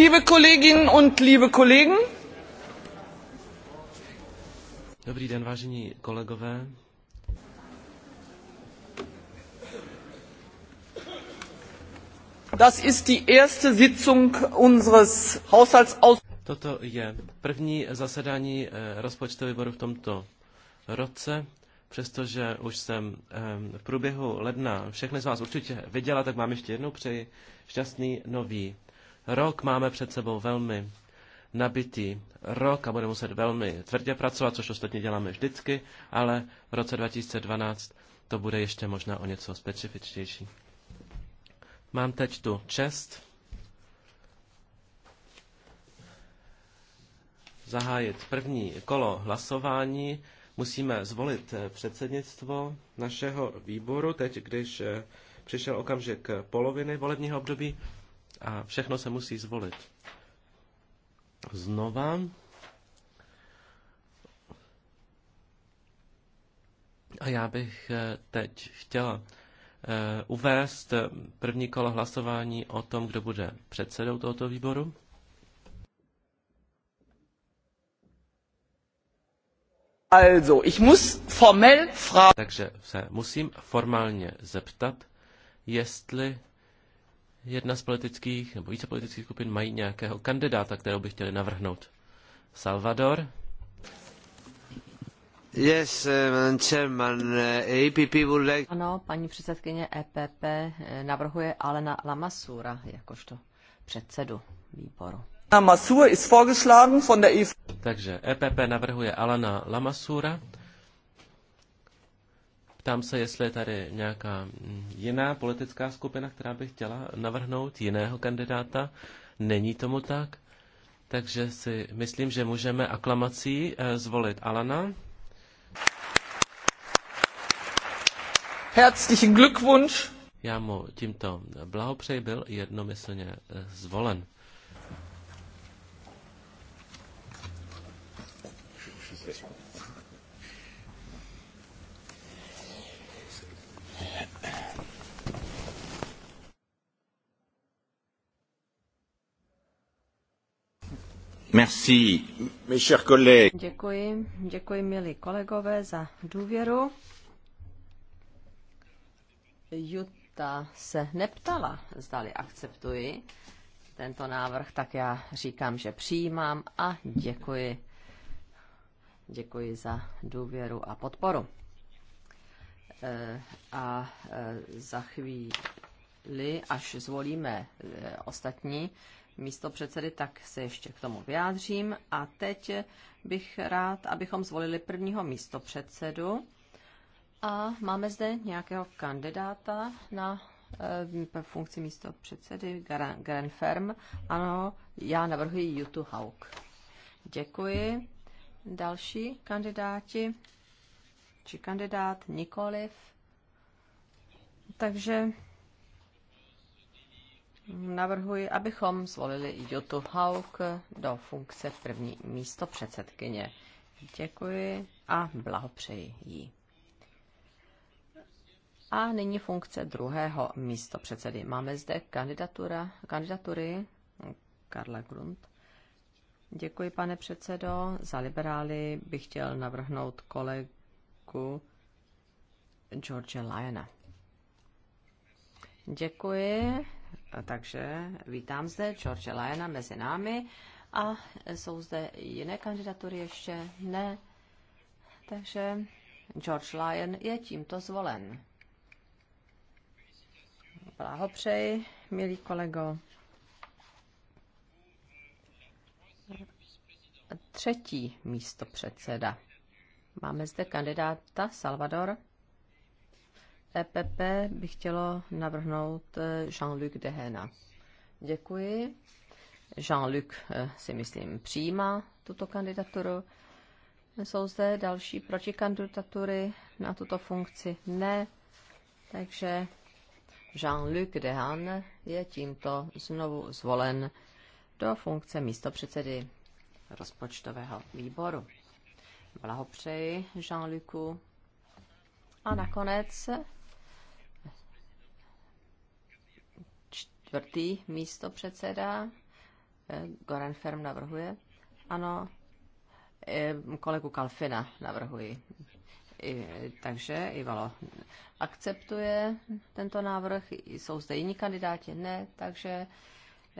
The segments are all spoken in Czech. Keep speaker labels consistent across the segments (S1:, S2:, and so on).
S1: Liebe Kolleginnen und liebe Kollegen.
S2: Dobrý den, vážení kolegové. Das ist die erste Sitzung unseres Haushaltsaus. Toto je první zasedání eh, rozpočtového výboru v tomto roce. Přestože už jsem eh, v průběhu ledna všechny z vás určitě viděla, tak vám ještě jednou přeji šťastný nový rok máme před sebou velmi nabitý rok a budeme muset velmi tvrdě pracovat, což ostatně děláme vždycky, ale v roce 2012 to bude ještě možná o něco specifičtější. Mám teď tu čest zahájit první kolo hlasování. Musíme zvolit eh, předsednictvo našeho výboru, teď když eh, přišel okamžik poloviny volebního období a všechno se musí zvolit. Znova. A já bych eh, teď chtěla eh, uvést eh, první kolo hlasování o tom, kdo bude předsedou tohoto výboru. Also, ich muss formell fra- Takže se musím formálně zeptat, jestli jedna z politických nebo více politických skupin mají nějakého kandidáta, kterého by chtěli navrhnout. Salvador.
S1: Yes, uh, Madam Chairman, EPP uh, would like... Ano,
S3: paní předsedkyně EPP eh, navrhuje Alena Lamasura jakožto
S2: předsedu výboru. Lamassur ist vorgeschlagen von der EPP. Takže EPP navrhuje Alena Lamassura. Ptám se, jestli je tady nějaká mm, jiná politická skupina, která by chtěla navrhnout jiného kandidáta. Není tomu tak. Takže si myslím, že můžeme aklamací eh, zvolit Alana. Herzlichen
S1: Glückwunsch!
S2: Já mu tímto blahopřeji, byl jednomyslně eh, zvolen.
S1: Děkuji,
S3: děkuji milí kolegové za důvěru. Jutta se neptala, zdali akceptuji tento návrh, tak já říkám, že přijímám a děkuji. Děkuji za důvěru a podporu. E, a e, za chvíli, až zvolíme e, ostatní, místo předsedy, tak se ještě k tomu vyjádřím. A teď bych rád, abychom zvolili prvního místo předsedu. A máme zde nějakého kandidáta na e, funkci místo předsedy Grenferm. Ano, já navrhuji Jutu Hauk. Děkuji. Další kandidáti? Či kandidát nikoliv? Takže navrhuji, abychom zvolili Jutu Hauk do funkce první místo předsedkyně. Děkuji a blahopřeji jí. A nyní funkce druhého místo předsedy. Máme zde kandidatura, kandidatury Karla Grund. Děkuji, pane předsedo. Za liberály bych chtěl navrhnout kolegu George Lyona. Děkuji. Takže vítám zde George Lajena mezi námi. A jsou zde jiné kandidatury ještě? Ne. Takže George Lyon je tímto zvolen. Blahopřeji, milý kolego. Třetí místo předseda. Máme zde kandidáta Salvador EPP bych chtělo navrhnout eh, Jean-Luc Dehena. Děkuji. Jean-Luc eh, si myslím přijímá tuto kandidaturu. Jsou zde další protikandidatury na tuto funkci? Ne. Takže Jean-Luc Dehan je tímto znovu zvolen do funkce místopředsedy rozpočtového výboru. Blahopřeji Jean-Lucu. A nakonec čtvrtý místo předseda. Eh, Goran Ferm navrhuje. Ano, eh, kolegu Kalfina navrhuji. I, takže Ivalo akceptuje tento návrh. Jsou zde jiní kandidáti? Ne, takže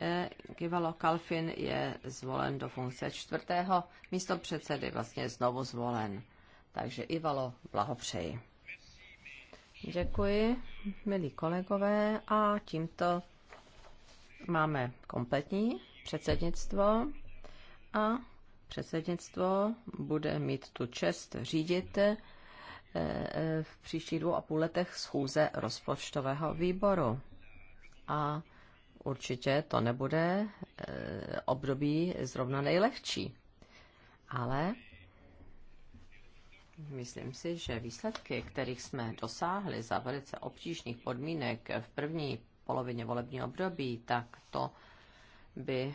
S3: eh, Ivalo Kalfin je zvolen do funkce čtvrtého místo předsedy, vlastně znovu zvolen. Takže Ivalo, blahopřeji. Děkuji, milí kolegové, a tímto máme kompletní předsednictvo a předsednictvo bude mít tu čest řídit eh, eh, v příštích dvou a půl letech schůze rozpočtového výboru. A určitě to nebude eh, období zrovna nejlehčí. Ale myslím si, že výsledky, kterých jsme dosáhli za velice obtížných podmínek v první polovině volebního období, tak to by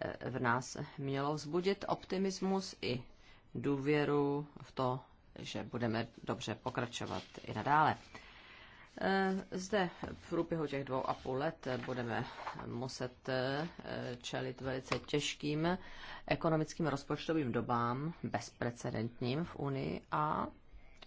S3: eh, v nás mělo vzbudit optimismus i důvěru v to, že budeme dobře pokračovat i nadále. Eh, zde v průběhu těch dvou a půl let budeme muset eh, čelit velice těžkým ekonomickým rozpočtovým dobám, bezprecedentním v Unii a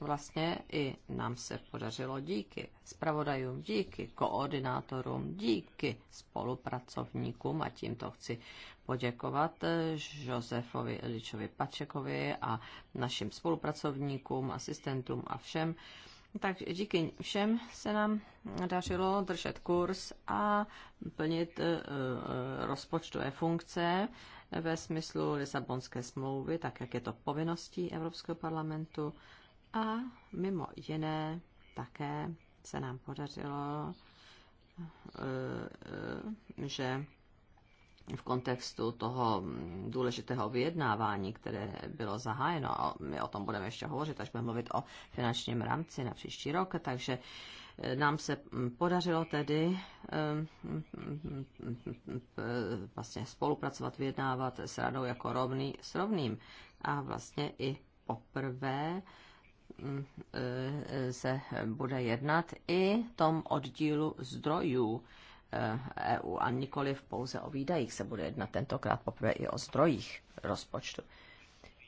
S3: vlastně i nám se podařilo díky zpravodajům, díky koordinátorům, díky spolupracovníkům a tímto chci poděkovat eh, Josefovi Eličovi Pačekovi a našim spolupracovníkům, asistentům a všem. Takže díky všem se nám dařilo držet kurz a plnit eh, eh, rozpočtové funkce ve smyslu Lisabonské smlouvy, tak jak je to povinností Evropského parlamentu. A mimo jiné také se nám podařilo, eh, eh, že v kontextu toho důležitého vyjednávání, které bylo zahájeno, a my o tom budeme ještě hovořit, až budeme mluvit o finančním rámci na příští rok, takže eh, nám se hm, podařilo tedy hm, hm, vlastně spolupracovat, vyjednávat s radou jako rovný s rovným. A vlastně i poprvé se bude jednat i tom oddílu zdrojů EU eh, e a nikoli v pouze o výdajích se bude jednat tentokrát poprvé i o zdrojích rozpočtu.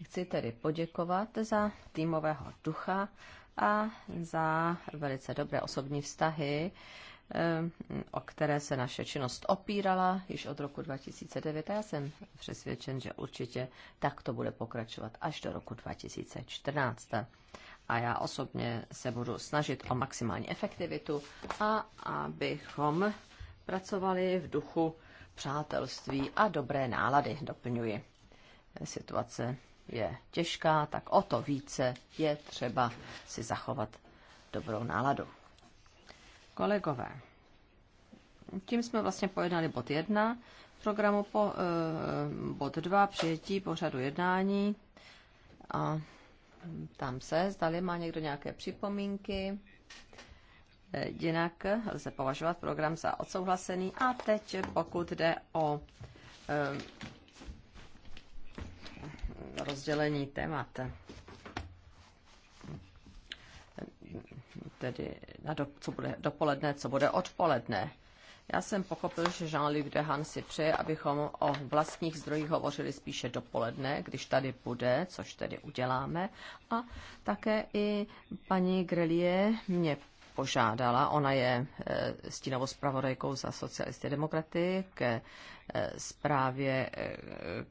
S3: Chci tedy poděkovat za týmového ducha a za velice dobré osobní vztahy, eh, o které se naše činnost opírala již od roku 2009 a já jsem přesvědčen, že určitě tak to bude pokračovat až do roku 2014 a já osobně se budu snažit o maximální efektivitu a abychom pracovali v duchu přátelství a dobré nálady, doplňuji. Situace je těžká, tak o to více je třeba si zachovat dobrou náladu. Kolegové, tím jsme vlastně pojednali bod 1 programu, po, eh, bod 2 přijetí pořadu jednání a tam se, zdali má někdo nějaké připomínky. Eh, jinak lze považovat program za odsouhlasený. A teď, pokud jde o eh, rozdělení témat, tedy na do, co bude dopoledne, co bude odpoledne. Já jsem pochopil, že Jean-Luc Dehan si přeje, abychom o vlastních zdrojích hovořili spíše dopoledne, když tady bude, což tedy uděláme. A také i paní Grelie mě požádala, ona je eh, stínovou zpravodajkou za socialisty demokraty ke Eh, zprávě eh,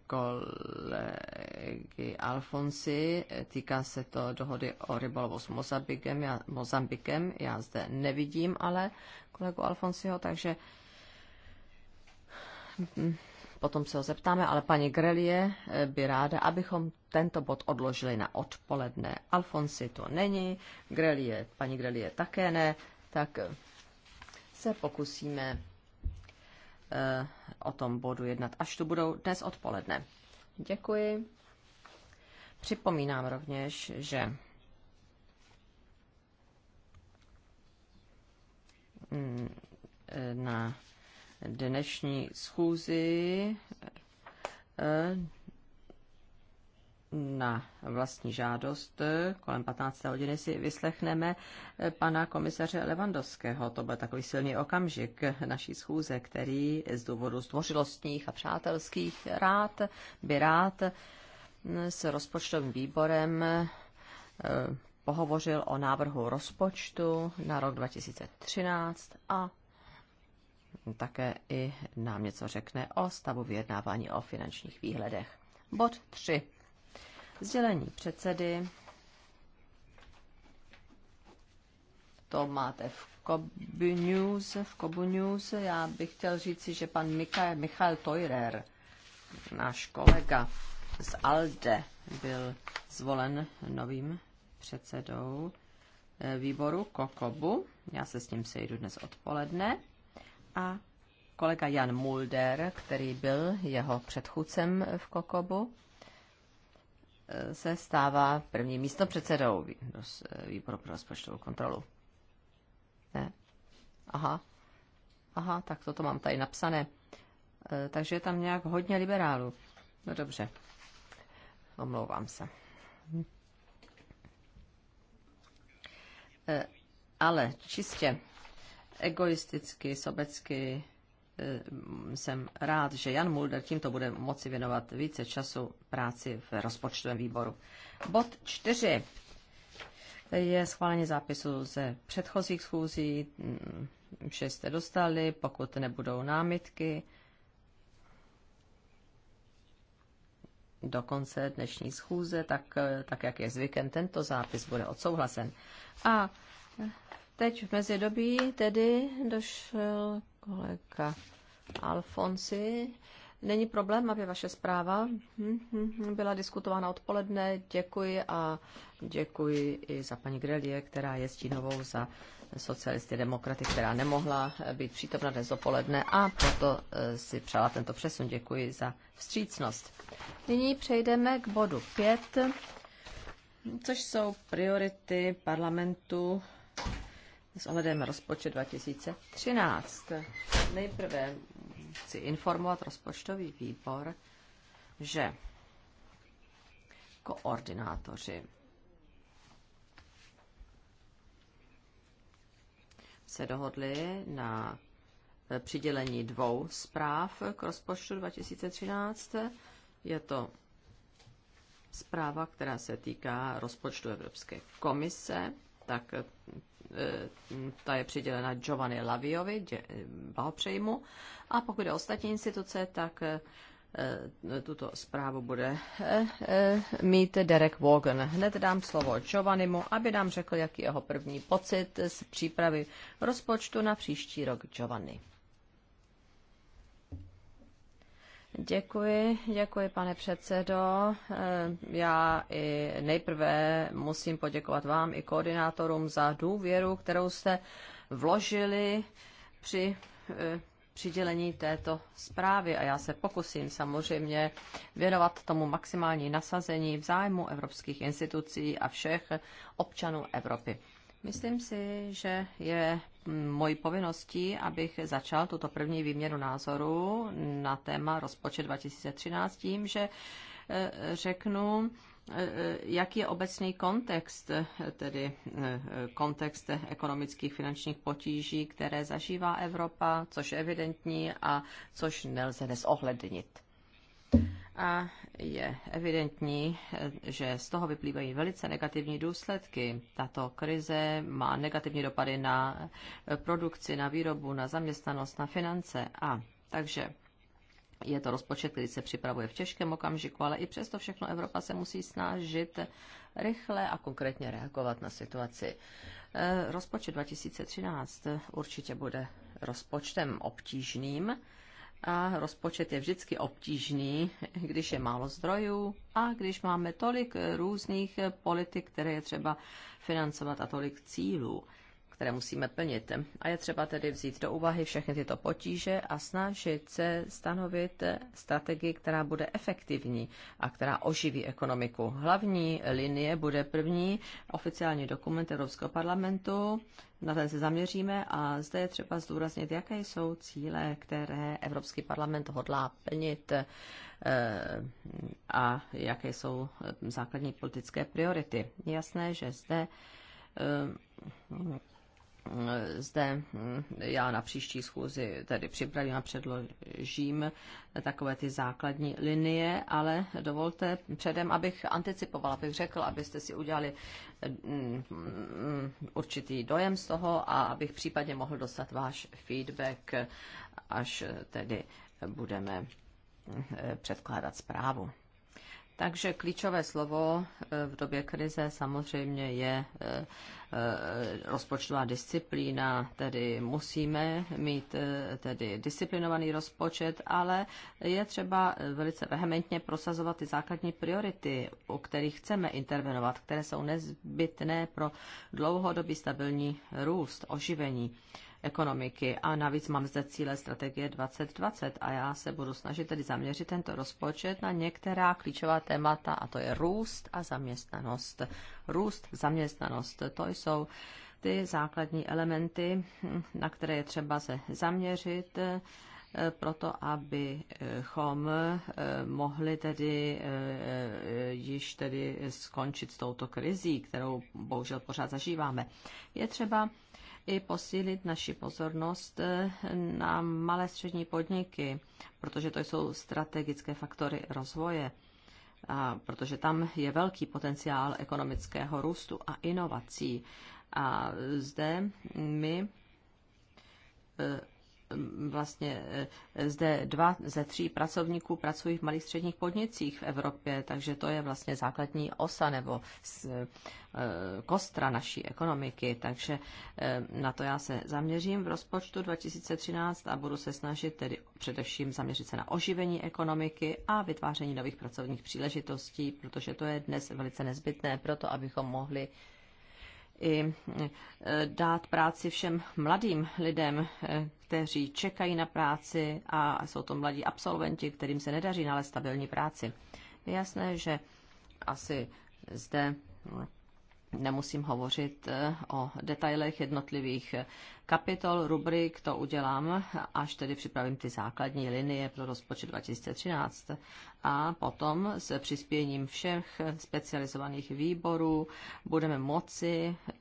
S3: kolegy Alfonsi. Týká se to dohody o rybolovu s Mozambikem. Já, Mozambikem. Já zde nevidím ale kolegu Alfonsiho, takže hm, potom se ho zeptáme, ale paní Grelie eh, by ráda, abychom tento bod odložili na odpoledne. Alfonsi to není, Grelie, paní Grelie také ne, tak se pokusíme o tom bodu jednat, až tu budou dnes odpoledne. Děkuji. Připomínám rovněž, že na dnešní schůzi na vlastní žádost. Kolem 15. hodiny si vyslechneme pana komisaře Levandovského. To byl takový silný okamžik naší schůze, který z důvodu zdvořilostních a přátelských rád by rád s rozpočtovým výborem eh, pohovořil o návrhu rozpočtu na rok 2013 a také i nám něco řekne o stavu vyjednávání o finančních výhledech. Bod 3. Sdělení předsedy. To máte v Kobu News. V Kobu News já bych chtěl říci, že pan Michael, Michal Teurer, náš kolega z ALDE, byl zvolen novým předsedou eh, výboru Kokobu. Já se s ním sejdu dnes odpoledne. A kolega Jan Mulder, který byl jeho předchůdcem v Kokobu, se stává první místo předsedou výboru pro rozpočtovou kontrolu. Ne? Aha. Aha, tak toto mám tady napsané. E, takže je tam nějak hodně liberálů. No dobře. Omlouvám se. E, ale čistě egoisticky, sobecky, Eh, jsem rád, že Jan Mulder tímto bude moci věnovat více času práci v rozpočtovém výboru. Bod čtyři je schválení zápisu ze předchozích schůzí, mm, vše jste dostali, pokud nebudou námitky do konce dnešní schůze, tak, eh, tak jak je zvykem, tento zápis bude odsouhlasen. A teď v mezidobí tedy došel kolega Alfonsi. Není problém, aby vaše zpráva hm, hm, hm, byla diskutována odpoledne. Děkuji a děkuji i za paní Grelie, která je stínovou za socialisty demokraty, která nemohla být přítomna dnes dopoledne a proto eh, si přála tento přesun. Děkuji za vstřícnost. Nyní přejdeme k bodu 5, což jsou priority parlamentu s ohledem rozpočet 2013. Nejprve chci informovat rozpočtový výbor, že koordinátoři se dohodli na eh, přidělení dvou zpráv k rozpočtu 2013. Je to zpráva, která se týká rozpočtu Evropské komise, tak ta je přidělena Giovanni Laviovi, dě, mu. A pokud je ostatní instituce, tak eh, tuto zprávu bude eh, eh, mít Derek Wogan. Hned dám slovo Giovannimu, aby nám řekl, jaký jeho první pocit z přípravy rozpočtu na příští rok. Giovanni. Děkuji, děkuji pane předsedo. Eh, já i nejprve musím poděkovat vám i koordinátorům za důvěru, kterou jste vložili při eh, přidělení této zprávy a já se pokusím samozřejmě věnovat tomu maximální nasazení v zájmu evropských institucí a všech občanů Evropy. Myslím si, že je mojí povinností, abych začal tuto první výměnu názoru na téma rozpočet 2013 tím, že e, řeknu, e, e, jaký je obecný kontext, tedy kontext ekonomických finančních potíží, které zažívá Evropa, což je evidentní a což nelze nezohlednit. A je evidentní, že z toho vyplývají velice negativní důsledky. Tato krize má negativní dopady na produkci, na výrobu, na zaměstnanost, na finance. A takže je to rozpočet, který se připravuje v těžkém okamžiku, ale i přesto všechno Evropa se musí snažit rychle a konkrétně reagovat na situaci. Eh, rozpočet 2013 určitě bude rozpočtem obtížným a rozpočet je vždycky obtížný, když je málo zdrojů a když máme tolik různých politik, které je třeba financovat a tolik cílů které musíme plnit. A je třeba tedy vzít do úvahy všechny tyto potíže a snažit se stanovit strategii, která bude efektivní a která oživí ekonomiku. Hlavní linie bude první oficiální dokument Evropského parlamentu, na ten se zaměříme a zde je třeba zdůraznit, jaké jsou cíle, které Evropský parlament hodlá plnit eh, a jaké jsou základní politické priority. Je jasné, že zde eh, zde hm, já na příští schůzi tedy připravím a předložím takové ty základní linie, ale dovolte předem, abych anticipovala, abych řekl, abyste si udělali hm, hm, určitý dojem z toho a abych případně mohl dostat váš feedback, až tedy budeme předkládat zprávu. Takže klíčové slovo eh, v době krize samozřejmě je eh, eh, rozpočtová disciplína, tedy musíme mít tedy disciplinovaný rozpočet, ale je třeba velice vehementně prosazovat ty základní priority, o kterých chceme intervenovat, které jsou nezbytné pro dlouhodobý stabilní růst, oživení ekonomiky. A navíc mám zde cíle strategie 2020 a já se budu snažit tedy zaměřit tento rozpočet na některá klíčová témata a to je růst a zaměstnanost. Růst, zaměstnanost, to jsou ty základní elementy, na které je třeba se zaměřit eh, proto, abychom eh, mohli tedy eh, již tedy skončit s touto krizí, kterou bohužel pořád zažíváme. Je třeba i posílit naši pozornost eh, na malé střední podniky, protože to jsou strategické faktory rozvoje, a protože tam je velký potenciál ekonomického růstu a inovací. A zde my eh, vlastně eh, zde dva ze tří pracovníků pracují v malých středních podnicích v Evropě, takže to je vlastně základní osa nebo eh, kostra naší ekonomiky, takže eh, na to já se zaměřím v rozpočtu 2013 a budu se snažit tedy především zaměřit se na oživení ekonomiky a vytváření nových pracovních příležitostí, protože to je dnes velice nezbytné pro to, abychom mohli i e, dát práci všem mladým lidem, e, kteří čekají na práci a jsou to mladí absolventi, kterým se nedaří nalézt stabilní práci. Je jasné, že asi zde Nemusím hovořit eh, o detailech jednotlivých eh, kapitol, rubrik, to udělám, až tedy připravím ty základní linie pro rozpočet 2013. A potom s přispěním všech specializovaných výborů budeme moci eh,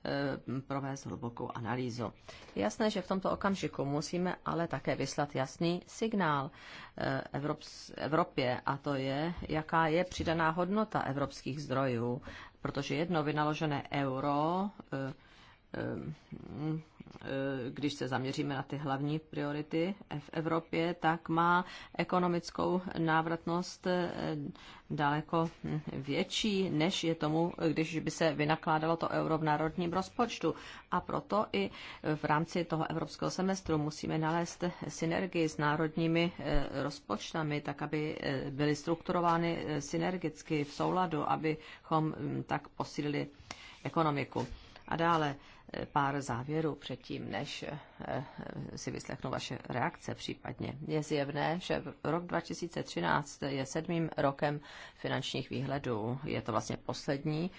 S3: provést hlubokou analýzu. Je jasné, že v tomto okamžiku musíme ale také vyslat jasný signál Evropě, a to je, jaká je přidaná hodnota evropských zdrojů protože jedno vynaložené euro eh, Eh, když se zaměříme na ty hlavní priority v Evropě, tak má ekonomickou návratnost eh, daleko větší, než je tomu, když by se vynakládalo to euro v národním rozpočtu. A proto i v rámci toho evropského semestru musíme nalézt synergii s národními eh, rozpočtami, tak aby byly strukturovány synergicky v souladu, abychom mm, tak posílili ekonomiku. A dále pár závěrů předtím, než Eh, si vyslechnu vaše reakce případně. Je zjevné, že rok 2013 je sedmým rokem finančních výhledů. Je to vlastně poslední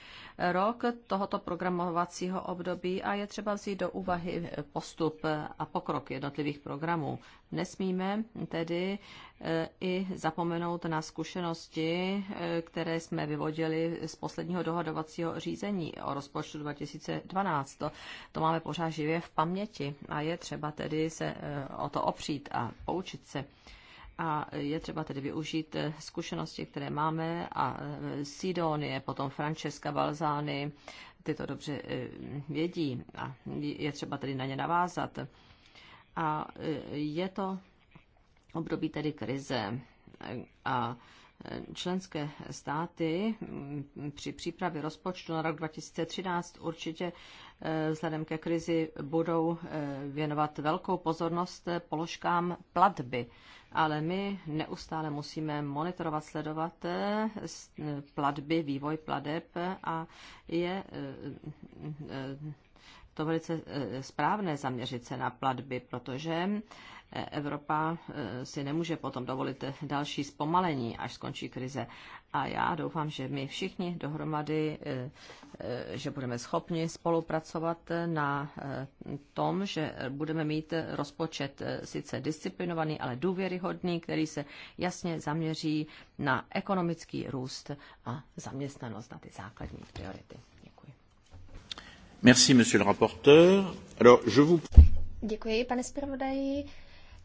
S3: rok tohoto programovacího období a je třeba vzít do úvahy postup a pokrok jednotlivých programů. Nesmíme tedy eh, i zapomenout na zkušenosti, eh, které jsme vyvodili z posledního dohodovacího řízení o rozpočtu 2012. To, to máme pořád živě v paměti a je je třeba tedy se eh, o to opřít a poučit se. A je třeba tedy využít eh, zkušenosti, které máme a eh, Sidonie, potom Francesca Balzány, ty to dobře vědí a je třeba tedy na ně navázat. A je to období tedy krize a členské státy mm, při přípravě rozpočtu na rok 2013 určitě Eh, vzhledem ke krizi budou eh, věnovat velkou pozornost eh, položkám platby. Ale my neustále musíme monitorovat, sledovat platby, vývoj pladeb a je to velice správné zaměřit se na platby, protože Evropa eh, si nemůže potom dovolit další zpomalení, až skončí krize. A já doufám, že my všichni dohromady, eh, eh, že budeme schopni spolupracovat na tom, že budeme mít rozpočet sice disciplinovaný, ale důvěryhodný, který se jasně zaměří na ekonomický růst a zaměstnanost, na ty základní priority. Děkuji.
S1: Merci, monsieur le rapporteur. Alors, je vous...
S4: Děkuji, pane zpravodaji.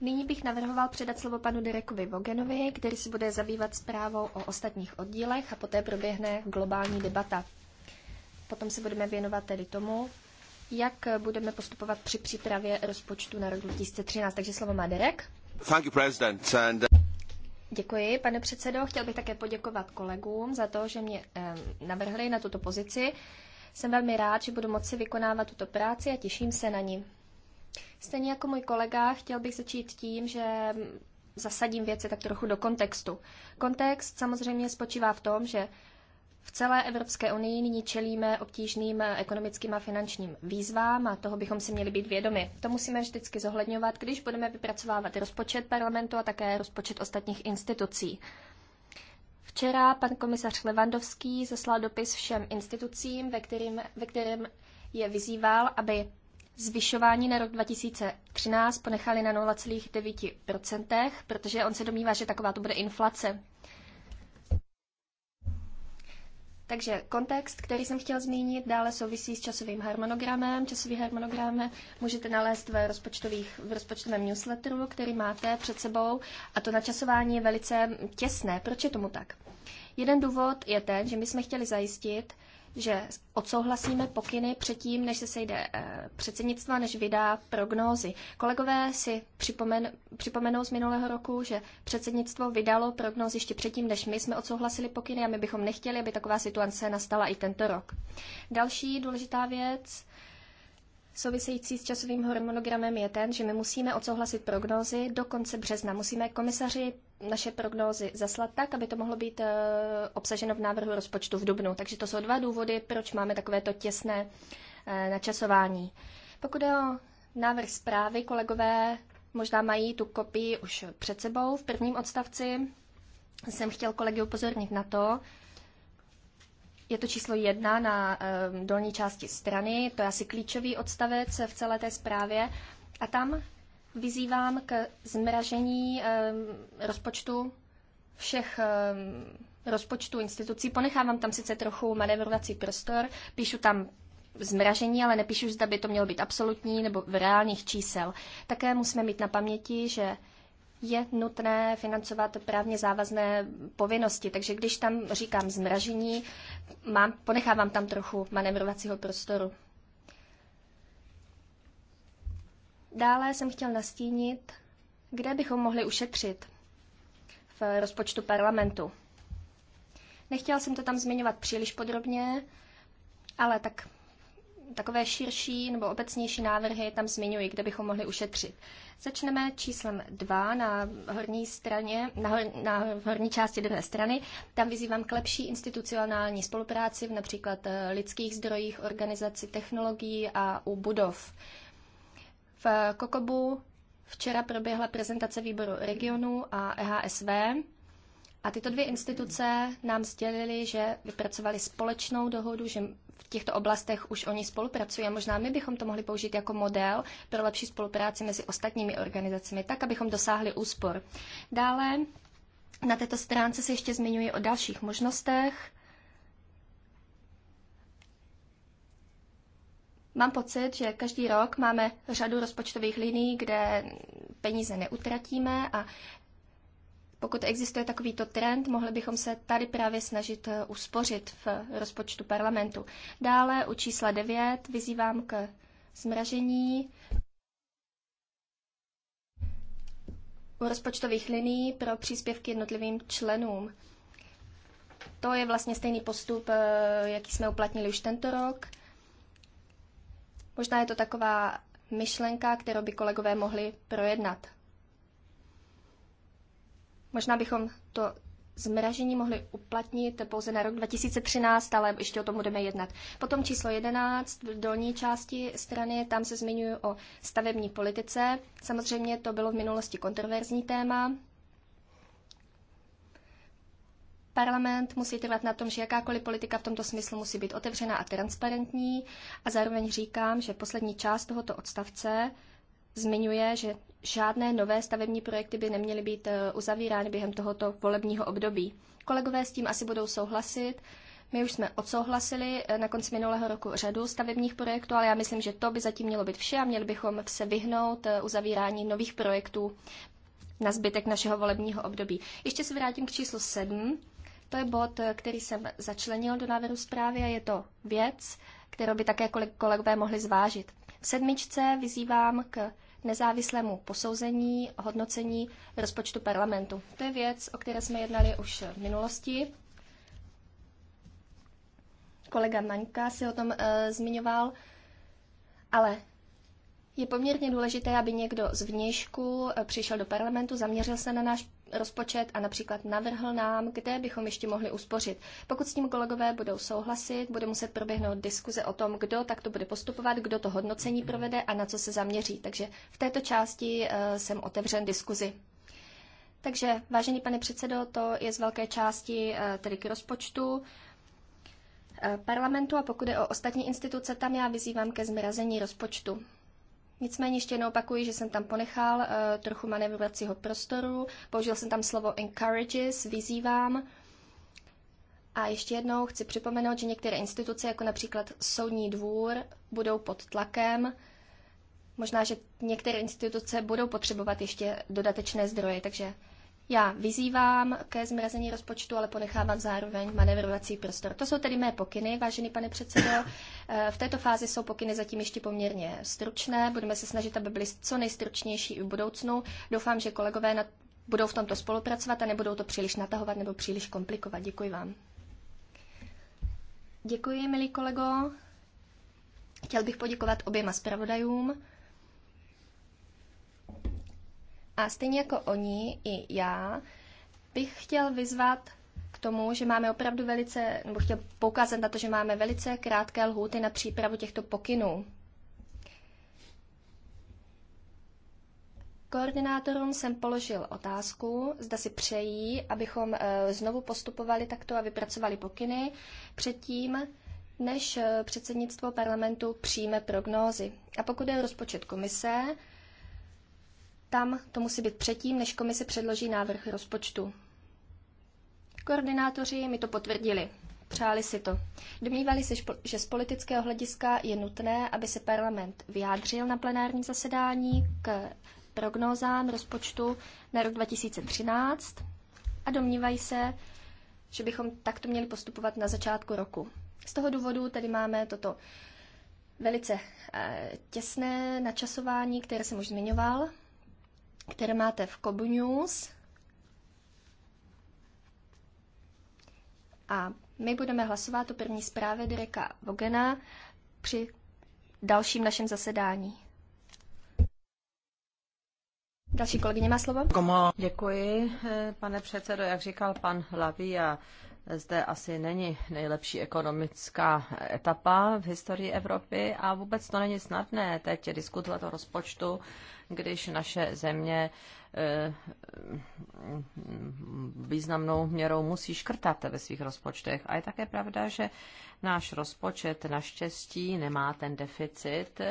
S4: Nyní bych navrhoval předat slovo panu Derekovi Vogenovi, který se bude zabývat zprávou o ostatních oddílech a poté proběhne globální debata. Potom se budeme věnovat tedy tomu, jak budeme postupovat při přípravě rozpočtu na rok 2013. Takže slovo má Derek.
S2: Thank you, President. And... Uh,
S4: Děkuji, pane předsedo. Chtěl bych také poděkovat kolegům za to, že mě eh, navrhli na tuto pozici. Jsem velmi rád, že budu moci vykonávat tuto práci a těším se na ní. Stejně jako můj kolega, chtěl bych začít tím, že zasadím věci tak trochu do kontextu. Kontext samozřejmě spočívá v tom, že v celé Evropské unii nyní čelíme obtížným ekonomickým a finančním výzvám a toho bychom si měli být vědomi. To musíme vždycky zohledňovat, když budeme vypracovávat rozpočet parlamentu a také rozpočet ostatních institucí. Včera pan komisař Levandovský zaslal dopis všem institucím, ve, kterém ve kterém je vyzýval, aby zvyšování na rok 2013 ponechali na 0,9%, protože on se domnívá, že taková to bude inflace. Takže kontext, který jsem chtěl zmínit, dále souvisí s časovým harmonogramem. Časový harmonogram můžete nalézt v, rozpočtových, v rozpočtovém newsletteru, který máte před sebou. A to načasování je velice těsné. Proč je tomu tak? Jeden důvod je ten, že my jsme chtěli zajistit, že odsouhlasíme pokyny předtím, než se sejde eh, předsednictva, než vydá prognózy. Kolegové si připomen, připomenou z minulého roku, že předsednictvo vydalo prognózy ještě předtím, než my jsme odsouhlasili pokyny a my bychom nechtěli, aby taková situace nastala i tento rok. Další důležitá věc, Související s časovým harmonogramem je ten, že my musíme odsouhlasit prognózy do konce března. Musíme komisaři naše prognózy zaslat tak, aby to mohlo být eh, obsaženo v návrhu rozpočtu v Dubnu. Takže to jsou dva důvody, proč máme takovéto těsné eh, načasování. Pokud je o návrh zprávy, kolegové možná mají tu kopii už před sebou. V prvním odstavci jsem chtěl kolegy upozornit na to, je to číslo jedna na eh, dolní části strany, to je asi klíčový odstavec v celé té zprávě. A tam Vyzývám k zmražení eh, rozpočtu všech eh, rozpočtů institucí. Ponechávám tam sice trochu manevrovací prostor, píšu tam zmražení, ale nepíšu, zda by to mělo být absolutní nebo v reálných čísel. Také musíme mít na paměti, že je nutné financovat právně závazné povinnosti. Takže když tam říkám zmražení, mám, ponechávám tam trochu manevrovacího prostoru. Dále jsem chtěl nastínit, kde bychom mohli ušetřit v rozpočtu parlamentu. Nechtěl jsem to tam zmiňovat příliš podrobně, ale tak, takové širší nebo obecnější návrhy tam zmiňuji, kde bychom mohli ušetřit. Začneme číslem 2 na horní straně, na, hor, na horní části druhé strany. Tam vyzývám k lepší institucionální spolupráci v například eh, lidských zdrojích, organizaci technologií a u budov. V Kokobu včera proběhla prezentace výboru regionu a EHSV. A tyto dvě instituce nám sdělily, že vypracovali společnou dohodu, že v těchto oblastech už oni spolupracují a možná my bychom to mohli použít jako model pro lepší spolupráci mezi ostatními organizacemi, tak, abychom dosáhli úspor. Dále na této stránce se ještě zmiňuji o dalších možnostech, Mám pocit, že každý rok máme řadu rozpočtových linií, kde peníze neutratíme a pokud existuje takovýto trend, mohli bychom se tady právě snažit eh, uspořit v rozpočtu parlamentu. Dále u čísla 9 vyzývám k zmražení u rozpočtových linií pro příspěvky jednotlivým členům. To je vlastně stejný postup, eh, jaký jsme uplatnili už tento rok. Možná je to taková myšlenka, kterou by kolegové mohli projednat. Možná bychom to zmražení mohli uplatnit pouze na rok 2013, ale ještě o tom budeme jednat. Potom číslo 11 v dolní části strany, tam se zmiňuji o stavební politice. Samozřejmě to bylo v minulosti kontroverzní téma, Parlament musí trvat na tom, že jakákoliv politika v tomto smyslu musí být otevřená a transparentní a zároveň říkám, že poslední část tohoto odstavce zmiňuje, že žádné nové stavební projekty by neměly být eh, uzavírány během tohoto volebního období. Kolegové s tím asi budou souhlasit. My už jsme odsouhlasili eh, na konci minulého roku řadu stavebních projektů, ale já myslím, že to by zatím mělo být vše a měli bychom se vyhnout eh, uzavírání nových projektů na zbytek našeho volebního období. Ještě se vrátím k číslu 7. To je bod, který jsem začlenil do návrhu zprávy a je to věc, kterou by také kolegové mohli zvážit. V sedmičce vyzývám k nezávislému posouzení, hodnocení rozpočtu parlamentu. To je věc, o které jsme jednali už v minulosti. Kolega Maňka si o tom e, zmiňoval, ale je poměrně důležité, aby někdo z vnějšku eh, přišel do parlamentu, zaměřil se na náš rozpočet a například navrhl nám, kde bychom ještě mohli uspořit. Pokud s tím kolegové budou souhlasit, bude muset proběhnout diskuze o tom, kdo takto bude postupovat, kdo to hodnocení provede a na co se zaměří. Takže v této části eh, jsem otevřen diskuzi. Takže, vážený pane předsedo, to je z velké části eh, tedy k rozpočtu parlamentu a pokud je o ostatní instituce, tam já vyzývám ke zmrazení rozpočtu. Nicméně ještě jednou opakuji, že jsem tam ponechal uh, trochu manevrovacího prostoru, použil jsem tam slovo encourages, vyzývám. A ještě jednou chci připomenout, že některé instituce, jako například Soudní dvůr, budou pod tlakem. Možná, že některé instituce budou potřebovat ještě dodatečné zdroje, takže já vyzývám ke zmrazení rozpočtu, ale ponechávám zároveň manevrovací prostor. To jsou tedy mé pokyny, vážený pane předsedo. Eh, v této fázi jsou pokyny zatím ještě poměrně stručné. Budeme se snažit, aby byly co nejstručnější i v budoucnu. Doufám, že kolegové na, budou v tomto spolupracovat a nebudou to příliš natahovat nebo příliš komplikovat. Děkuji vám. Děkuji, milý kolego. Chtěl bych poděkovat oběma zpravodajům. A stejně jako oni, i já bych chtěl vyzvat k tomu, že máme opravdu velice, nebo chtěl poukázat na to, že máme velice krátké lhůty na přípravu těchto pokynů. Koordinátorům jsem položil otázku, zda si přejí, abychom eh, znovu postupovali takto a vypracovali pokyny předtím, než eh, předsednictvo parlamentu přijme prognózy. A pokud je rozpočet komise, tam to musí být předtím, než komise předloží návrh rozpočtu. Koordinátoři mi to potvrdili. Přáli si to. Domnívali se, že z politického hlediska je nutné, aby se parlament vyjádřil na plenární zasedání k prognózám rozpočtu na rok 2013 a domnívají se, že bychom takto měli postupovat na začátku roku. Z toho důvodu tady máme toto velice eh, těsné načasování, které jsem už zmiňoval které máte v Kobu News. A my budeme hlasovat o první zprávě Dereka Vogena při dalším našem zasedání. Další kolegyně má slovo. Děkuji,
S3: pane předsedo. Jak říkal pan a zde asi není nejlepší ekonomická etapa v historii Evropy a vůbec to není snadné teď diskutovat o rozpočtu když naše země eh, významnou měrou musí škrtat ve svých rozpočtech. A je také pravda, že náš rozpočet naštěstí nemá ten deficit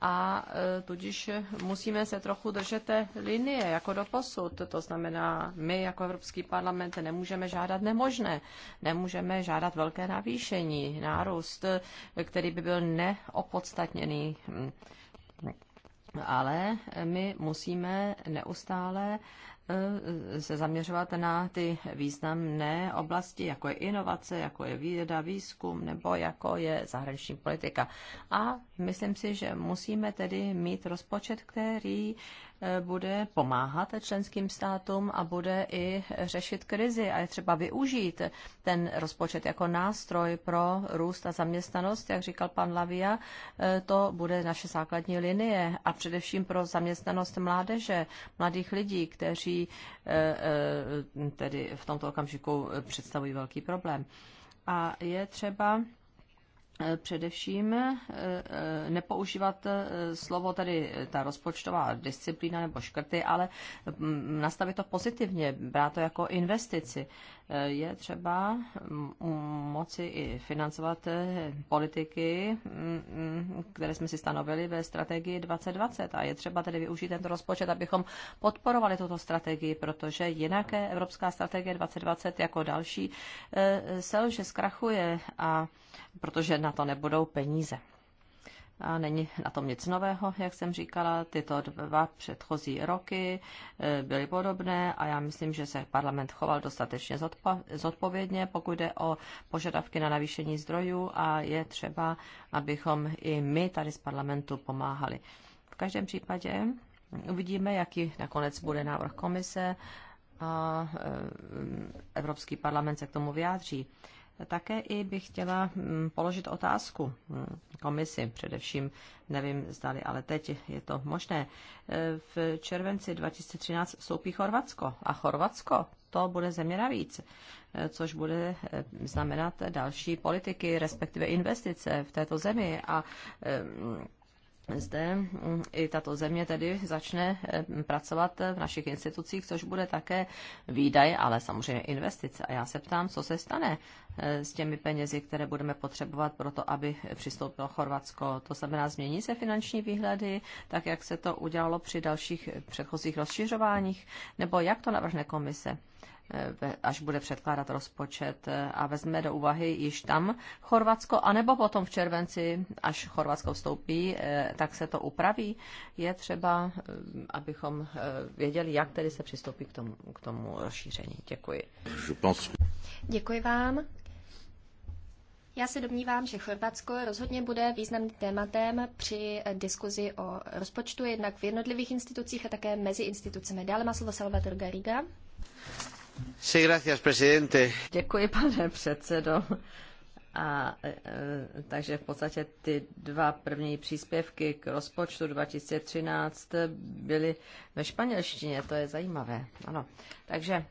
S3: a eh, tudíž musíme se trochu držet té linie jako do posud. To znamená, my jako Evropský parlament nemůžeme žádat nemožné, nemůžeme žádat velké navýšení, nárůst, eh, který by byl neopodstatněný ale my musíme neustále eh, se zaměřovat na ty významné oblasti, jako je inovace, jako je věda, výzkum nebo jako je zahraniční politika. A myslím si, že musíme tedy mít rozpočet, který Eh, bude pomáhat členským státům a bude i řešit krizi a je třeba využít ten rozpočet jako nástroj pro růst a zaměstnanost, jak říkal pan Lavia, eh, to bude naše základní linie a především pro zaměstnanost mládeže, mladých lidí, kteří eh, tedy v tomto okamžiku představují velký problém. A je třeba Eh, především eh, eh, nepoužívat slovo tedy ta rozpočtová disciplína nebo škrty, ale mm, nastavit to pozitivně, brát to jako investici je třeba moci i financovat eh, politiky, mm, mm, které jsme si stanovili ve strategii 2020. A je třeba tedy využít tento rozpočet, abychom podporovali tuto strategii, protože jinak Evropská strategie 2020 jako další eh, selže zkrachuje, a protože na to nebudou peníze a není na tom nic nového, jak jsem říkala. Tyto dva předchozí roky e, byly podobné a já myslím, že se parlament choval dostatečně zodpovědně, pokud jde o požadavky na navýšení zdrojů a je třeba, abychom i my tady z parlamentu pomáhali. V každém případě uvidíme, jaký nakonec bude návrh komise a e, Evropský parlament se k tomu vyjádří. Také i bych chtěla mm, položit otázku mm, komisi, především nevím, zdali, ale teď je to možné. E, v červenci 2013 vstoupí Chorvatsko a Chorvatsko to bude země navíc, e, což bude e, znamenat další politiky, respektive investice v této zemi a zde mm, i tato země tedy začne eh, pracovat eh, v našich institucích, což bude také výdaj, ale samozřejmě investice. A já se ptám, co se stane eh, s těmi penězi, které budeme potřebovat pro to, aby přistoupilo Chorvatsko. To znamená, změní se finanční výhledy, tak jak se to udělalo při dalších předchozích rozšiřováních, nebo jak to navrhne komise? až bude předkládat rozpočet eh, a vezme do úvahy již tam Chorvatsko, anebo potom v červenci, až Chorvatsko vstoupí, eh, tak se to upraví. Je třeba, eh, abychom věděli, jak tedy se přistoupí k tomu, k tomu rozšíření. Děkuji.
S4: Děkuji vám. Já se domnívám, že Chorvatsko rozhodně bude významným tématem při diskuzi o rozpočtu jednak v jednotlivých institucích a také mezi institucemi. Dále má slovo Salvador Gariga.
S3: Děkuji, pane předsedo. A, e, e, takže v podstatě ty dva první příspěvky k rozpočtu 2013 byly ve španělštině, to je zajímavé. Ano. Takže,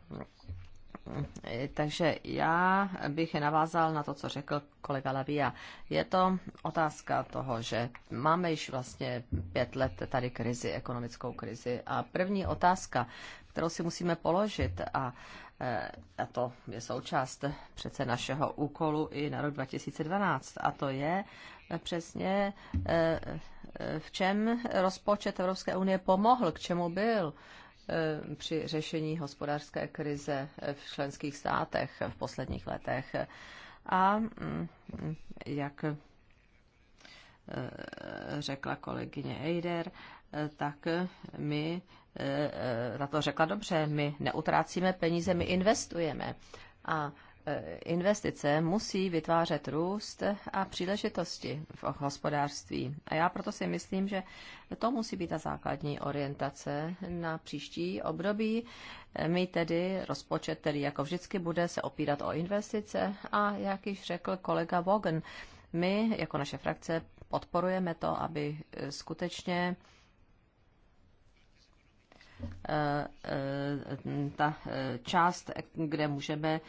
S3: e, takže já bych navázal na to, co řekl kolega Lavia. Je to otázka toho, že máme již vlastně pět let tady krizi, ekonomickou krizi. A první otázka, kterou si musíme položit a e, a to je součást přece našeho úkolu i na rok 2012. A to je přesně e, e, v čem rozpočet Evropské unie pomohl, k čemu byl při řešení hospodářské krize v členských státech v posledních letech. A mm, jak řekla kolegyně Eider, tak my Eh, na to řekla dobře, my neutrácíme peníze, my investujeme. A eh, investice musí vytvářet růst a příležitosti v hospodářství. A já proto si myslím, že to musí být ta základní orientace na příští období. Eh, my tedy rozpočet, který jako vždycky bude se opírat o investice a jak již řekl kolega Vogen, my jako naše frakce podporujeme to, aby skutečně ta část, kde můžeme,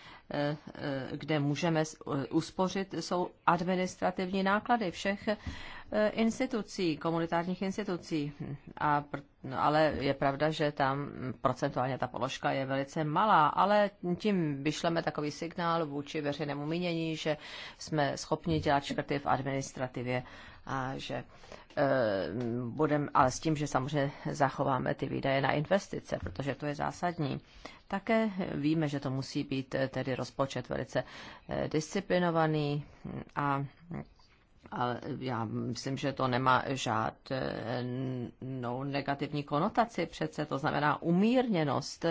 S3: kde můžeme uspořit, jsou administrativní náklady všech institucí, komunitárních institucí. A, no, ale je pravda, že tam procentuálně ta položka je velice malá, ale tím vyšleme takový signál vůči veřejnému mínění, že jsme schopni dělat škrty v administrativě a že eh, budem, ale s tím, že samozřejmě zachováme ty výdaje na investice, protože to je zásadní. Také víme, že to musí být eh, tedy rozpočet velice eh, disciplinovaný a a já myslím, že to nemá žádnou negativní konotaci přece, to znamená umírněnost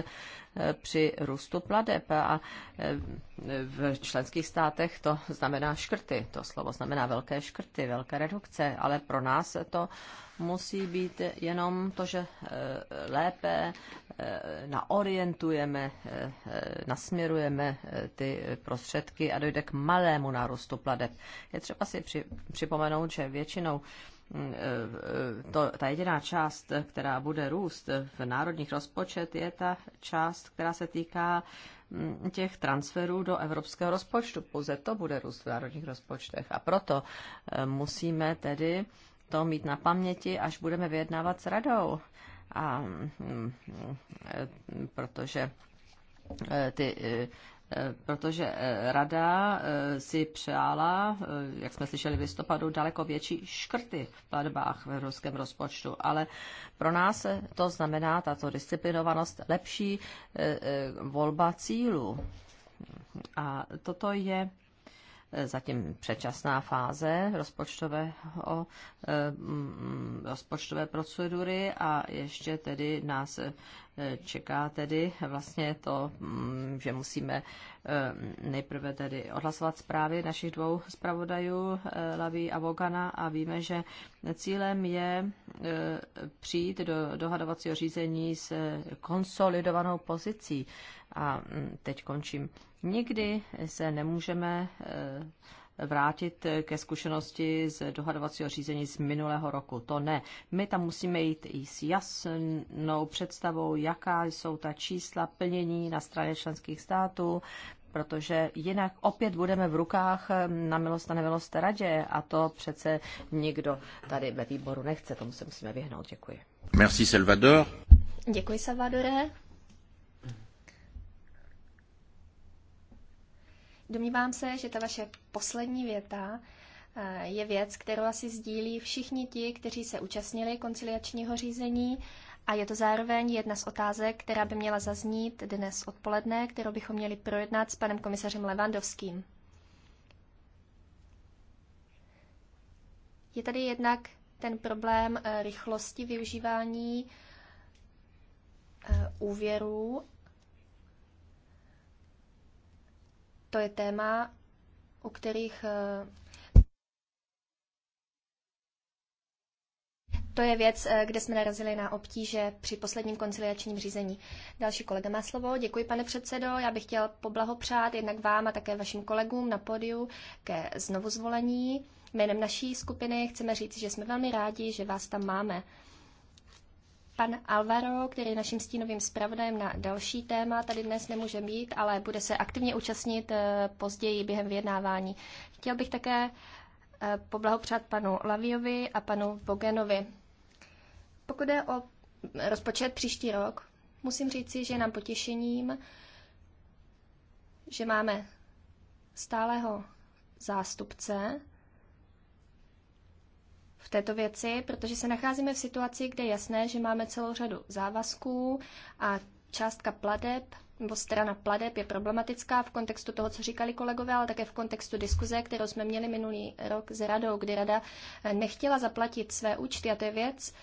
S3: při růstu pladeb a e, v členských státech to znamená škrty. To slovo znamená velké škrty, velké redukce, ale pro nás to musí být jenom to, že e, lépe e, naorientujeme, nasměrujeme ty prostředky a dojde k malému nárůstu pladeb. Je třeba si připomenout, že většinou to, ta jediná část, která bude růst v národních rozpočet, je ta část, která se týká mm, těch transferů do evropského rozpočtu. Pouze to bude růst v národních rozpočtech. A proto eh, musíme tedy to mít na paměti, až budeme vyjednávat s radou. A mm, mm, eh, protože eh, ty protože eh, rada eh, si přála, eh, jak jsme slyšeli v listopadu, daleko větší škrty v platbách v evropském rozpočtu, ale pro nás to znamená tato disciplinovanost lepší volba cílů. A toto je zatím předčasná fáze rozpočtového, eh, rozpočtové procedury a ještě tedy nás eh, čeká tedy vlastně to, mm, že musíme eh, nejprve tedy odhlasovat zprávy našich dvou zpravodajů, Laví a Vogana a víme, že cílem je přijít do dohadovacího řízení s konsolidovanou pozicí a mm, teď končím Nikdy se nemůžeme eh, vrátit ke zkušenosti z dohadovacího řízení z minulého roku. To ne. My tam musíme jít i s jasnou představou, jaká jsou ta čísla plnění na straně členských států, protože jinak opět budeme v rukách eh, na milost a nemilost radě a to přece nikdo tady ve výboru nechce, tomu se musíme vyhnout. Děkuji.
S1: Merci Salvador.
S4: Děkuji Salvadore. Domnívám se, že ta vaše poslední věta eh, je věc, kterou asi sdílí všichni ti, kteří se účastnili konciliačního řízení a je to zároveň jedna z otázek, která by měla zaznít dnes odpoledne, kterou bychom měli projednat s panem komisařem Levandovským. Je tady jednak ten problém eh, rychlosti využívání eh, úvěrů To je téma, u kterých eh, To je věc, eh, kde jsme narazili na obtíže při posledním konciliačním řízení. Další kolega má slovo. Děkuji, pane předsedo. Já bych chtěl poblahopřát jednak vám a také vašim kolegům na podiu ke znovuzvolení. Jménem naší skupiny chceme říct, že jsme velmi rádi, že vás tam máme. Pan Alvaro, který je naším stínovým zpravodajem na další téma, tady dnes nemůže být, ale bude se aktivně účastnit eh, později během vyjednávání. Chtěl bych také eh, poblahopřát panu Laviovi a panu Vogenovi. Pokud je o rozpočet příští rok, musím říci, že je nám potěšením, že máme stálého zástupce v této věci, protože se nacházíme v situaci, kde je jasné, že máme celou řadu závazků a částka pladeb nebo strana pladeb je problematická v kontextu toho, co říkali kolegové, ale také v kontextu diskuze, kterou jsme měli minulý rok s radou, kdy rada eh, nechtěla zaplatit své účty a to je věc,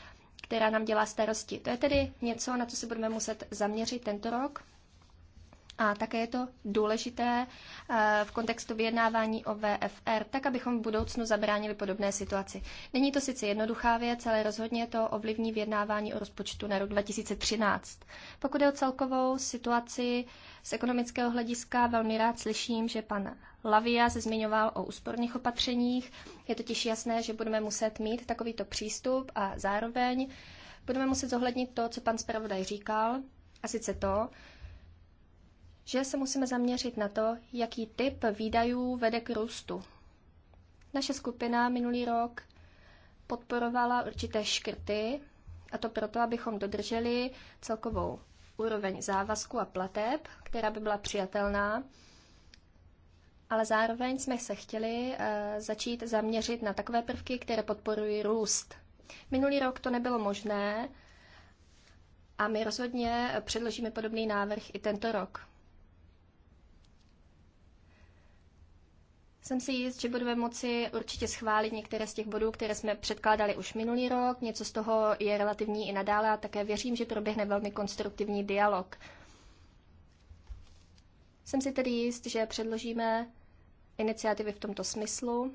S4: která nám dělá starosti. To je tedy něco, na co se budeme muset zaměřit tento rok a také je to důležité eh, v kontextu vyjednávání o VFR, tak abychom v budoucnu zabránili podobné situaci. Není to sice jednoduchá věc, ale rozhodně to ovlivní vyjednávání o rozpočtu na rok 2013. Pokud je o celkovou situaci z ekonomického hlediska, velmi rád slyším, že pan Lavia se zmiňoval o úsporných opatřeních. Je totiž jasné, že budeme muset mít takovýto přístup a zároveň budeme muset zohlednit to, co pan zpravodaj říkal, a sice to, že se musíme zaměřit na to, jaký typ výdajů vede k růstu. Naše skupina minulý rok podporovala určité škrty, a to proto, abychom dodrželi celkovou úroveň závazku a plateb, která by byla přijatelná, ale zároveň jsme se chtěli eh, začít zaměřit na takové prvky, které podporují růst. Minulý rok to nebylo možné a my rozhodně předložíme podobný návrh i tento rok. Jsem si jist, že budeme moci určitě schválit některé z těch bodů, které jsme předkládali už minulý rok. Něco z toho je relativní i nadále a také věřím, že proběhne velmi konstruktivní dialog. Jsem si tedy jist, že předložíme iniciativy v tomto smyslu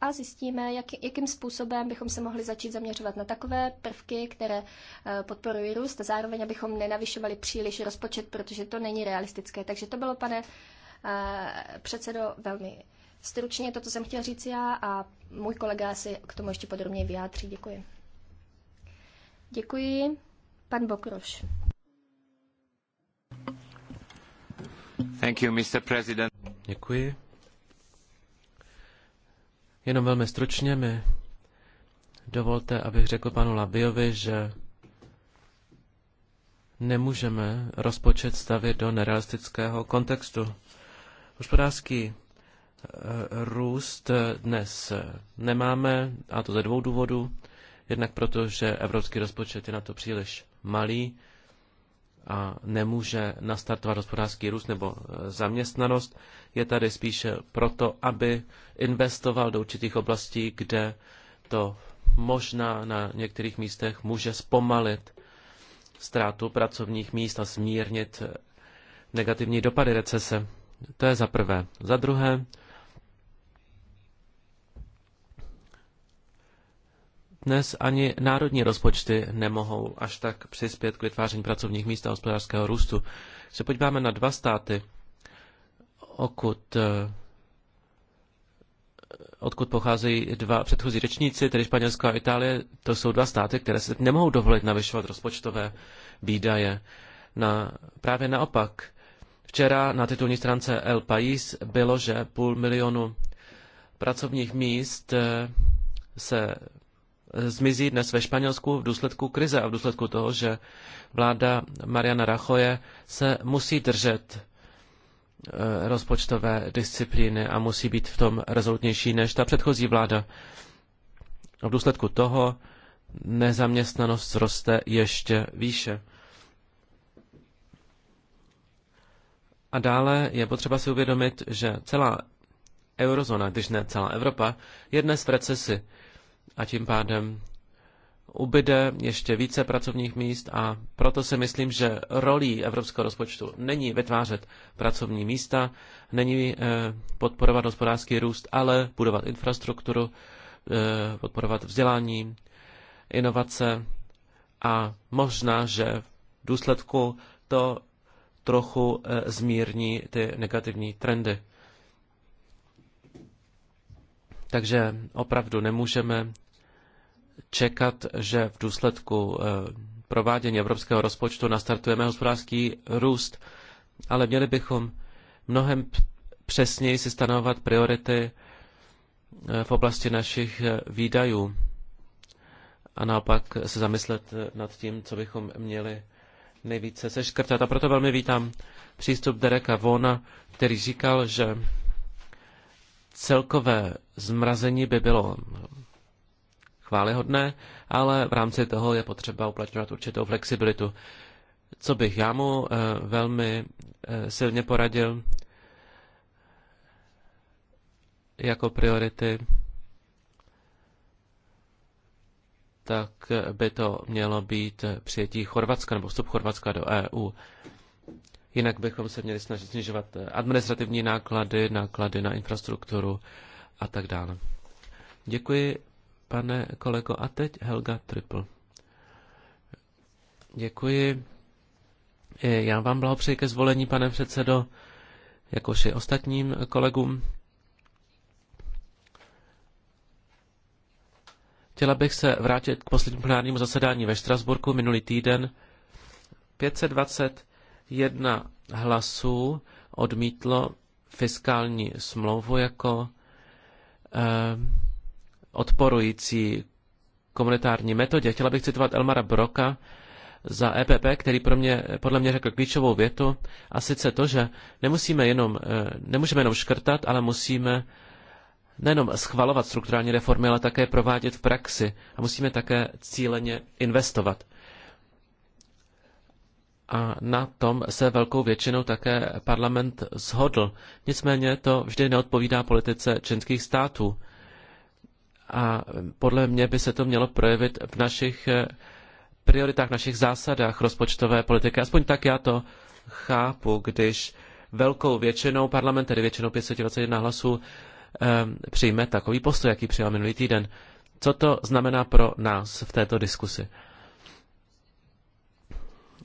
S4: a zjistíme, jak, jakým způsobem bychom se mohli začít zaměřovat na takové prvky, které eh, podporují růst a zároveň, abychom nenavyšovali příliš rozpočet, protože to není realistické. Takže to bylo, pane Eh, předsedo, velmi stručně toto jsem chtěl říct já a můj kolega si k tomu ještě podrobněji vyjádří. Děkuji. Děkuji. Pan Bokroš.
S2: Thank you, Mr. President. Děkuji. Jenom velmi stručně mi dovolte, abych řekl panu Labiovi, že nemůžeme rozpočet stavit do nerealistického kontextu. Hospodářský eh, růst eh, dnes eh, nemáme, a to ze dvou důvodů. Jednak proto, že evropský rozpočet je na to příliš malý a nemůže nastartovat hospodářský růst nebo zaměstnanost. Je tady spíše proto, aby investoval do určitých oblastí, kde to možná na některých místech může zpomalit ztrátu pracovních míst a smírnit negativní dopady recese. To je za prvé. Za druhé, dnes ani národní rozpočty nemohou až tak přispět k vytváření pracovních míst a hospodářského růstu. Když se podíváme na dva státy, okud, eh, odkud pocházejí dva předchozí řečníci, tedy Španělsko a Itálie, to jsou dva státy, které se nemohou dovolit navyšovat rozpočtové výdaje. Na, právě naopak, Včera na titulní stránce El País bylo, že půl milionu pracovních míst eh, se eh, zmizí dnes ve Španělsku v důsledku krize a v důsledku toho, že vláda Mariana Rachoje se musí držet eh, rozpočtové disciplíny a musí být v tom rezolutnější než ta předchozí vláda. A v důsledku toho nezaměstnanost roste ještě výše. A dále je potřeba si uvědomit, že celá eurozóna, když ne celá Evropa, je dnes v recesi a tím pádem ubyde ještě více pracovních míst a proto si myslím, že rolí evropského rozpočtu není vytvářet pracovní místa, není eh, podporovat hospodářský růst, ale budovat infrastrukturu, eh, podporovat vzdělání, inovace a možná, že v důsledku to trochu eh, zmírní ty negativní trendy. Takže opravdu nemůžeme čekat, že v důsledku eh, provádění evropského rozpočtu nastartujeme hospodářský růst, ale měli bychom mnohem přesněji si stanovat priority eh, v oblasti našich výdajů a naopak se zamyslet nad tím, co bychom měli nejvíce seškrtat. A proto velmi vítám přístup Dereka Vona, který říkal, že celkové zmrazení by bylo chválihodné, ale v rámci toho je potřeba uplatňovat určitou flexibilitu. Co bych já mu eh, velmi eh, silně poradil jako priority tak by to mělo být přijetí Chorvatska nebo vstup Chorvatska do EU. Jinak bychom se měli snažit snižovat eh, administrativní náklady, náklady na infrastrukturu a tak dále. Děkuji, pane kolego. A teď Helga Triple. Děkuji. Eh, já vám blahopřeji ke zvolení, pane předsedo, jakož i ostatním kolegům. Chtěla bych se vrátit k poslednímu plenárnímu zasedání ve Štrasburku minulý týden. 521 hlasů odmítlo fiskální smlouvu jako eh, odporující komunitární metodě. Chtěla bych citovat Elmara Broka za EPP, který pro mě, podle mě řekl klíčovou větu, a sice to, že nemusíme jenom, eh, nemůžeme jenom škrtat, ale musíme eh, nejenom schvalovat strukturální reformy, ale také provádět v praxi. A musíme také cíleně investovat. A na tom se velkou většinou také parlament shodl. Nicméně to vždy neodpovídá politice členských států. A podle mě by se to mělo projevit v našich eh, prioritách, našich zásadách rozpočtové politiky. Aspoň tak já to chápu, když velkou většinou, parlament tedy většinou 521 hlasů, Ehm, přijme takový postoj, jaký přijal minulý týden. Co to znamená pro nás v této diskusi?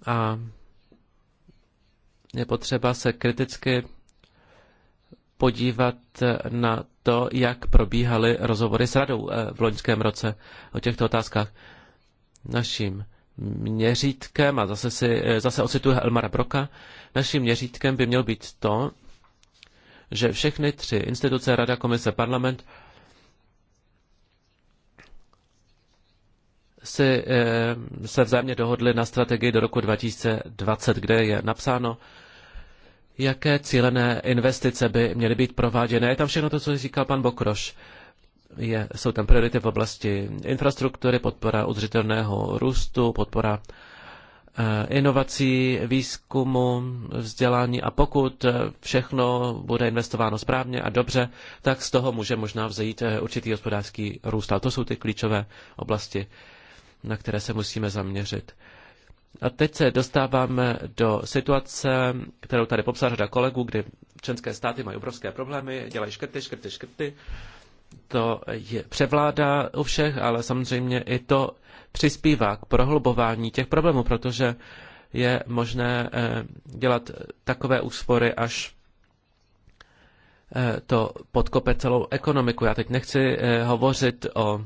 S2: A je potřeba se kriticky podívat na to, jak probíhaly rozhovory s radou eh, v loňském roce o těchto otázkách. Naším měřítkem, a zase, si, eh, zase ocituji Elmara Broka, naším měřítkem by měl být to, že všechny tři instituce, Rada, Komise, Parlament, si, eh, se vzájemně dohodli na strategii do roku 2020, kde je napsáno, jaké cílené investice by měly být prováděné. Je tam všechno to, co říkal pan Bokroš. Je, jsou tam priority v oblasti infrastruktury, podpora udržitelného růstu, podpora Eh, inovací, výzkumu, vzdělání a pokud eh, všechno bude investováno správně a dobře, tak z toho může možná vzejít eh, určitý hospodářský růst. A to jsou ty klíčové oblasti, na které se musíme zaměřit. A teď se dostáváme do situace, kterou tady popsal řada kolegů, kdy členské státy mají obrovské problémy, dělají škrty, škrty, škrty. To je, převládá u všech, ale samozřejmě i to přispívá k prohlubování těch problémů, protože je možné eh, dělat takové úspory, až eh, to podkope celou ekonomiku. Já teď nechci eh, hovořit o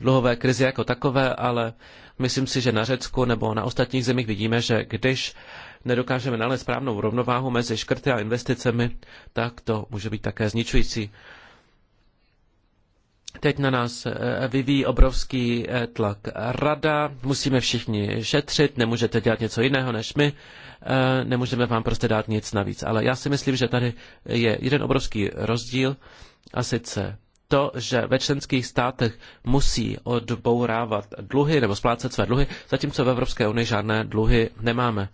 S2: dluhové krizi jako takové, ale myslím si, že na Řecku nebo na ostatních zemích vidíme, že když nedokážeme nalézt správnou rovnováhu mezi škrty a investicemi, tak to může být také zničující. Teď na nás eh, vyvíjí obrovský eh, tlak rada, musíme všichni šetřit, nemůžete dělat něco jiného než my, eh, nemůžeme vám prostě dát nic navíc. Ale já si myslím, že tady je jeden obrovský rozdíl a sice to, že ve členských státech musí odbourávat dluhy nebo splácet své dluhy, zatímco v Evropské unii žádné dluhy nemáme.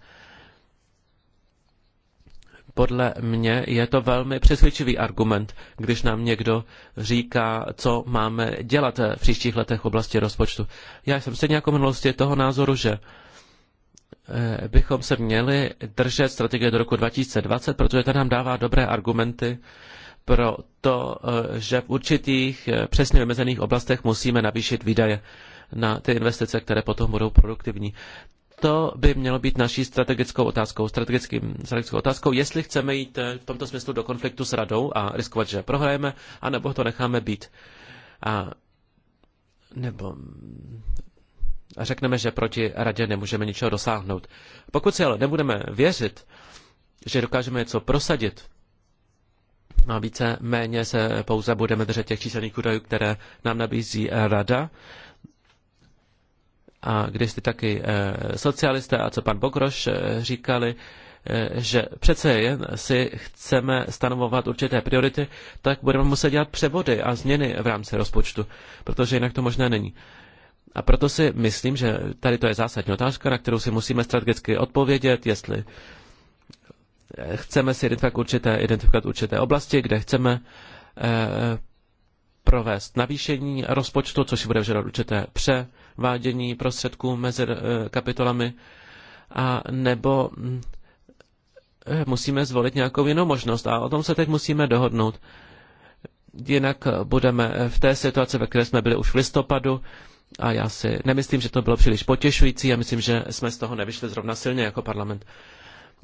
S2: Podle mě je to velmi přesvědčivý argument, když nám někdo říká, co máme dělat v příštích letech v oblasti rozpočtu. Já jsem stejně jako minulosti toho názoru, že eh, bychom se měli držet strategie do roku 2020, protože ta nám dává dobré argumenty pro to, eh, že v určitých eh, přesně vymezených oblastech musíme navýšit výdaje na ty investice, které potom budou produktivní to by mělo být naší strategickou otázkou, strategickým, strategickou otázkou, jestli chceme jít eh, v tomto smyslu do konfliktu s radou a riskovat, že prohrajeme, anebo to necháme být. A, nebo a řekneme, že proti radě nemůžeme ničeho dosáhnout. Pokud si ale nebudeme věřit, že dokážeme něco prosadit, no a více méně se pouze budeme držet těch číselných údajů, které nám nabízí rada, a když taky eh, socialisté a co pan Bokroš eh, říkali, eh, že přece jen si chceme stanovovat určité priority, tak budeme muset dělat převody a změny v rámci rozpočtu, protože jinak to možné není. A proto si myslím, že tady to je zásadní otázka, na kterou si musíme strategicky odpovědět, jestli chceme si identifikovat určité, identifikovat určité oblasti, kde chceme eh, provést navýšení rozpočtu, což bude vyžadovat určité pře vádění prostředků mezi eh, kapitolami a nebo hm, eh, musíme zvolit nějakou jinou možnost a o tom se teď musíme dohodnout. Jinak budeme v té situaci, ve které jsme byli už v listopadu a já si nemyslím, že to bylo příliš potěšující a myslím, že jsme z toho nevyšli zrovna silně jako parlament.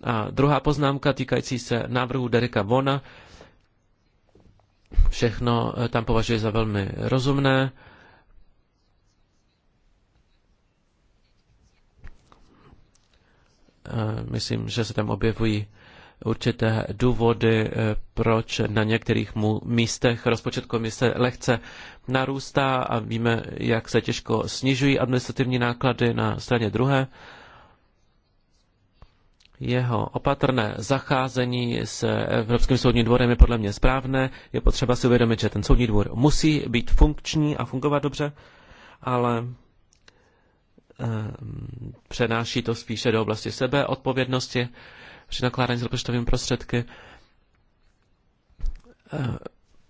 S2: A druhá poznámka týkající se návrhu Dereka Vona. Všechno eh, tam považuji za velmi rozumné. Eh, myslím, že se tam objevují určité důvody, eh, proč na některých místech rozpočet komise lehce narůstá a víme, jak se těžko snižují administrativní náklady na straně druhé. Jeho opatrné zacházení s Evropským soudním dvorem je podle mě správné. Je potřeba si uvědomit, že ten soudní dvůr musí být funkční a fungovat dobře, ale Ehm, přenáší to spíše do oblasti sebe odpovědnosti při nakládání s rozpočtovými prostředky. Ehm,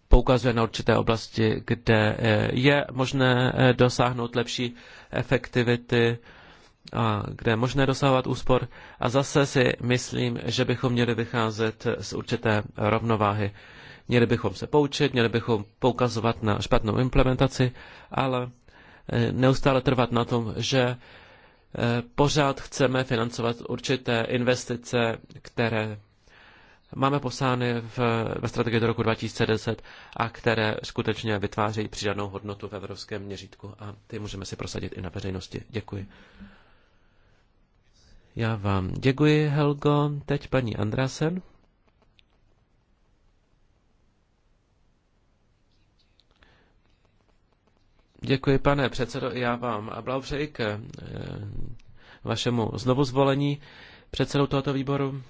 S2: poukazuje na určité oblasti, kde eh, je možné eh, dosáhnout lepší efektivity a kde je možné dosahovat úspor. A zase si myslím, že bychom měli vycházet z určité rovnováhy. Měli bychom se poučit, měli bychom poukazovat na špatnou implementaci, ale neustále trvat na tom, že eh, pořád chceme financovat určité investice, které máme posány v, ve strategii do roku 2010 a které skutečně vytvářejí přidanou hodnotu v evropském měřítku a ty můžeme si prosadit i na veřejnosti. Děkuji. Já vám děkuji, Helgo. Teď paní Andrasen. Děkuji, pane předsedo, já vám a blahopřeji k eh, vašemu znovu zvolení předsedou tohoto výboru.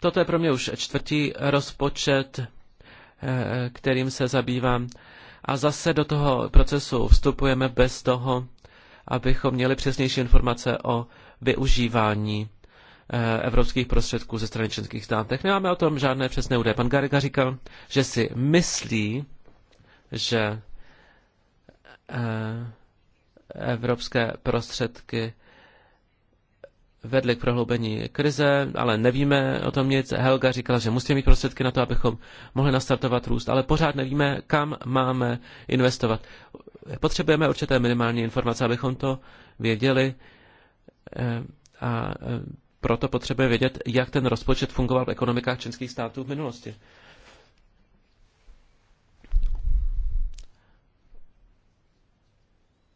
S2: Toto je pro mě už čtvrtý rozpočet, eh, kterým se zabývám. A zase do toho procesu vstupujeme bez toho, abychom měli přesnější informace o využívání Eh, evropských prostředků ze strany členských státech. Nemáme o tom žádné přesné údaje. Pan Garika říkal, že si myslí, že eh, evropské prostředky vedly k prohloubení krize, ale nevíme o tom nic. Helga říkala, že musíme mít prostředky na to, abychom mohli nastartovat růst, ale pořád nevíme, kam máme investovat. Potřebujeme určité minimální informace, abychom to věděli eh, a proto potřebuje vědět, jak ten rozpočet fungoval v ekonomikách členských států v minulosti.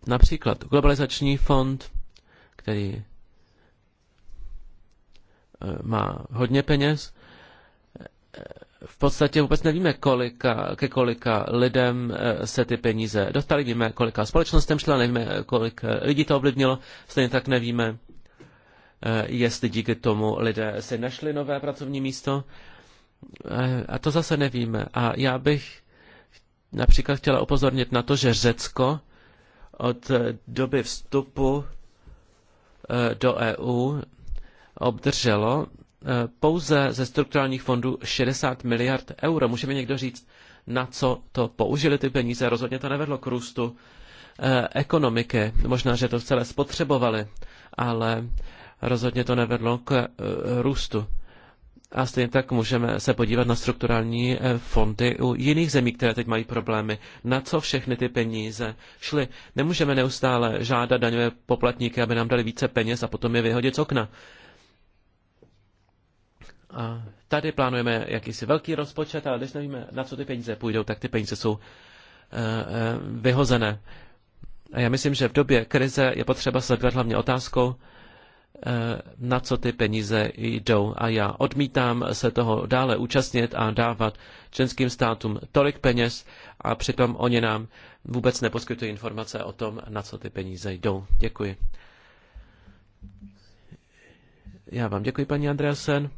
S2: Například globalizační fond, který eh, má hodně peněz, eh, v podstatě vůbec nevíme, kolika, ke kolika lidem eh, se ty peníze dostaly, víme, kolika společnostem šla, nevíme, kolik lidí to ovlivnilo, stejně tak nevíme, Eh, jestli díky tomu lidé si našli nové pracovní místo. Eh, a to zase nevíme. A já bych například chtěla upozornit na to, že Řecko od eh, doby vstupu do EU obdrželo pouze ze strukturálních fondů 60 miliard euro. Můžeme někdo říct, na co to použili ty peníze? Rozhodně to nevedlo k růstu ekonomiky. Možná, že to celé spotřebovali, ale rozhodně to nevedlo k eh, růstu. A stejně tak můžeme se podívat na strukturální eh, fondy u jiných zemí, které teď mají problémy. Na co všechny ty peníze šly? Nemůžeme neustále žádat daňové poplatníky, aby nám dali více peněz a potom je vyhodit z okna. A tady plánujeme jakýsi velký rozpočet, ale když nevíme, na co ty peníze půjdou, tak ty peníze jsou eh, vyhozené. A já myslím, že v době krize je potřeba se zabývat hlavně otázkou, Eh, na co ty peníze jdou. A já odmítám se toho dále účastnit a dávat členským státům tolik peněz a přitom oni nám vůbec neposkytují informace o tom, na co ty peníze jdou. Děkuji. Já vám děkuji, paní Andreasen.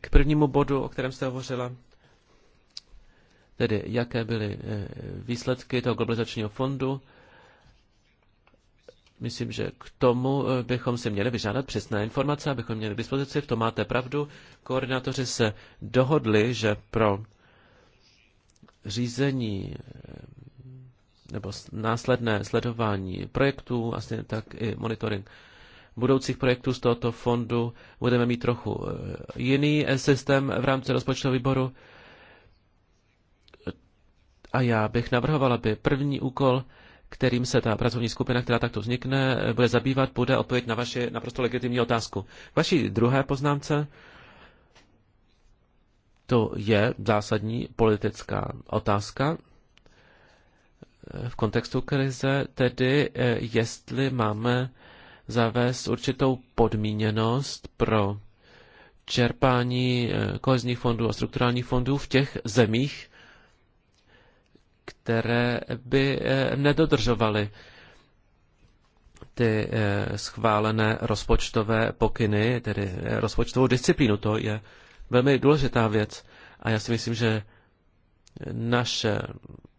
S2: K prvnímu bodu, o kterém jste hovořila, tedy jaké byly eh, výsledky toho globalizačního fondu, Myslím, že k tomu eh, bychom si měli vyžádat přesné informace, abychom měli k dispozici, v tom máte pravdu. Koordinátoři se dohodli, že pro řízení eh, nebo následné sledování projektů, asi tak i monitoring budoucích projektů z tohoto fondu budeme mít trochu eh, jiný systém v rámci rozpočtového výboru. A já bych navrhoval, aby první úkol kterým se ta pracovní skupina, která takto vznikne, bude zabývat, bude odpověď na vaši naprosto legitimní otázku. Vaší druhé poznámce, to je zásadní politická otázka v kontextu krize, tedy eh, jestli máme zavést určitou podmíněnost pro čerpání eh, kohezních fondů a strukturálních fondů v těch zemích, které by eh, nedodržovaly ty eh, schválené rozpočtové pokyny, tedy eh, rozpočtovou disciplínu. To je velmi důležitá věc. A já si myslím, že naše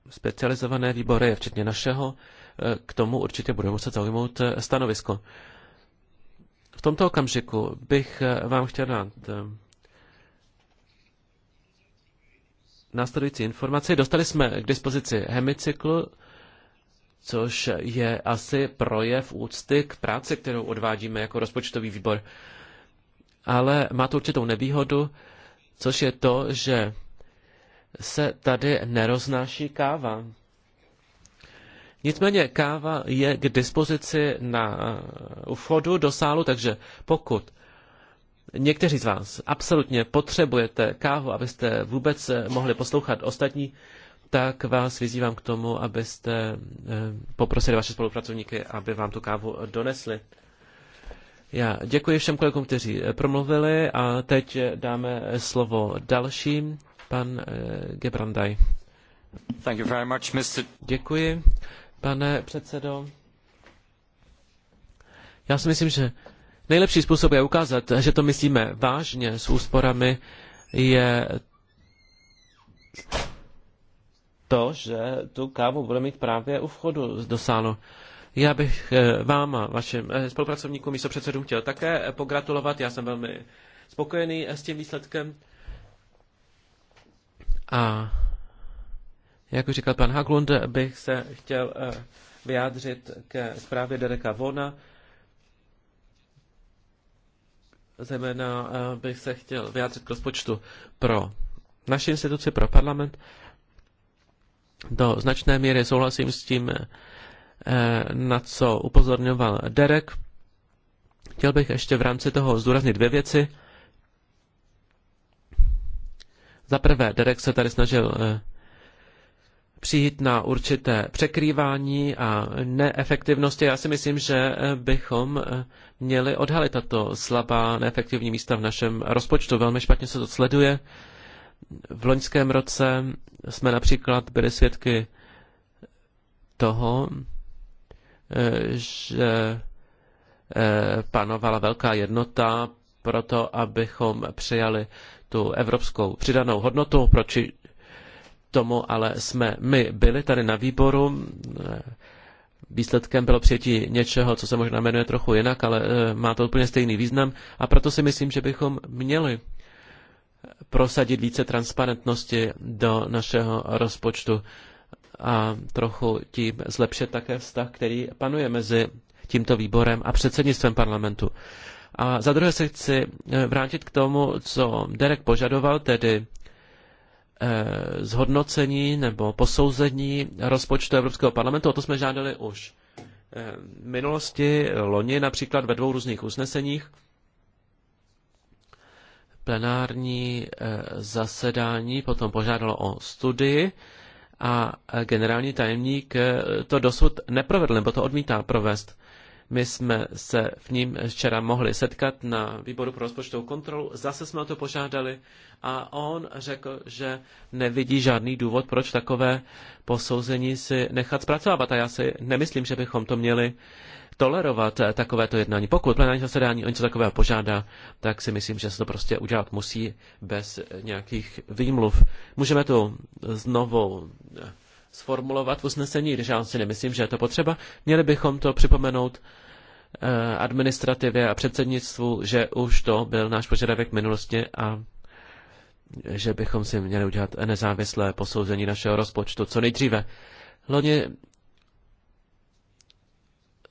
S2: specializované výbory, včetně našeho, k tomu určitě budou muset zaujmout stanovisko. V tomto okamžiku bych vám chtěl dát následující informaci. Dostali jsme k dispozici hemicyklu, což je asi projev úcty k práci, kterou odvádíme jako rozpočtový výbor. Ale má to určitou nevýhodu, což je to, že se tady neroznáší káva. Nicméně káva je k dispozici na, vchodu do sálu, takže pokud někteří z vás absolutně potřebujete kávu, abyste vůbec eh, mohli poslouchat ostatní, tak vás vyzývám k tomu, abyste eh, poprosili vaše spolupracovníky, aby vám tu kávu donesli. Já děkuji všem kolegům, kteří eh, promluvili a teď dáme slovo dalším, pan Gebrandaj. Thank you very much, Mr. Děkuji, pane předsedo. Já si myslím, že Nejlepší způsob je ukázat, že to myslíme vážně s úsporami, je to, že tu kávu bude mít právě u vchodu do sálu. Já bych eh, vám a vašim eh, spolupracovníkům místo předsedům chtěl také eh, pogratulovat. Já jsem velmi spokojený s tím výsledkem. A jak už říkal pan Haglund, bych se chtěl vyjádřit ke zprávě Dereka Vona. Zejména eh, bych se chtěl vyjádřit k rozpočtu pro naši instituci, pro parlament. Do značné míry souhlasím s tím, eh, na co upozorňoval Derek. Chtěl bych ještě v rámci toho zdůraznit dvě věci. Za prvé, Derek se tady snažil eh, přijít na určité překrývání a neefektivnosti. Já si myslím, že bychom eh, měli odhalit tato slabá neefektivní místa v našem rozpočtu. Velmi špatně se to sleduje. V loňském roce jsme například byli svědky toho, eh, že eh, panovala velká jednota pro to, abychom přijali tu evropskou přidanou hodnotu, proč tomu ale jsme my byli tady na výboru. Výsledkem bylo přijetí něčeho, co se možná jmenuje trochu jinak, ale e, má to úplně stejný význam a proto si myslím, že bychom měli prosadit více transparentnosti do našeho rozpočtu a trochu tím zlepšit také vztah, který panuje mezi tímto výborem a předsednictvem parlamentu. A za druhé se chci e, vrátit k tomu, co Derek požadoval, tedy Eh, zhodnocení nebo posouzení rozpočtu Evropského parlamentu. O to jsme žádali už eh, v minulosti, loni například ve dvou různých usneseních. Plenární eh, zasedání potom požádalo o studii a generální tajemník to dosud neprovedl, nebo to odmítá provést. My jsme se v ním včera mohli setkat na výboru pro rozpočtovou kontrolu, zase jsme o to požádali a on řekl, že nevidí žádný důvod, proč takové posouzení si nechat zpracovávat. A já si nemyslím, že bychom to měli tolerovat eh, takovéto jednání. Pokud plenární zasedání o něco takového požádá, tak si myslím, že se to prostě udělat musí bez nějakých výmluv. Můžeme tu znovu sformulovat v usnesení, když já si nemyslím, že je to potřeba. Měli bychom to připomenout eh, administrativě a předsednictvu, že už to byl náš požadavek minulosti a že bychom si měli udělat nezávislé posouzení našeho rozpočtu co nejdříve. Loni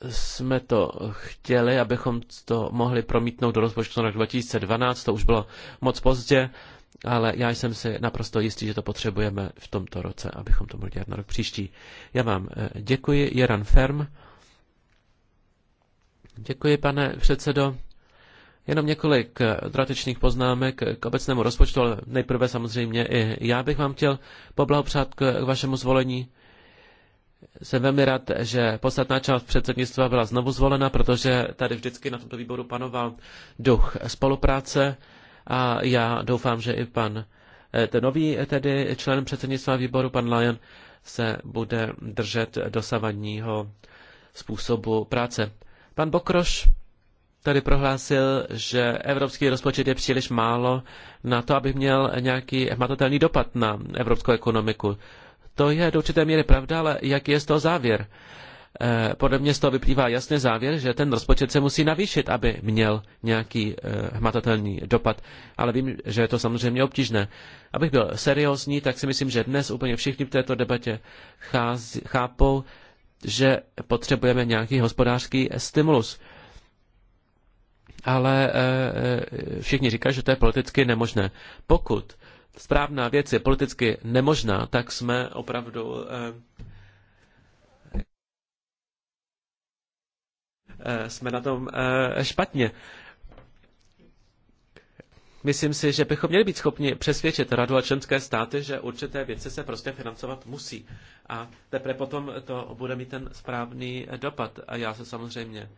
S2: jsme to chtěli, abychom to mohli promítnout do rozpočtu na rok 2012, to už bylo moc pozdě ale já jsem si naprosto jistý, že to potřebujeme v tomto roce, abychom to mohli dělat na rok příští. Já vám eh, děkuji, Jeran Ferm. Děkuji, pane předsedo. Jenom několik eh, dratečných poznámek k obecnému rozpočtu, ale nejprve samozřejmě i já bych vám chtěl poblahopřát k vašemu zvolení. Jsem velmi rád, že podstatná část předsednictva byla znovu zvolena, protože tady vždycky na tomto výboru panoval duch spolupráce a já doufám, že i pan eh, ten nový eh, tedy člen předsednictva výboru, pan Lyon, se bude držet dosavadního způsobu práce. Pan Bokroš tady prohlásil, že evropský rozpočet je příliš málo na to, aby měl nějaký hmatatelný dopad na evropskou ekonomiku. To je do určité míry pravda, ale jaký je z toho závěr? Eh, podle mě z toho vyplývá jasný závěr, že ten rozpočet se musí navýšit, aby měl nějaký eh, hmatatelný dopad. Ale vím, že je to samozřejmě obtížné. Abych byl seriózní, tak si myslím, že dnes úplně všichni v této debatě chápou, že potřebujeme nějaký hospodářský stimulus. Ale eh, všichni říkají, že to je politicky nemožné. Pokud správná věc je politicky nemožná, tak jsme opravdu eh, Eh, jsme na tom eh, špatně. Myslím si, že bychom měli být schopni přesvědčit radu a členské státy, že určité věci se prostě financovat musí. A teprve potom to bude mít ten správný eh, dopad. A já se samozřejmě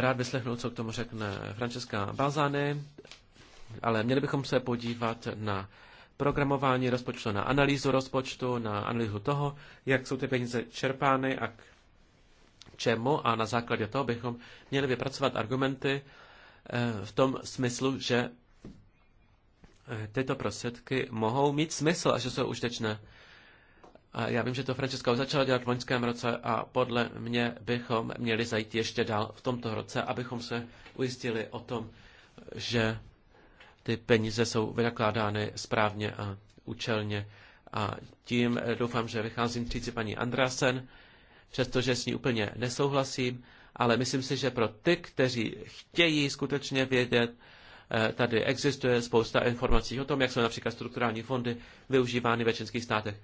S2: rád vyslechnu, co k tomu řekne Francesca Balzany, ale měli bychom se podívat na programování rozpočtu, na analýzu rozpočtu, na analýzu toho, jak jsou ty peníze čerpány a čemu a na základě toho bychom měli vypracovat argumenty eh, v tom smyslu, že eh, tyto prostředky mohou mít smysl a že jsou užitečné. A já vím, že to Francesco začala dělat v loňském roce a podle mě bychom měli zajít ještě dál v tomto roce, abychom se ujistili o tom, že ty peníze jsou vynakládány správně a účelně. A tím eh, doufám, že vycházím tříci paní Andrásen přestože s ní úplně nesouhlasím, ale myslím si, že pro ty, kteří chtějí skutečně vědět, eh, tady existuje spousta informací o tom, jak jsou například strukturální fondy využívány ve českých státech.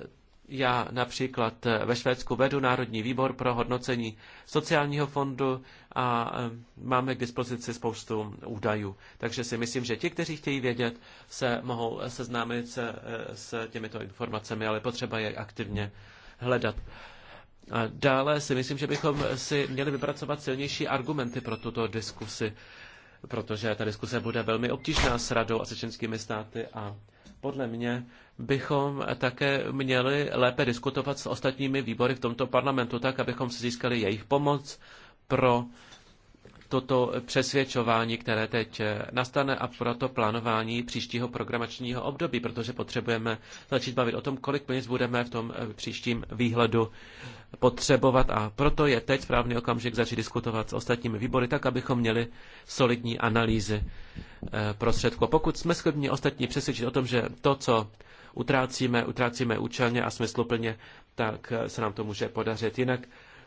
S2: Eh, já například eh, ve Švédsku vedu Národní výbor pro hodnocení sociálního fondu a máme k dispozici spoustu údajů. Takže si myslím, že ti, kteří chtějí vědět, se mohou seznámit se, s těmito informacemi, ale potřeba je aktivně hledat. A dále si myslím, že bychom si měli vypracovat silnější argumenty pro tuto diskusi, protože ta diskuse bude velmi obtížná s radou a se členskými státy a podle mě bychom také měli lépe diskutovat s ostatními výbory v tomto parlamentu tak, abychom si získali jejich pomoc pro toto přesvědčování, které teď eh, nastane a proto plánování příštího programačního období, protože potřebujeme začít bavit o tom, kolik peněz budeme v tom eh, příštím výhledu potřebovat a proto je teď správný okamžik začít diskutovat s ostatními výbory, tak abychom měli solidní analýzy eh, prostředku. Pokud jsme schopni ostatní přesvědčit o tom, že to, co utrácíme, utrácíme účelně a smysluplně, tak se nám to může podařit. Jinak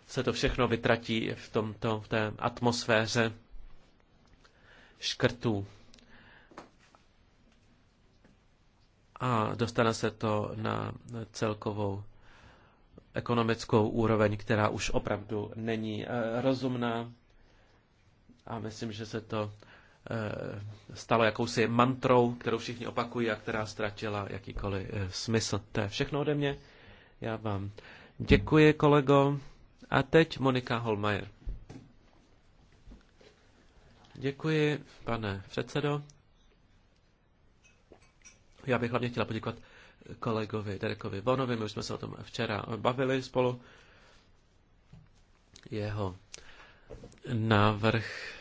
S2: se to všechno vytratí v, tomto, v té atmosféře škrtů. A dostane se to na celkovou ekonomickou úroveň, která už opravdu není eh, rozumná. A myslím, že se to eh, stalo jakousi mantrou, kterou všichni opakují a která ztratila jakýkoliv eh, smysl. To je všechno ode mě. Já vám děkuji, kolego. A teď Monika Holmajer. Děkuji, pane předsedo. Já bych hlavně chtěla poděkovat kolegovi Derekovi Bonovi, my už jsme se o tom včera bavili spolu. Jeho návrh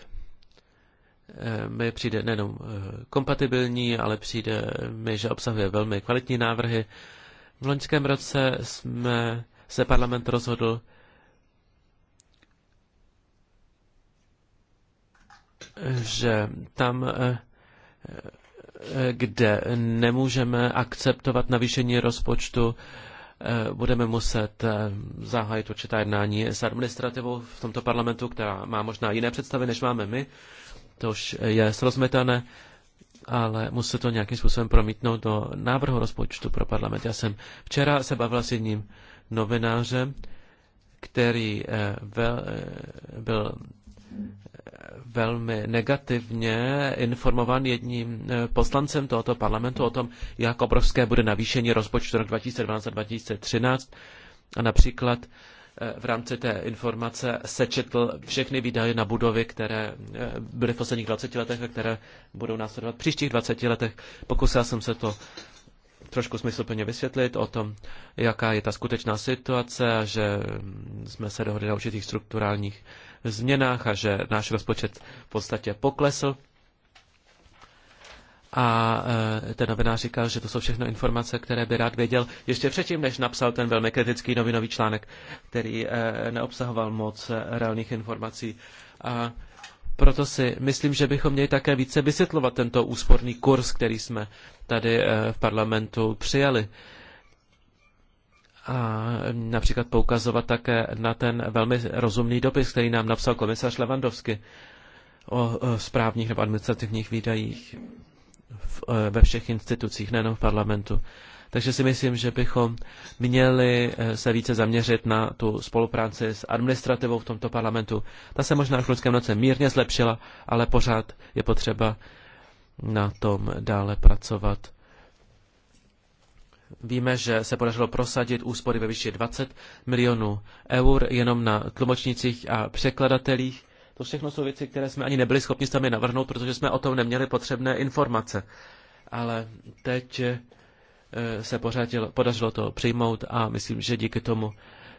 S2: eh, mi přijde nejenom eh, kompatibilní, ale přijde mi, že obsahuje velmi kvalitní návrhy. V loňském roce jsme se parlament rozhodl že tam, eh, kde nemůžeme akceptovat navýšení rozpočtu, eh, budeme muset eh, zahájit určitá jednání s administrativou v tomto parlamentu, která má možná jiné představy, než máme my. To už je srozmetané, ale musí to nějakým způsobem promítnout do návrhu rozpočtu pro parlament. Já jsem včera se bavil s jedním novinářem, který byl velmi negativně informován jedním eh, poslancem tohoto parlamentu o tom, jak obrovské bude navýšení rozpočtu rok 2012 a 2013. A například eh, v rámci té informace sečetl všechny výdaje na budovy, které eh, byly v posledních 20 letech a které budou následovat v příštích 20 letech. Pokusil jsem se to trošku smysluplně vysvětlit o tom, jaká je ta skutečná situace a že hm, jsme se dohodli na určitých strukturálních změnách a že náš rozpočet v podstatě poklesl. A e, ten novinář říkal, že to jsou všechno informace, které by rád věděl ještě předtím, než napsal ten velmi kritický novinový článek, který e, neobsahoval moc e, reálných informací. A proto si myslím, že bychom měli také více vysvětlovat tento úsporný kurz, který jsme tady v parlamentu přijali a například poukazovat také na ten velmi rozumný dopis, který nám napsal komisař Levandovsky o správních nebo administrativních výdajích e, ve všech institucích, nejenom v parlamentu. Takže si myslím, že bychom měli e, se více zaměřit na tu spolupráci s administrativou v tomto parlamentu. Ta se možná v loňském roce mírně zlepšila, ale pořád je potřeba na tom dále pracovat. Víme, že se podařilo prosadit úspory ve výši 20 milionů eur jenom na tlumočnicích a překladatelích. To všechno jsou věci, které jsme ani nebyli schopni sami navrhnout, protože jsme o tom neměli potřebné informace. Ale teď eh, se pořadil, podařilo to přijmout a myslím, že díky tomu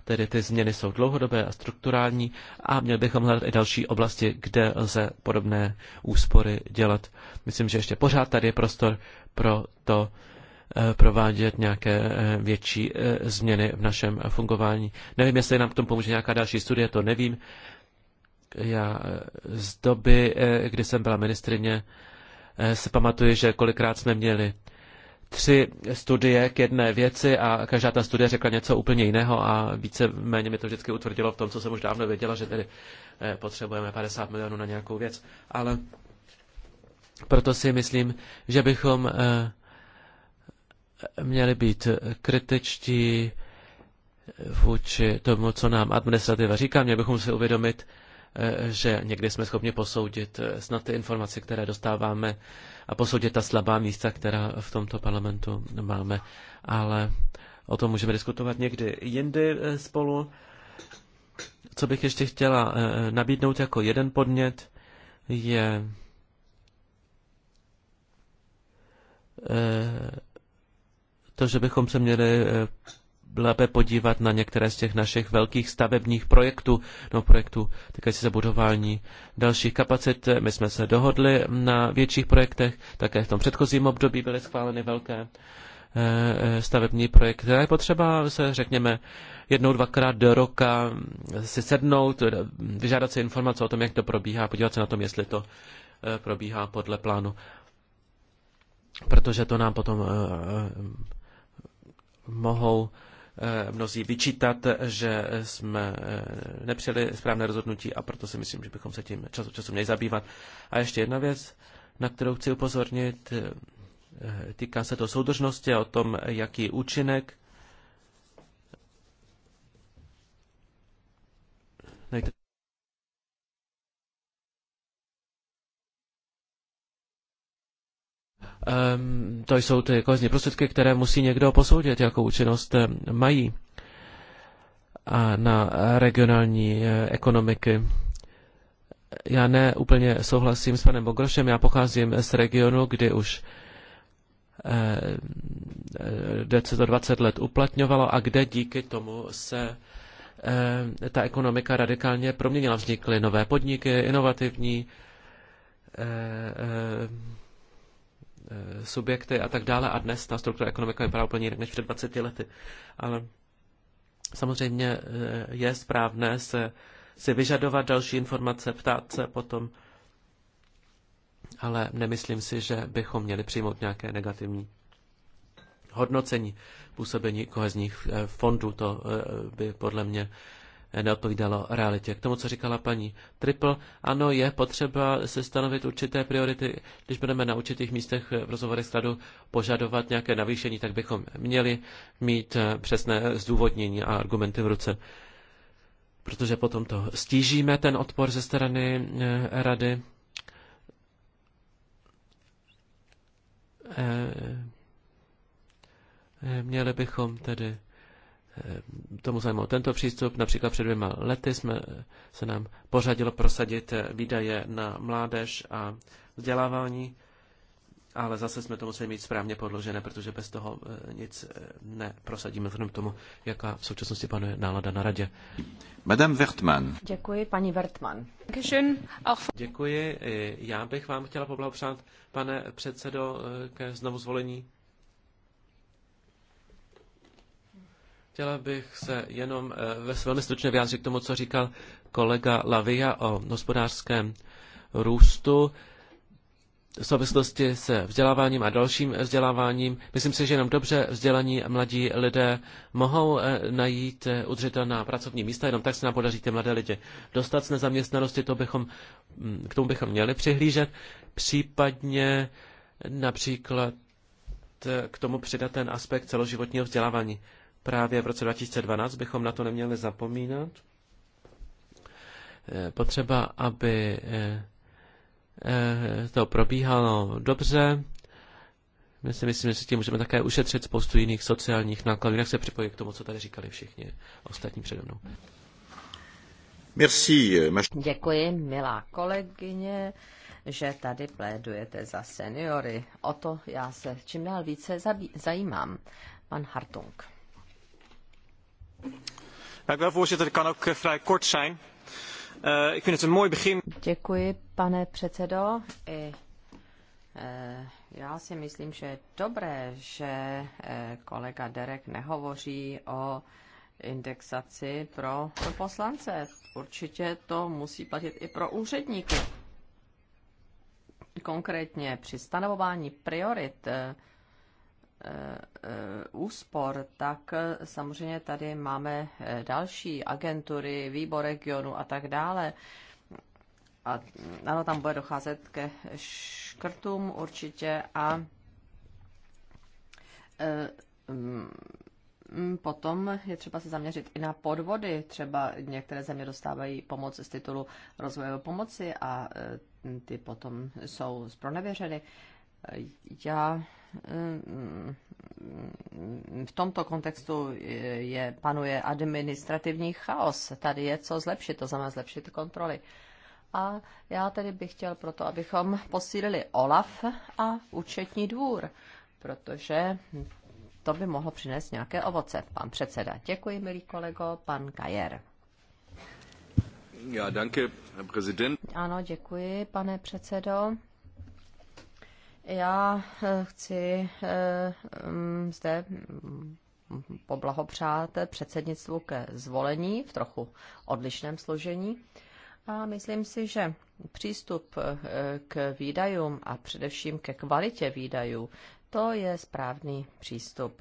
S2: tedy ty změny jsou dlouhodobé a strukturální a měli bychom hledat i další oblasti, kde lze podobné úspory dělat. Myslím, že ještě pořád tady je prostor pro to, Eh, provádět nějaké eh, větší eh, změny v našem fungování. Nevím, jestli nám k tomu pomůže nějaká další studie, to nevím. Já z doby, kdy jsem byla ministrině, se pamatuju, že kolikrát jsme měli tři studie k jedné věci a každá ta studie řekla něco úplně jiného a více méně mi to vždycky utvrdilo v tom, co jsem už dávno věděla, že tedy potřebujeme 50 milionů na nějakou věc. Ale proto si myslím, že bychom měli být kritičtí vůči tomu, co nám administrativa říká. Měli bychom si uvědomit, eh, že někdy jsme schopni posoudit eh, snad ty informace, které dostáváme a posoudit ta slabá místa, která v tomto parlamentu máme. Ale o tom můžeme diskutovat někdy jindy eh, spolu. Co bych ještě chtěla nabídnout jako jeden podnět, je to, že bychom se měli eh, lépe podívat na některé z těch našich velkých stavebních projektů, no projektů týkající se budování dalších kapacit. My jsme se dohodli na větších projektech, také v tom předchozím období byly schváleny velké eh, eh, stavební projekt, je potřeba se, řekněme, jednou, dvakrát do roka si sednout, vyžádat si informace o tom, jak to probíhá, podívat se na tom, jestli to probíhá podle plánu. Protože to nám potom mohou eh, mnozí vyčítat, že jsme eh, nepřijeli správné rozhodnutí a proto si myslím, že bychom se tím čas od času měli zabývat. A ještě jedna věc, na kterou chci upozornit, eh, týká se to soudržnosti a o tom, jaký účinek. Nejte... Ehm, to jsou ty kohezní prostředky, které musí někdo posoudit, jakou účinnost ehm, mají a na regionální eh, ekonomiky. Já ne úplně souhlasím s panem Bogrošem, já pocházím z regionu, kdy už kde se to 20 let uplatňovalo a kde díky tomu se eh, ta ekonomika radikálně proměnila. Vznikly nové podniky, inovativní, eh, Eh, subjekty a tak dále. A dnes ta struktura ekonomika vypadá úplně jinak než před 20 lety. Ale samozřejmě eh, je správné se, si vyžadovat další informace, ptát se potom, ale nemyslím si, že bychom měli přijmout nějaké negativní hodnocení působení kohezních eh, fondů. To by podle mě neodpovídalo realitě. K tomu, co říkala paní Triple, ano, je potřeba se stanovit určité priority. Když budeme na určitých místech v rozhovorech skladu požadovat nějaké navýšení, tak bychom měli mít eh, přesné zdůvodnění a argumenty v ruce. Protože potom to stížíme, ten odpor ze strany eh, rady. Eh, měli bychom tedy tomu zájmu tento přístup. Například před dvěma lety jsme, se nám pořadilo prosadit výdaje na mládež a vzdělávání, ale zase jsme to museli mít správně podložené, protože bez toho eh, nic eh, neprosadíme vzhledem tomu, jaká v současnosti panuje nálada na radě. Madame Wertmann.
S3: Děkuji, paní Wertmann.
S2: Děkuji. Já bych vám chtěla poblahopřát, pane předsedo, eh, ke znovu zvolení Chtěla bych se jenom eh, ve velmi stručně vyjádřit k tomu, co říkal kolega Lavia o hospodářském růstu v souvislosti se vzděláváním a dalším vzděláváním. Myslím si, že jenom dobře vzdělaní mladí lidé mohou eh, najít eh, udržitelná pracovní místa, jenom tak se nám podaří ty mladé lidi dostat z nezaměstnanosti, to bychom, mm, k tomu bychom měli přihlížet, případně například k tomu přidat ten aspekt celoživotního vzdělávání právě v roce 2012 bychom na to neměli zapomínat. Eh, potřeba, aby eh, eh, to probíhalo dobře. My si myslím, že si tím můžeme také ušetřit spoustu jiných sociálních nákladů. Jak se připojí k tomu, co tady říkali všichni ostatní přede mnou.
S1: Merci.
S3: Děkuji, milá kolegyně, že tady plédujete za seniory. O to já se čím dál více zajímám. Pan
S2: Hartung voorzitter. Ik kan ook eh, vrij kort zijn. Eh, ik vind het een mooi begin.
S3: Děkuji, pane předsedo. I, eh, já si myslím, že je dobré, že kolega Derek nehovoří o indexaci pro poslance. Určitě to musí platit i pro úředníky. Konkrétně při stanovování priorit Eh, eh, úspor, tak eh, samozřejmě tady máme další agentury, výbor regionu a tak dále. A mm, ano, tam bude docházet ke škrtům určitě a mm, mm, Potom je třeba se zaměřit i na podvody. Třeba některé země dostávají pomoc z titulu rozvojové pomoci a ty potom jsou zpronevěřeny. Já v tomto kontextu je, panuje administrativní chaos. Tady je co zlepšit, to znamená zlepšit kontroly. A já tedy bych chtěl proto, abychom posílili OLAF a účetní dvůr, protože to by mohlo přinést nějaké ovoce. Pan předseda, děkuji, milý kolego, pan Kajer. Já, danke, Herr Ano, děkuji, pane předsedo. Já eh, chci eh, mm, zde mm, poblahopřát předsednictvu ke zvolení v trochu odlišném složení. A myslím si, že přístup eh, k výdajům a především ke kvalitě výdajů, to je správný přístup.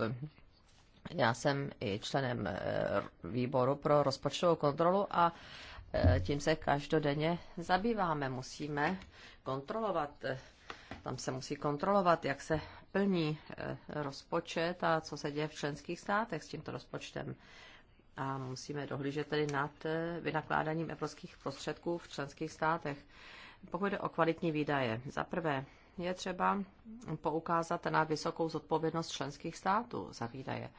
S3: Já jsem i členem výboru pro rozpočtovou kontrolu a tím se každodenně zabýváme. Musíme kontrolovat tam se musí kontrolovat, jak se plní e, rozpočet a co se děje v členských státech s tímto rozpočtem. A musíme dohlížet tedy nad e, vynakládáním evropských prostředků v členských státech. Pokud jde o kvalitní výdaje, za prvé je třeba poukázat na vysokou zodpovědnost členských států za výdaje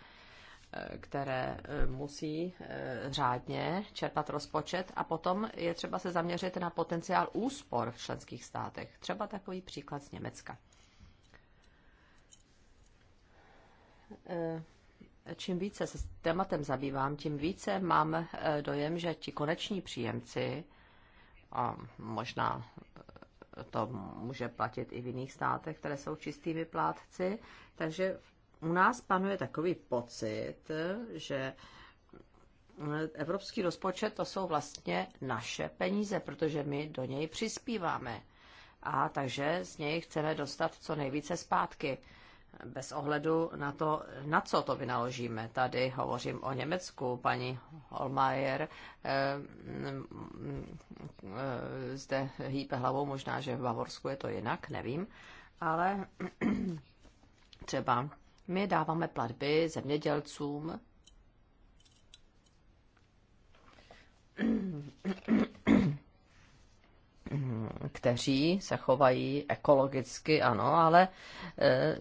S3: které eh, musí eh, řádně čerpat rozpočet a potom je třeba se zaměřit na potenciál úspor v členských státech. Třeba takový příklad z Německa. Eh, čím více se tématem zabývám, tím více mám dojem, že ti koneční příjemci, a možná to může platit i v jiných státech, které jsou čistými plátci, takže v u nás panuje takový pocit, že evropský rozpočet to jsou vlastně naše peníze, protože my do něj přispíváme. A takže z něj chceme dostat co nejvíce zpátky. Bez ohledu na to, na co to vynaložíme. Tady hovořím o Německu. Paní Holmeier eh, eh, zde hýpe hlavou, možná, že v Bavorsku je to jinak, nevím. Ale třeba my dáváme platby zemědělcům. kteří se chovají ekologicky, ano, ale e,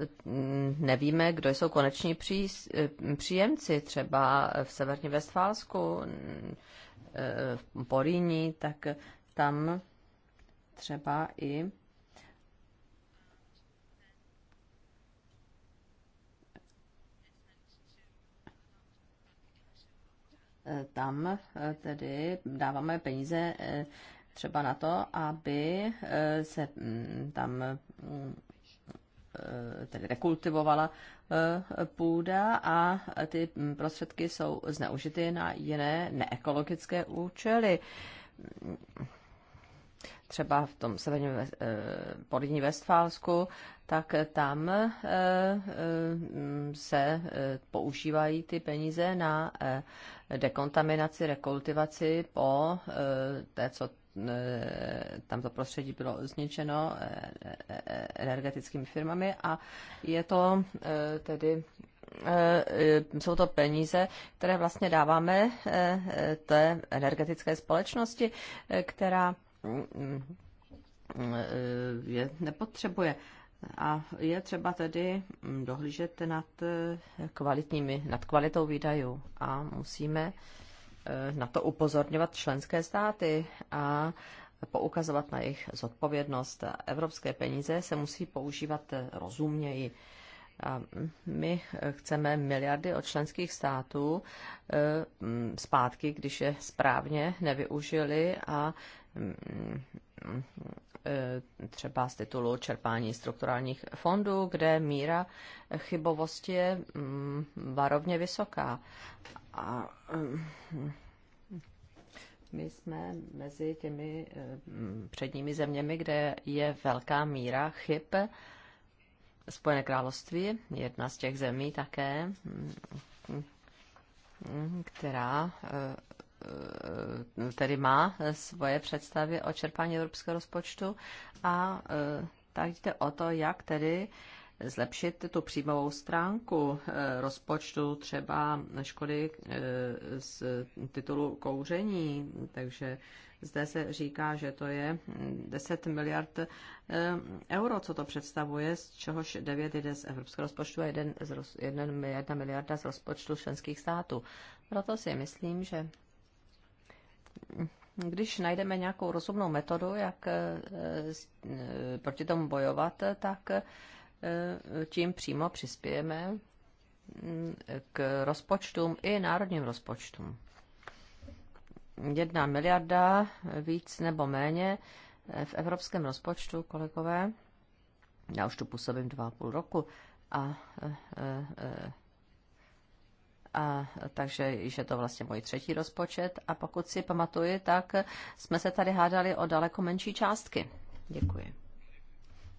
S3: nevíme, kdo jsou koneční pří, e, příjemci. Třeba v Severní e, v Poríní, tak tam třeba i tam eh, tedy dáváme peníze eh, třeba na to, aby eh, se mm, tam mm, tedy rekultivovala půda a ty mm, prostředky jsou zneužity na jiné neekologické účely. Třeba v tom severním Podní Vestfálsku tak tam eh, eh, se eh, používají ty peníze na dekontaminaci, rekultivaci po té, co tam to prostředí bylo zničeno energetickými firmami a je to tedy jsou to peníze, které vlastně dáváme té energetické společnosti, která mm, mm, je nepotřebuje. A je třeba tedy mm, dohlížet nad, eh, kvalitními, nad kvalitou výdajů a musíme eh, na to upozorňovat členské státy a poukazovat na jejich zodpovědnost. Evropské peníze se musí používat eh, rozumněji. A mm, my chceme miliardy od členských států mm, zpátky, když je správně nevyužili a Eh, třeba z titulu čerpání strukturálních fondů, kde míra chybovosti je mm, varovně vysoká. A eh, my jsme mezi těmi eh, předními zeměmi, kde je velká míra chyb. Spojené království, jedna z těch zemí také, mm, která Eh, tedy má eh, svoje představy o čerpání evropského rozpočtu a eh, tak jde o to, jak tedy zlepšit tu příjmovou stránku rozpočtu, třeba škody z titulu kouření. Takže zde se říká, že to je 10 hm, miliard euro, co to představuje, z čehož 9 jde z evropského rozpočtu a 1, z, miliarda z rozpočtu členských států. Proto si myslím, že když najdeme nějakou rozumnou metodu, jak eh, eh, proti tomu bojovat, tak eh, tím přímo přispějeme mm, k rozpočtům i národním rozpočtům. Jedna miliarda, víc nebo méně, v evropském rozpočtu, kolegové. Já už tu působím dva a půl roku a a, takže již je to vlastně můj třetí rozpočet. A pokud si pamatuju, tak jsme se tady hádali o daleko menší částky. Děkuji.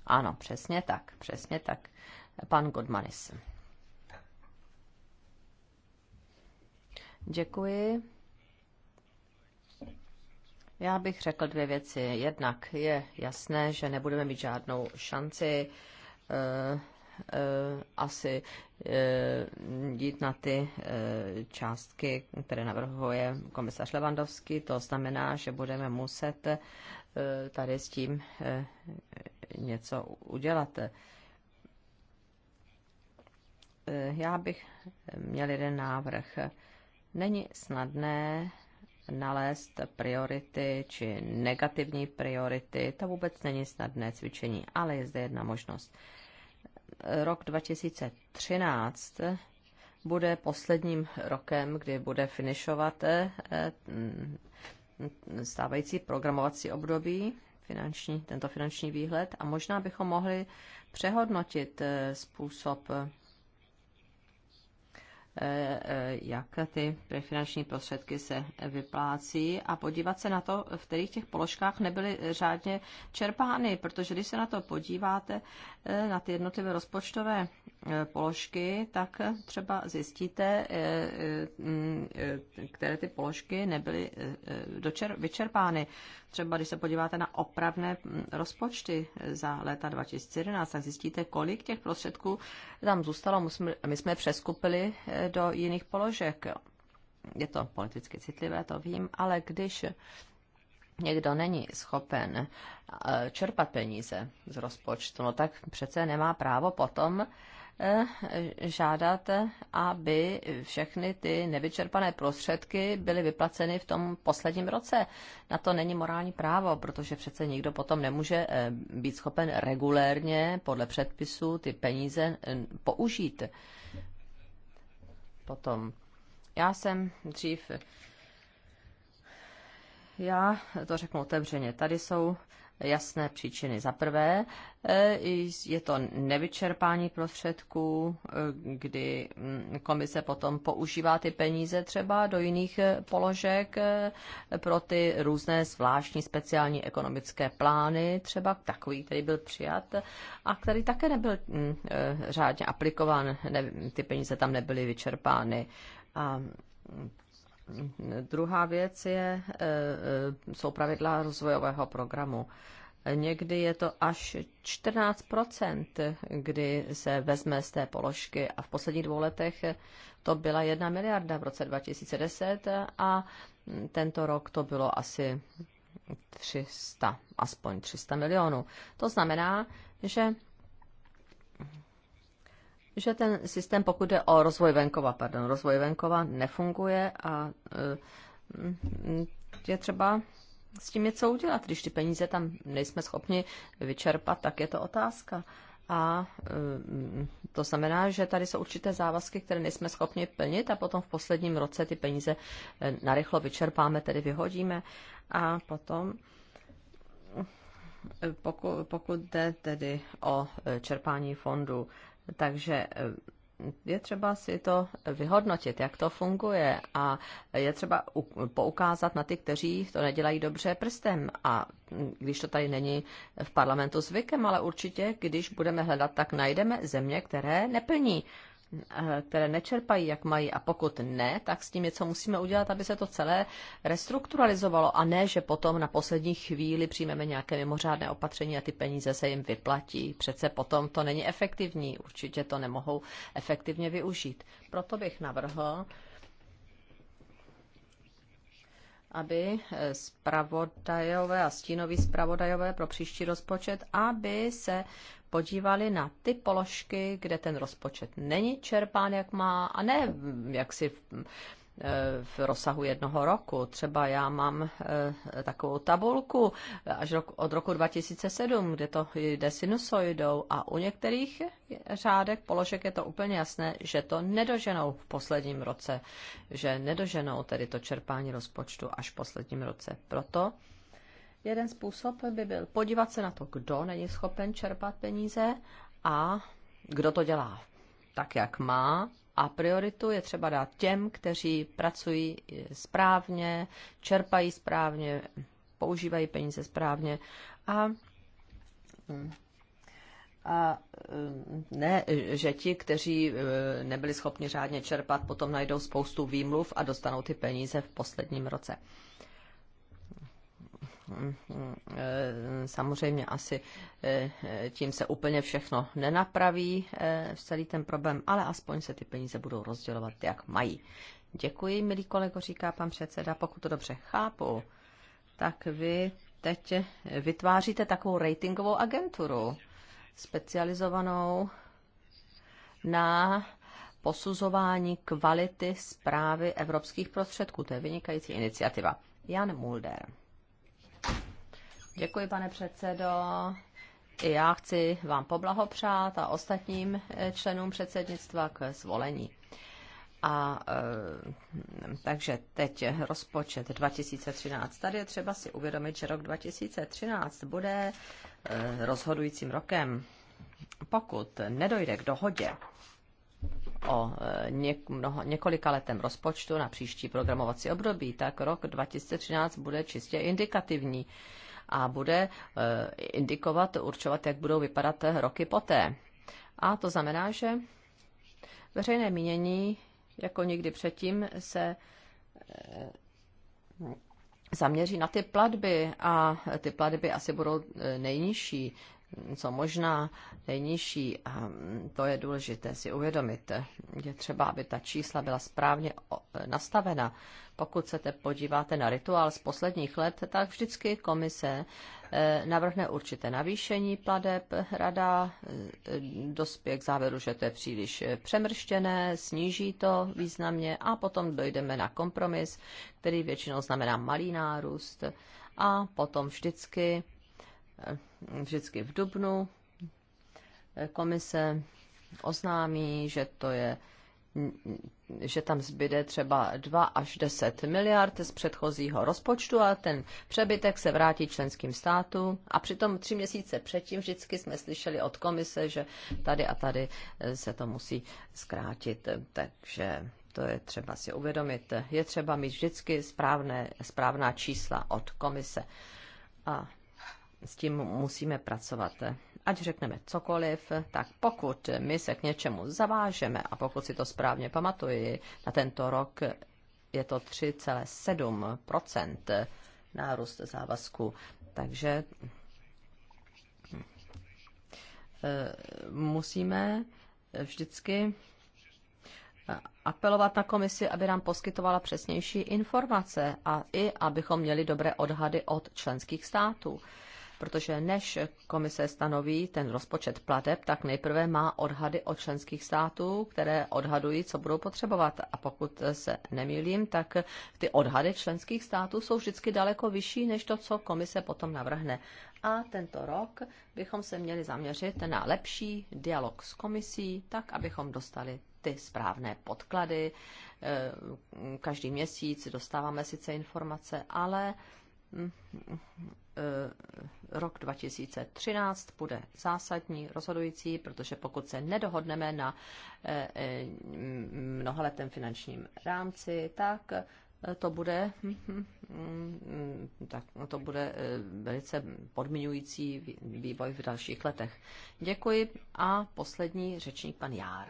S3: Ano, přesně tak, přesně tak. Pan Godmanis. Děkuji. Já bych řekl dvě věci. Jednak je jasné, že nebudeme mít žádnou šanci eh, Eh, asi eh, jít na ty eh, částky, které navrhuje komisař Levandovský. To znamená, že budeme muset tady s tím něco udělat. Já bych měl jeden návrh. Není snadné nalézt priority či negativní priority. To vůbec není snadné cvičení, ale je zde jedna možnost rok 2013 bude posledním rokem, kdy bude finišovat eh, mm, stávající programovací období, finanční, tento finanční výhled a možná bychom mohli přehodnotit eh, způsob Eh, eh, jak ty finanční prostředky se vyplácí a podívat se na to, v kterých těch položkách nebyly řádně čerpány, protože když se na to podíváte, eh, na ty jednotlivé rozpočtové položky, tak třeba zjistíte, mm, které ty položky nebyly dočer, vyčerpány. Třeba když se podíváte na opravné mm, rozpočty za léta 2011, tak zjistíte, kolik těch prostředků tam zůstalo. My jsme přeskupili do jiných položek. Je to politicky citlivé, to vím, ale když někdo není schopen eh, čerpat peníze z rozpočtu, no tak přece nemá právo potom eh, žádat, aby všechny ty nevyčerpané prostředky byly vyplaceny v tom posledním roce. Na to není morální právo, protože přece nikdo potom nemůže eh, být schopen regulérně podle předpisu ty peníze použít potom. Já jsem dřív, já to řeknu otevřeně, tady jsou jasné příčiny. Za prvé e, je to nevyčerpání prostředků, e, kdy mm, komise potom používá ty peníze třeba do jiných e, položek pro ty různé zvláštní speciální ekonomické plány, třeba takový, který byl přijat a který také nebyl mm, řádně aplikován, ty peníze tam nebyly vyčerpány. A Druhá věc je, e, e, jsou pravidla rozvojového programu. Někdy je to až 14 kdy se vezme z té položky a v posledních dvou letech to byla jedna miliarda v roce 2010 a tento rok to bylo asi 300, aspoň 300 milionů. To znamená, že že ten systém, pokud jde o rozvoj venkova, pardon, rozvoj venkova nefunguje a eh, je třeba s tím něco udělat. Když ty peníze tam nejsme schopni vyčerpat, tak je to otázka. A eh, to znamená, že tady jsou určité závazky, které nejsme schopni plnit a potom v posledním roce ty peníze eh, narychlo vyčerpáme, tedy vyhodíme. A potom pokud, pokud jde tedy o čerpání fondu, takže eh, je třeba si to vyhodnotit, jak to funguje a je třeba poukázat na ty, kteří to nedělají dobře prstem. A hm, když to tady není v parlamentu zvykem, ale určitě, když budeme hledat, tak najdeme země, které neplní Eh, které nečerpají, jak mají. A pokud ne, tak s tím něco musíme udělat, aby se to celé restrukturalizovalo. A ne, že potom na poslední chvíli přijmeme nějaké mimořádné opatření a ty peníze se jim vyplatí. Přece potom to není efektivní. Určitě to nemohou efektivně využít. Proto bych navrhl, aby spravodajové eh, a stínoví spravodajové pro příští rozpočet, aby se podívali na ty položky, kde ten rozpočet není čerpán, jak má, a ne jak si v rozsahu jednoho roku. Třeba já mám eh, takovou tabulku eh, až od roku 2007, kde to jde sinusoidou a u některých řádek položek je to úplně jasné, že to nedoženou v posledním roce, že nedoženou tedy to čerpání rozpočtu až v posledním roce. Proto jeden způsob by byl podívat se na to, kdo není schopen čerpat peníze a kdo to dělá tak, jak má, a prioritu je třeba dát těm, kteří pracují správně, čerpají správně, používají peníze správně a a ne, že ti, kteří eh, nebyli schopni řádně čerpat, potom najdou spoustu výmluv a dostanou ty peníze v posledním roce. Eh, samozřejmě asi eh, tím se úplně všechno nenapraví, eh, celý ten problém, ale aspoň se ty peníze budou rozdělovat, jak mají. Děkuji, milý kolego, říká pan předseda. Pokud to dobře chápu, tak vy teď vytváříte takovou ratingovou agenturu, specializovanou na posuzování kvality zprávy evropských prostředků. To je vynikající iniciativa. Jan Mulder. Děkuji, pane předsedo. I já chci vám poblahopřát a ostatním eh, členům předsednictva k zvolení. A e, takže teď rozpočet 2013. Tady je třeba si uvědomit, že rok 2013 bude e, rozhodujícím rokem. Pokud nedojde k dohodě o něk, mnoho, několika letem rozpočtu na příští programovací období, tak rok 2013 bude čistě indikativní. E, a bude eh, indikovat, určovat, jak budou vypadat roky poté. A to znamená, že veřejné mínění, jako nikdy předtím, se eh, zaměří na ty platby a ty platby asi budou eh, nejnižší co možná nejnižší. A to je důležité si uvědomit. Je třeba, aby ta čísla byla správně nastavena. Pokud se te podíváte na rituál z posledních let, tak vždycky komise e, navrhne určité navýšení pladeb. Rada e, dospěje k závěru, že to je příliš e, přemrštěné, sníží to významně a potom dojdeme na kompromis, který většinou znamená malý nárůst a potom vždycky vždycky v dubnu komise oznámí, že to je že tam zbyde třeba 2 až 10 miliard z předchozího rozpočtu a ten přebytek se vrátí členským státům. A přitom tři měsíce předtím vždycky jsme slyšeli od komise, že tady a tady se to musí zkrátit. Takže to je třeba si uvědomit. Je třeba mít vždycky správné, správná čísla od komise. A s tím musíme pracovat. Ať řekneme cokoliv, tak pokud my se k něčemu zavážeme, a pokud si to správně pamatuji, na tento rok je to 3,7 nárůst závazku. Takže e, musíme vždycky apelovat na komisi, aby nám poskytovala přesnější informace a i abychom měli dobré odhady od členských států protože než komise stanoví ten rozpočet plateb, tak nejprve má odhady od členských států, které odhadují, co budou potřebovat. A pokud se nemýlím, tak ty odhady členských států jsou vždycky daleko vyšší než to, co komise potom navrhne. A tento rok bychom se měli zaměřit na lepší dialog s komisí, tak abychom dostali ty správné podklady. Eh, každý měsíc dostáváme sice informace, ale hm, Eh, rok 2013 bude zásadní, rozhodující, protože pokud se nedohodneme na eh, mnohaletém finančním rámci, tak eh, to bude, hm, hm, hm, tak to bude velice podmiňující vývoj v dalších letech. Děkuji a poslední řečník pan Jár.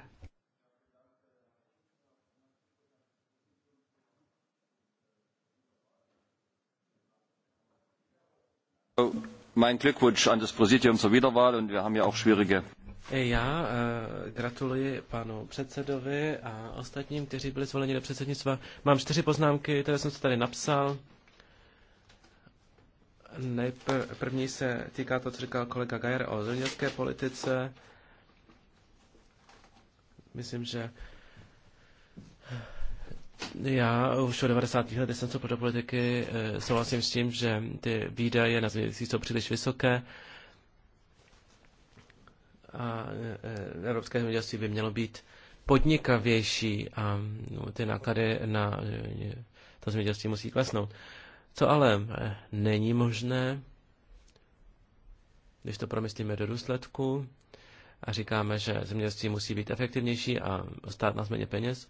S4: Mein Glückwunsch an das Präsidium zur Wiederwahl und wir haben ja auch schwierige.
S2: Já eh, gratuluji panu předsedovi a ostatním, kteří byli zvoleni do předsednictva. Mám čtyři poznámky, které jsem si tady napsal. Nejpr- první se týká to, co říkal kolega Gajer o zemědělské politice. Myslím, že já už od 90. let jsem co do politiky eh, souhlasím s tím, že ty výdaje na zemědělství jsou příliš vysoké a eh, evropské zemědělství by mělo být podnikavější a no, ty náklady na eh, to zemědělství musí klesnout. Co ale není možné, když to promyslíme do důsledku a říkáme, že zemědělství musí být efektivnější a stát nás méně peněz,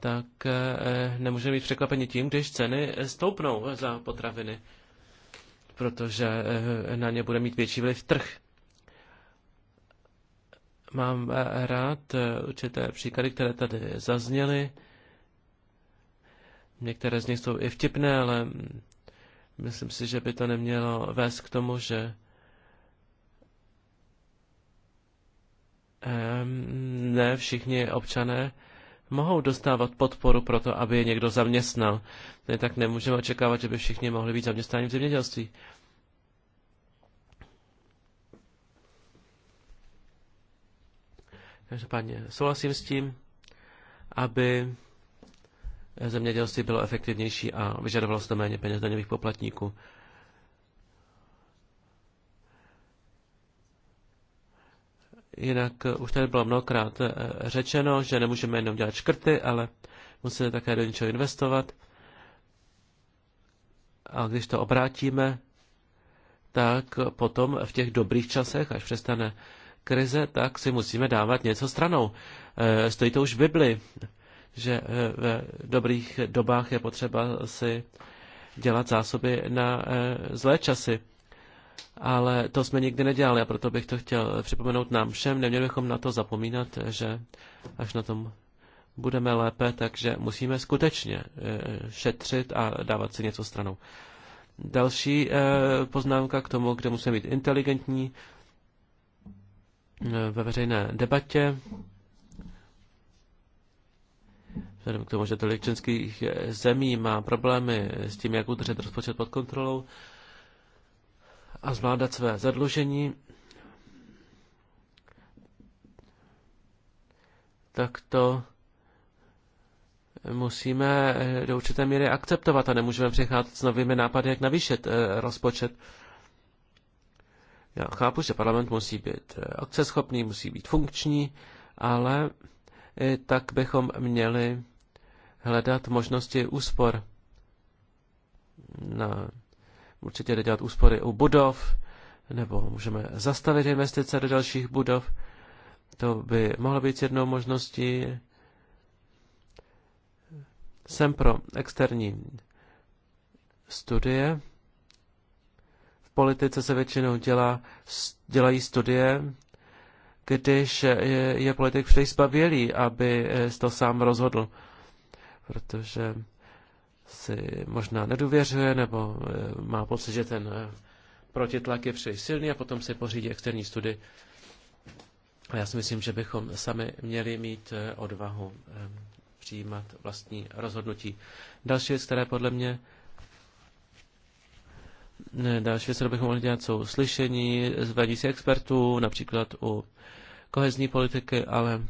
S2: tak eh, nemůžeme být překvapeni tím, když ceny stoupnou za potraviny, protože eh, na ně bude mít větší vliv trh. Mám eh, rád určité příklady, které tady zazněly. Některé z nich jsou i vtipné, ale mm, myslím si, že by to nemělo vést k tomu, že ne všichni občané mohou dostávat podporu pro to, aby je někdo zaměstnal. Ne, tak nemůžeme očekávat, že by všichni mohli být zaměstnáni v zemědělství. Každopádně souhlasím s tím, aby zemědělství bylo efektivnější a vyžadovalo se to méně peněz daňových poplatníků. Jinak eh, už tady bylo mnohokrát eh, řečeno, že nemůžeme jenom dělat škrty, ale musíme také do něčeho investovat. A když to obrátíme, tak potom v těch dobrých časech, až přestane krize, tak si musíme dávat něco stranou. Eh, stojí to už v Bibli, že v dobrých dobách je potřeba si dělat zásoby na zlé časy ale to jsme nikdy nedělali a proto bych to chtěl připomenout nám všem. Neměli bychom na to zapomínat, že až na tom budeme lépe, takže musíme skutečně eh, šetřit a dávat si něco stranou. Další eh, poznámka k tomu, kde musíme být inteligentní eh, ve veřejné debatě. Vzhledem k tomu, že tolik členských zemí má problémy s tím, jak udržet rozpočet pod kontrolou, a zvládat své zadlužení, tak to musíme do určité míry akceptovat a nemůžeme přicházet s novými nápady, jak navýšit eh, rozpočet. Já chápu, že parlament musí být eh, akceschopný, musí být funkční, ale tak bychom měli hledat možnosti úspor na Určitě jde dělat úspory u budov, nebo můžeme zastavit investice do dalších budov. To by mohlo být jednou možností. Jsem pro externí studie. V politice se většinou dělá, dělají studie, když je, je politik příliš zbavělý, aby eh, to sám rozhodl. Protože si možná nedověřuje nebo eh, má pocit, že ten eh, protitlak je příliš silný a potom si pořídí externí studii. A já si myslím, že bychom sami měli mít eh, odvahu přijímat vlastní rozhodnutí. Další věc, které podle mě ne, další věc, kterou bychom mohli dělat, jsou slyšení, zvedí si expertů, například u kohezní politiky, ale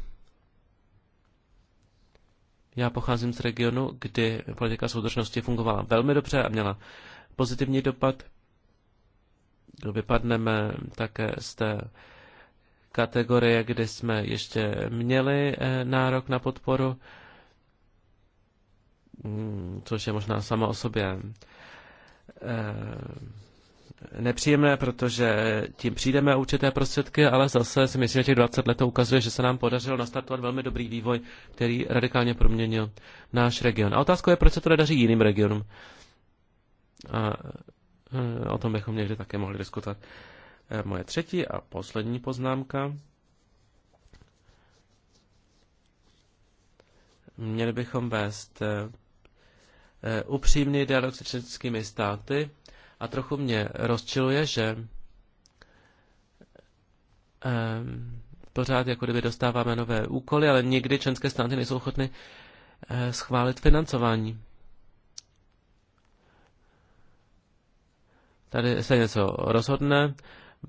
S2: já pocházím z regionu, kdy politika soudržnosti fungovala velmi dobře a měla pozitivní dopad. Vypadneme také z té kategorie, kdy jsme ještě měli eh, nárok na podporu, mm, což je možná sama o sobě eh, nepříjemné, protože tím přijdeme určité prostředky, ale zase si myslím, že těch 20 let to ukazuje, že se nám podařilo nastartovat velmi dobrý vývoj, který radikálně proměnil náš region. A otázka je, proč se to nedaří jiným regionům. A eh, o tom bychom někdy také mohli diskutovat. Eh, moje třetí a poslední poznámka. Měli bychom vést eh, upřímný dialog s členskými státy, a trochu mě rozčiluje, že um, pořád jako kdyby dostáváme nové úkoly, ale nikdy členské státy nejsou ochotny uh, schválit financování. Tady se něco rozhodne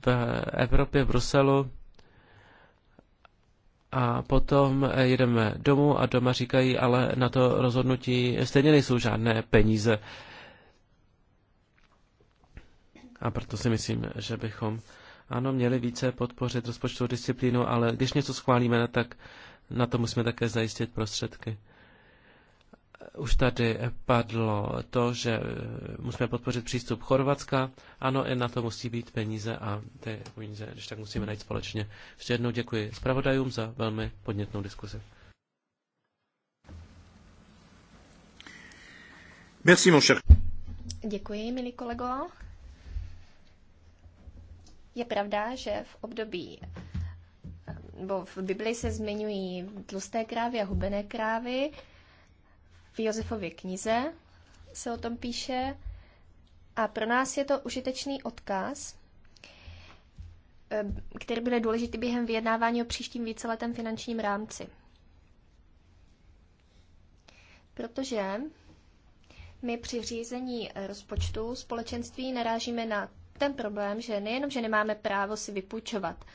S2: v Evropě, v Bruselu a potom eh, jedeme domů a doma říkají, ale na to rozhodnutí stejně nejsou žádné peníze a proto si myslím, že bychom ano, měli více podpořit rozpočtovou disciplínu, ale když něco schválíme, tak na to musíme také zajistit prostředky. Už tady padlo to, že musíme podpořit přístup Chorvatska. Ano, i na to musí být peníze a ty peníze, když tak musíme najít společně. Ještě jednou děkuji zpravodajům za velmi podnětnou diskuzi. Merci, mon cher.
S4: Děkuji, milí kolego. Je pravda, že v období nebo v Biblii se zmiňují tlusté krávy a hubené krávy. V Josefově knize se o tom píše. A pro nás je to užitečný odkaz, eh, který bude důležitý během vyjednávání o příštím víceletém finančním rámci. Protože my při řízení rozpočtu společenství narážíme na ten problém, že nejenom, že nemáme právo si vypůjčovat,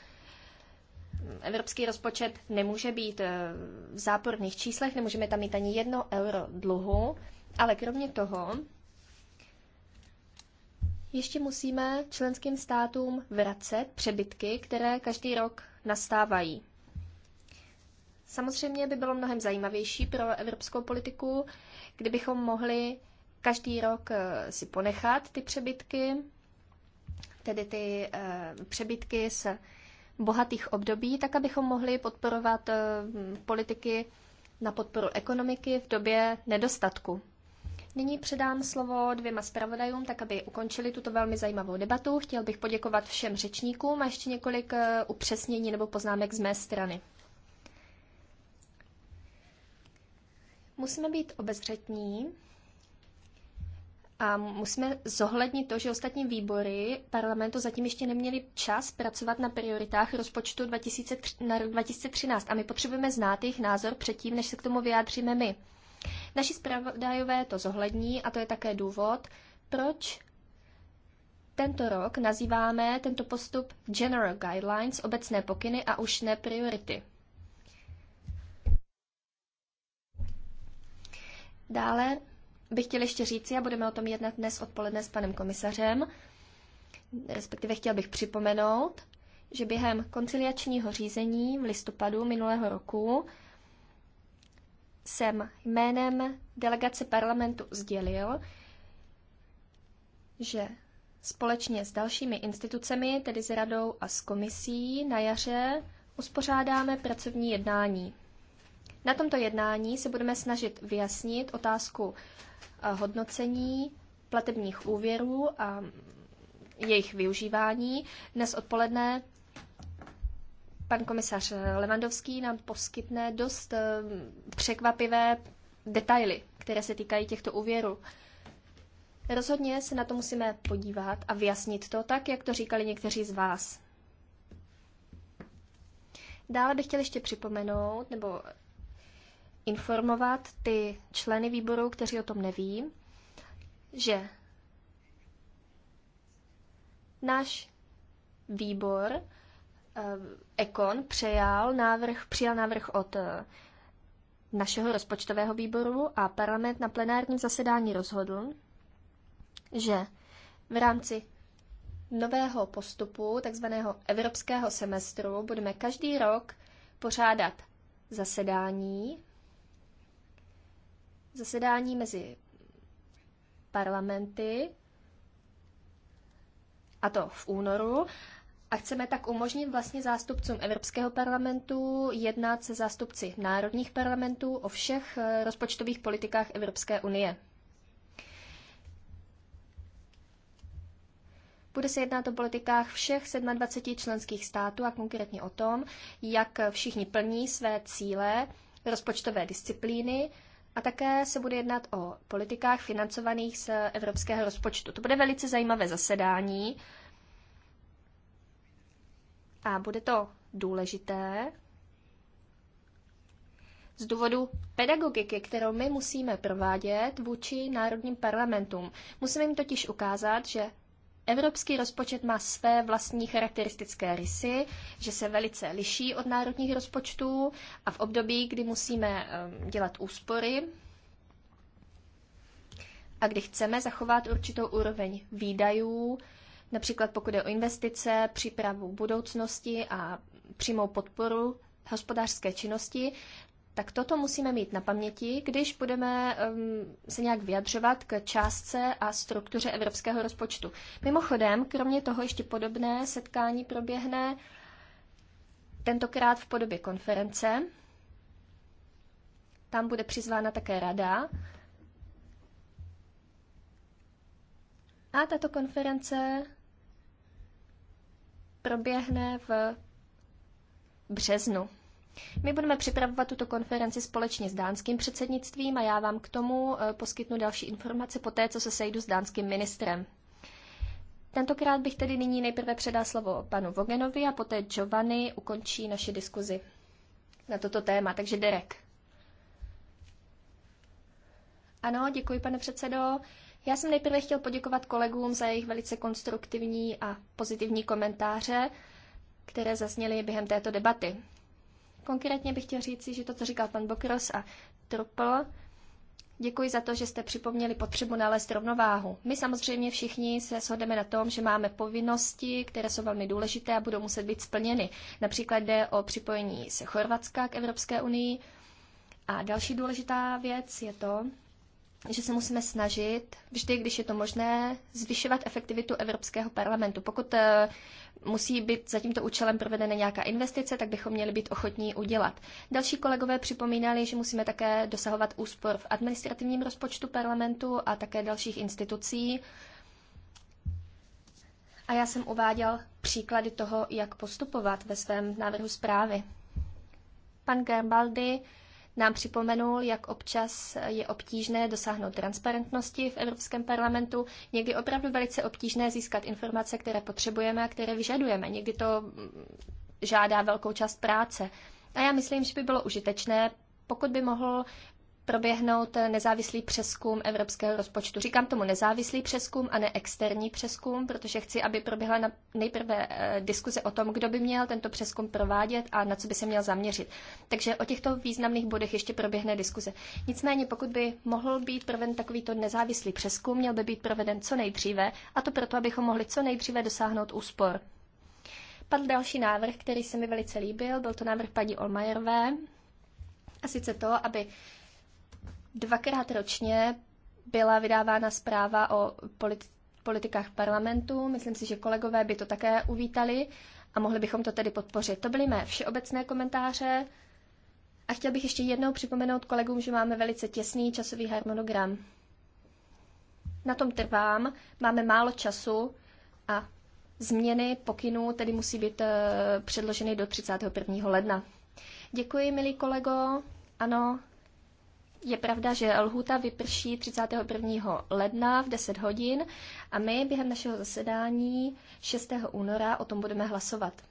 S4: Evropský rozpočet nemůže být eh, v záporných číslech, nemůžeme tam mít ani jedno euro dluhu, ale kromě toho ještě musíme členským státům vracet přebytky, které každý rok nastávají. Samozřejmě by bylo mnohem zajímavější pro evropskou politiku, kdybychom mohli každý rok eh, si ponechat ty přebytky tedy ty eh, přebytky z bohatých období, tak abychom mohli podporovat eh, politiky na podporu ekonomiky v době nedostatku. Nyní předám slovo dvěma zpravodajům, tak aby ukončili tuto velmi zajímavou debatu. Chtěl bych poděkovat všem řečníkům a ještě několik eh, upřesnění nebo poznámek z mé strany. Musíme být obezřetní, a musíme zohlednit to, že ostatní výbory parlamentu zatím ještě neměli čas pracovat na prioritách rozpočtu 2003, na rok 2013 a my potřebujeme znát jejich názor předtím, než se k tomu vyjádříme my. Naši zpravodajové to zohlední a to je také důvod, proč tento rok nazýváme tento postup General Guidelines, obecné pokyny a už ne priority. Dále bych chtěl ještě říci, a budeme o tom jednat dnes odpoledne s panem komisařem, respektive chtěl bych připomenout, že během konciliačního řízení v listopadu minulého roku jsem jménem delegace parlamentu sdělil, že společně s dalšími institucemi, tedy s radou a s komisí, na jaře uspořádáme pracovní jednání. Na tomto jednání se budeme snažit vyjasnit otázku hodnocení platebních úvěrů a jejich využívání. Dnes odpoledne pan komisař Levandovský nám poskytne dost eh, překvapivé detaily, které se týkají těchto úvěrů. Rozhodně se na to musíme podívat a vyjasnit to tak, jak to říkali někteří z vás. Dále bych chtěl ještě připomenout nebo informovat ty členy výboru, kteří o tom neví, že náš výbor eh, Ekon přejal návrh, přijal návrh od eh, našeho rozpočtového výboru a parlament na plenárním zasedání rozhodl, že v rámci nového postupu, takzvaného evropského semestru, budeme každý rok pořádat zasedání zasedání mezi parlamenty, a to v únoru, a chceme tak umožnit vlastně zástupcům Evropského parlamentu jednat se zástupci národních parlamentů o všech eh, rozpočtových politikách Evropské unie. Bude se jednat o politikách všech 27 členských států a konkrétně o tom, jak všichni plní své cíle rozpočtové disciplíny a také se bude jednat o politikách financovaných z evropského rozpočtu. To bude velice zajímavé zasedání a bude to důležité z důvodu pedagogiky, kterou my musíme provádět vůči národním parlamentům. Musíme jim totiž ukázat, že Evropský rozpočet má své vlastní charakteristické rysy, že se velice liší od národních rozpočtů a v období, kdy musíme dělat úspory a kdy chceme zachovat určitou úroveň výdajů, například pokud je o investice, přípravu budoucnosti a přímou podporu hospodářské činnosti, tak toto musíme mít na paměti, když budeme um, se nějak vyjadřovat k částce a struktuře evropského rozpočtu. Mimochodem, kromě toho ještě podobné setkání proběhne tentokrát v podobě konference. Tam bude přizvána také rada. A tato konference proběhne v březnu. My budeme připravovat tuto konferenci společně s dánským předsednictvím a já vám k tomu eh, poskytnu další informace po té, co se sejdu s dánským ministrem. Tentokrát bych tedy nyní nejprve předá slovo panu Vogenovi a poté Giovanni ukončí naši diskuzi na toto téma. Takže Derek. Ano, děkuji, pane předsedo. Já jsem nejprve chtěl poděkovat kolegům za jejich velice konstruktivní a pozitivní komentáře, které zazněly během této debaty. Konkrétně bych chtěl říct, že to, co říkal pan Bokros a Trupl, děkuji za to, že jste připomněli potřebu nalézt rovnováhu. My samozřejmě všichni se shodeme na tom, že máme povinnosti, které jsou velmi důležité a budou muset být splněny. Například jde o připojení se Chorvatska k Evropské unii. A další důležitá věc je to, že se musíme snažit vždy, když je to možné, zvyšovat efektivitu Evropského parlamentu. Pokud eh, musí být za tímto účelem provedena nějaká investice, tak bychom měli být ochotní udělat. Další kolegové připomínali, že musíme také dosahovat úspor v administrativním rozpočtu parlamentu a také dalších institucí. A já jsem uváděl příklady toho, jak postupovat ve svém návrhu zprávy. Pan Gerbaldi nám připomenul, jak občas je obtížné dosáhnout transparentnosti v Evropském parlamentu. Někdy je opravdu velice obtížné získat informace, které potřebujeme a které vyžadujeme. Někdy to mm, žádá velkou část práce. A já myslím, že by bylo užitečné, pokud by mohl proběhnout nezávislý přeskum evropského rozpočtu. Říkám tomu nezávislý přeskum a ne externí přeskum, protože chci, aby proběhla nejprve eh, diskuze o tom, kdo by měl tento přeskum provádět a na co by se měl zaměřit. Takže o těchto významných bodech ještě proběhne diskuze. Nicméně, pokud by mohl být proveden takovýto nezávislý přeskum, měl by být proveden co nejdříve, a to proto, abychom mohli co nejdříve dosáhnout úspor. Padl další návrh, který se mi velice líbil, byl to návrh paní Olmajerové, a sice to, aby Dvakrát ročně byla vydávána zpráva o politikách parlamentu. Myslím si, že kolegové by to také uvítali a mohli bychom to tedy podpořit. To byly mé všeobecné komentáře. A chtěl bych ještě jednou připomenout kolegům, že máme velice těsný časový harmonogram. Na tom trvám, máme málo času a změny pokynů tedy musí být eh, předloženy do 31. ledna. Děkuji, milý kolego. Ano, je pravda, že lhůta vyprší 31. ledna v 10 hodin a my během našeho zasedání 6. února o tom budeme hlasovat.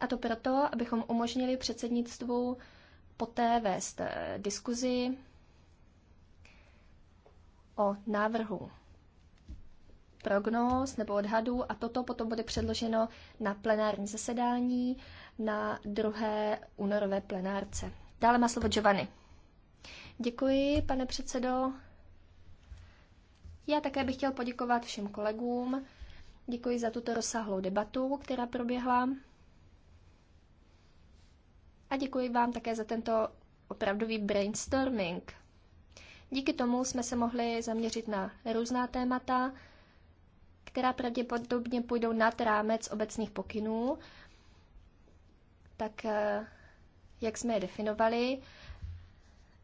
S4: A to proto, abychom umožnili předsednictvu poté vést eh, diskuzi o návrhu prognóz nebo odhadů a toto potom bude předloženo na plenární zasedání na druhé únorové plenárce. Dále má slovo Giovanni. Děkuji, pane předsedo. Já také bych chtěl poděkovat všem kolegům. Děkuji za tuto rozsáhlou debatu, která proběhla. A děkuji vám také za tento opravdový brainstorming. Díky tomu jsme se mohli zaměřit na různá témata, která pravděpodobně půjdou nad rámec obecných pokynů. Tak eh, jak jsme je definovali,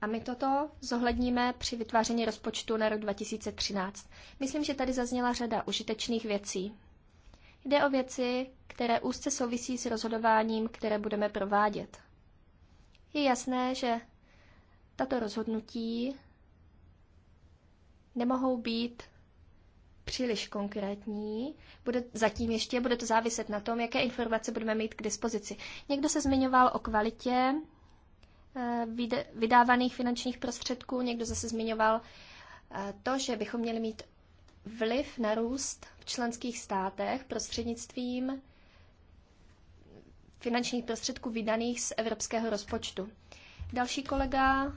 S4: a my toto zohledníme při vytváření rozpočtu na rok 2013. Myslím, že tady zazněla řada užitečných věcí. Jde o věci, které úzce souvisí s rozhodováním, které budeme provádět. Je jasné, že tato rozhodnutí nemohou být příliš konkrétní. Bude, zatím ještě bude to záviset na tom, jaké informace budeme mít k dispozici. Někdo se zmiňoval o kvalitě eh, vydávaných finančních prostředků, někdo zase zmiňoval eh, to, že bychom měli mít vliv na růst v členských státech prostřednictvím finančních prostředků vydaných z evropského rozpočtu. Další kolega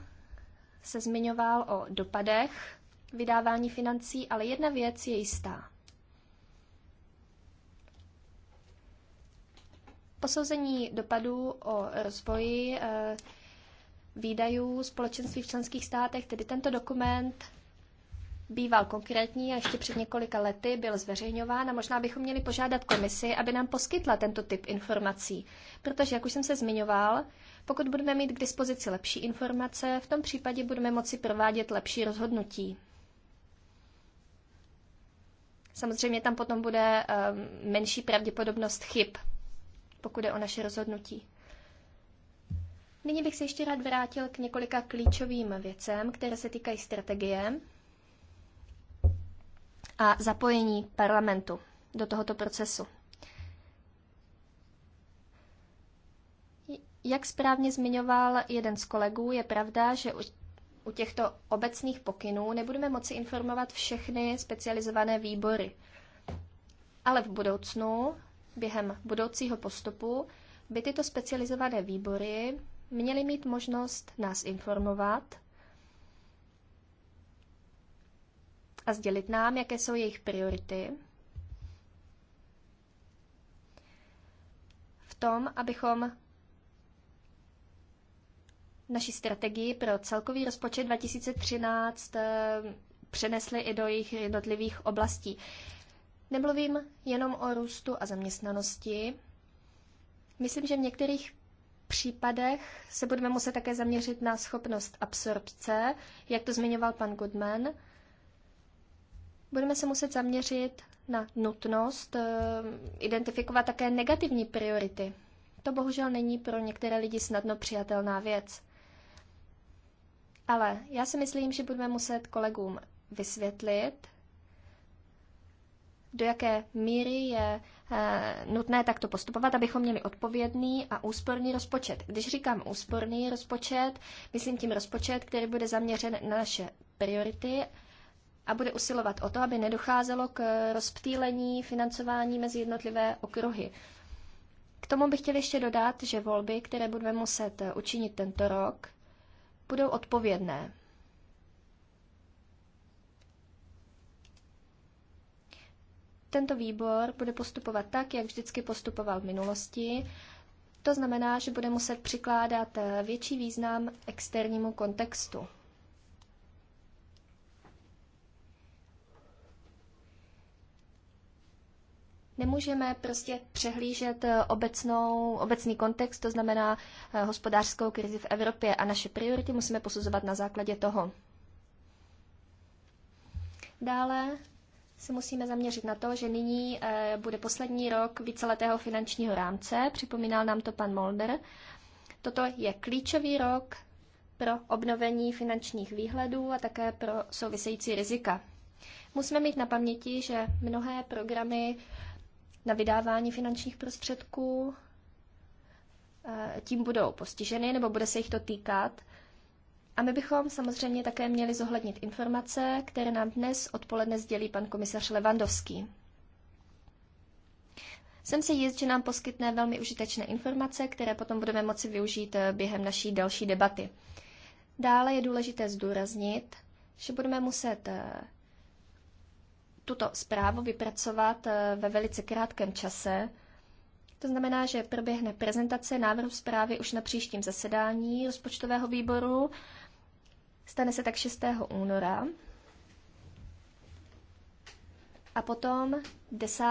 S4: se zmiňoval o dopadech vydávání financí, ale jedna věc je jistá. Posouzení dopadů o rozvoji eh, výdajů společenství v členských státech, tedy tento dokument býval konkrétní a ještě před několika lety byl zveřejňován a možná bychom měli požádat komisi, aby nám poskytla tento typ informací. Protože, jak už jsem se zmiňoval, pokud budeme mít k dispozici lepší informace, v tom případě budeme moci provádět lepší rozhodnutí. Samozřejmě tam potom bude eh, menší pravděpodobnost chyb, pokud je o naše rozhodnutí. Nyní bych se ještě rád vrátil k několika klíčovým věcem, které se týkají strategie a zapojení parlamentu do tohoto procesu. Jak správně zmiňoval jeden z kolegů, je pravda, že u těchto obecných pokynů nebudeme moci informovat všechny specializované výbory. Ale v budoucnu, během budoucího postupu, by tyto specializované výbory měly mít možnost nás informovat a sdělit nám, jaké jsou jejich priority v tom, abychom naší strategii pro celkový rozpočet 2013 eh, přenesli i do jejich jednotlivých oblastí. Nemluvím jenom o růstu a zaměstnanosti. Myslím, že v některých případech se budeme muset také zaměřit na schopnost absorpce, jak to zmiňoval pan Goodman. Budeme se muset zaměřit na nutnost eh, identifikovat také negativní priority. To bohužel není pro některé lidi snadno přijatelná věc. Ale já si myslím, že budeme muset kolegům vysvětlit, do jaké míry je e, nutné takto postupovat, abychom měli odpovědný a úsporný rozpočet. Když říkám úsporný rozpočet, myslím tím rozpočet, který bude zaměřen na naše priority a bude usilovat o to, aby nedocházelo k rozptýlení financování mezi jednotlivé okruhy. K tomu bych chtěl ještě dodat, že volby, které budeme muset učinit tento rok, budou odpovědné. Tento výbor bude postupovat tak, jak vždycky postupoval v minulosti. To znamená, že bude muset přikládat eh, větší význam externímu kontextu. Nemůžeme prostě přehlížet eh, obecnou, obecný kontext, to znamená eh, hospodářskou krizi v Evropě a naše priority musíme posuzovat na základě toho. Dále se musíme zaměřit na to, že nyní eh, bude poslední rok víceletého finančního rámce, připomínal nám to pan Molder. Toto je klíčový rok pro obnovení finančních výhledů a také pro související rizika. Musíme mít na paměti, že mnohé programy na vydávání finančních prostředků, eh, tím budou postiženy nebo bude se jich to týkat. A my bychom samozřejmě také měli zohlednit informace, které nám dnes odpoledne sdělí pan komisař Levandovský. Jsem si jist, že nám poskytne velmi užitečné informace, které potom budeme moci využít eh, během naší další debaty. Dále je důležité zdůraznit, že budeme muset eh, tuto zprávu vypracovat eh, ve velice krátkém čase. To znamená, že proběhne prezentace návrhu zprávy už na příštím zasedání rozpočtového výboru. Stane se tak 6. února. A potom 10.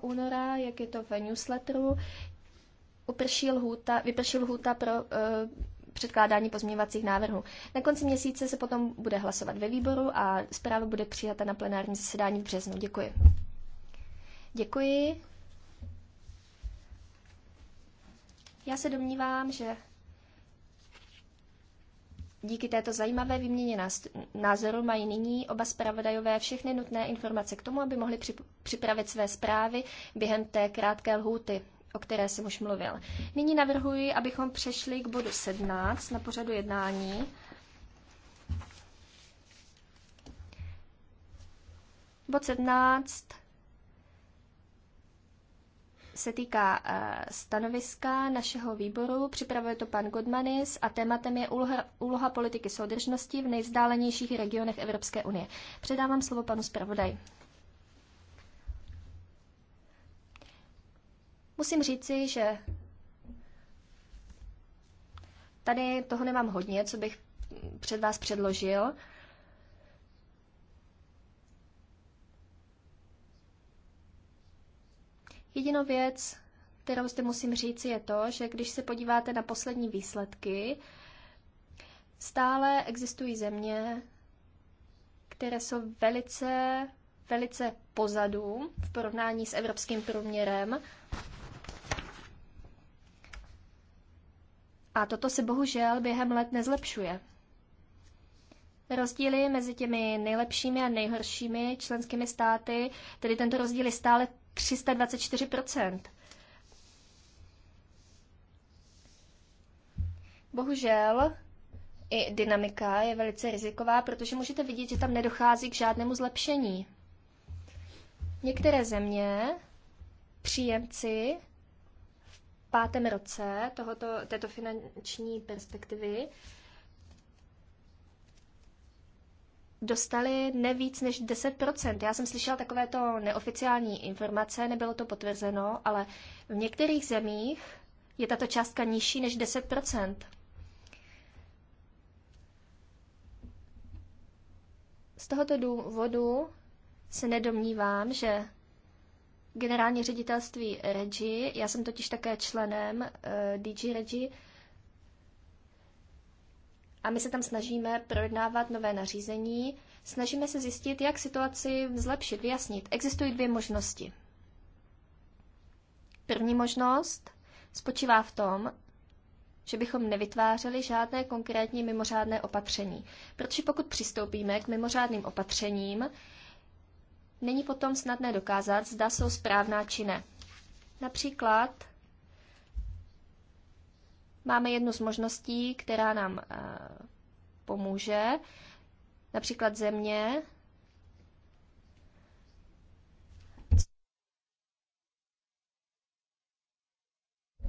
S4: února, jak je to v newsletteru, uprší lhůta, vyprší lhůta pro uh, předkládání pozměňovacích návrhů. Na konci měsíce se potom bude hlasovat ve výboru a zpráva bude přijata na plenární zasedání v březnu. Děkuji. Děkuji. Já se domnívám, že díky této zajímavé výměně názoru mají nyní oba zpravodajové všechny nutné informace k tomu, aby mohli připravit své zprávy během té krátké lhůty o které jsem už mluvil. Nyní navrhuji, abychom přešli k bodu 17 na pořadu jednání. Bod 17 se týká eh, stanoviska našeho výboru. Připravuje to pan Godmanis a tématem je úloha, úloha politiky soudržnosti v nejvzdálenějších regionech Evropské unie. Předávám slovo panu zpravodaji. Musím říci, že tady toho nemám hodně, co bych před vás předložil. Jedinou věc, kterou zde musím říci, je to, že když se podíváte na poslední výsledky, stále existují země, které jsou velice, velice pozadu v porovnání s evropským průměrem. A toto se bohužel během let nezlepšuje. Rozdíly mezi těmi nejlepšími a nejhoršími členskými státy, tedy tento rozdíl je stále 324 Bohužel i dynamika je velice riziková, protože můžete vidět, že tam nedochází k žádnému zlepšení. Některé země, příjemci, pátém roce tohoto, této finanční perspektivy dostali nevíc než 10%. Já jsem slyšela takovéto neoficiální informace, nebylo to potvrzeno, ale v některých zemích je tato částka nižší než 10%. Z tohoto důvodu se nedomnívám, že generální ředitelství Regi, já jsem totiž také členem uh, eh, DG Regi, a my se tam snažíme projednávat nové nařízení, snažíme se zjistit, jak situaci zlepšit, vyjasnit. Existují dvě možnosti. První možnost spočívá v tom, že bychom nevytvářeli žádné konkrétní mimořádné opatření. Protože pokud přistoupíme k mimořádným opatřením, Není potom snadné dokázat, zda jsou správná či ne. Například máme jednu z možností, která nám eh, pomůže, například země,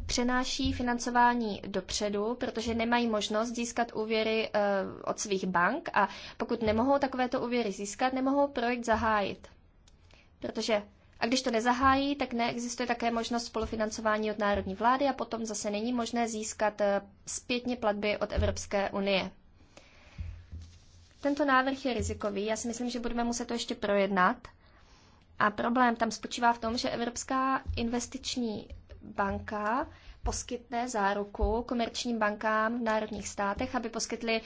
S4: přenáší financování dopředu, protože nemají možnost získat úvěry eh, od svých bank a pokud nemohou takovéto úvěry získat, nemohou projekt zahájit protože a když to nezahájí, tak neexistuje také možnost spolufinancování od národní vlády a potom zase není možné získat eh, zpětně platby od Evropské unie. Tento návrh je rizikový. Já si myslím, že budeme muset to ještě projednat. A problém tam spočívá v tom, že Evropská investiční banka poskytne záruku komerčním bankám v národních státech, aby poskytli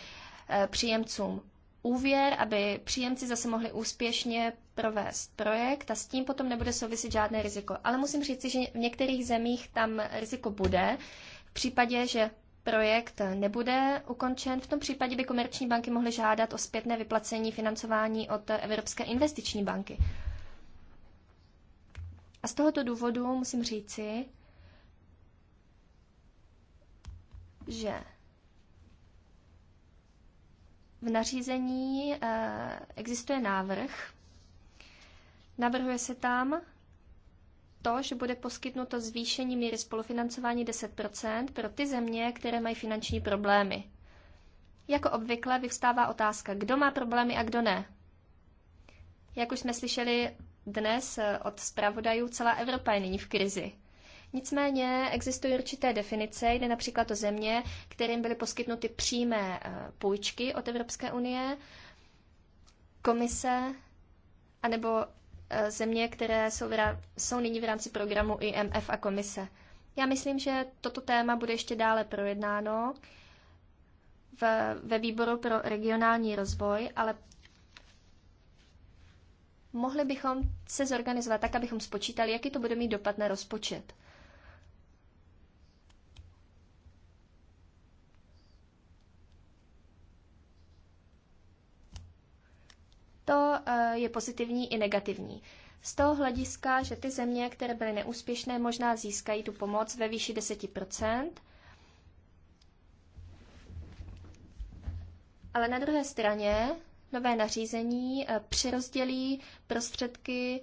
S4: eh, příjemcům úvěr, aby příjemci zase mohli úspěšně provést projekt a s tím potom nebude souviset žádné riziko. Ale musím říct, že v některých zemích tam riziko bude. V případě, že projekt nebude ukončen, v tom případě by komerční banky mohly žádat o zpětné vyplacení financování od Evropské investiční banky. A z tohoto důvodu musím říci, že v nařízení eh, existuje návrh. Navrhuje se tam to, že bude poskytnuto zvýšení míry spolufinancování 10 pro ty země, které mají finanční problémy. Jako obvykle vyvstává otázka, kdo má problémy a kdo ne. Jak už jsme slyšeli dnes eh, od zpravodajů, celá Evropa je nyní v krizi. Nicméně existují určité definice, jde například o země, kterým byly poskytnuty přímé eh, půjčky od Evropské unie, komise, anebo eh, země, které jsou, v, jsou nyní v rámci programu IMF a komise. Já myslím, že toto téma bude ještě dále projednáno v, ve výboru pro regionální rozvoj, ale mohli bychom se zorganizovat tak, abychom spočítali, jaký to bude mít dopad na rozpočet. To eh, je pozitivní i negativní. Z toho hlediska, že ty země, které byly neúspěšné, možná získají tu pomoc ve výši 10 Ale na druhé straně nové nařízení eh, přerozdělí prostředky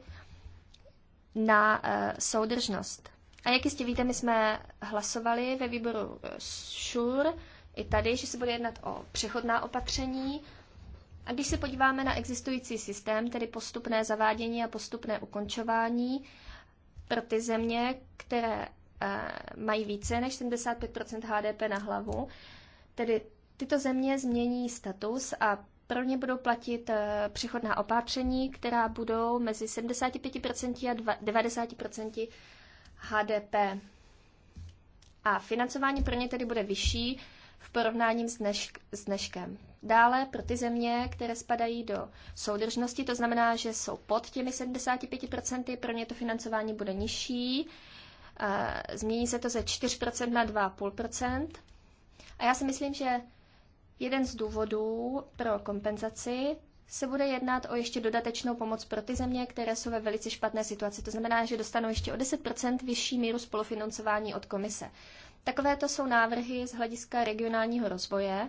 S4: na eh, soudržnost. A jak jistě víte, my jsme hlasovali ve výboru ŠUR i tady, že se bude jednat o přechodná opatření a když se podíváme na existující systém, tedy postupné zavádění a postupné ukončování pro ty země, které eh, mají více než 75 HDP na hlavu, tedy tyto země změní status a pro ně budou platit eh, přechodná opatření, která budou mezi 75% a 90% HDP. A financování pro ně tedy bude vyšší v porovnání s, dneš- s dneškem. Dále pro ty země, které spadají do soudržnosti, to znamená, že jsou pod těmi 75%, pro ně to financování bude nižší. Eh, změní se to ze 4% na 2,5%. A já si myslím, že jeden z důvodů pro kompenzaci se bude jednat o ještě dodatečnou pomoc pro ty země, které jsou ve velice špatné situaci. To znamená, že dostanou ještě o 10 vyšší míru spolufinancování od komise. Takovéto jsou návrhy z hlediska regionálního rozvoje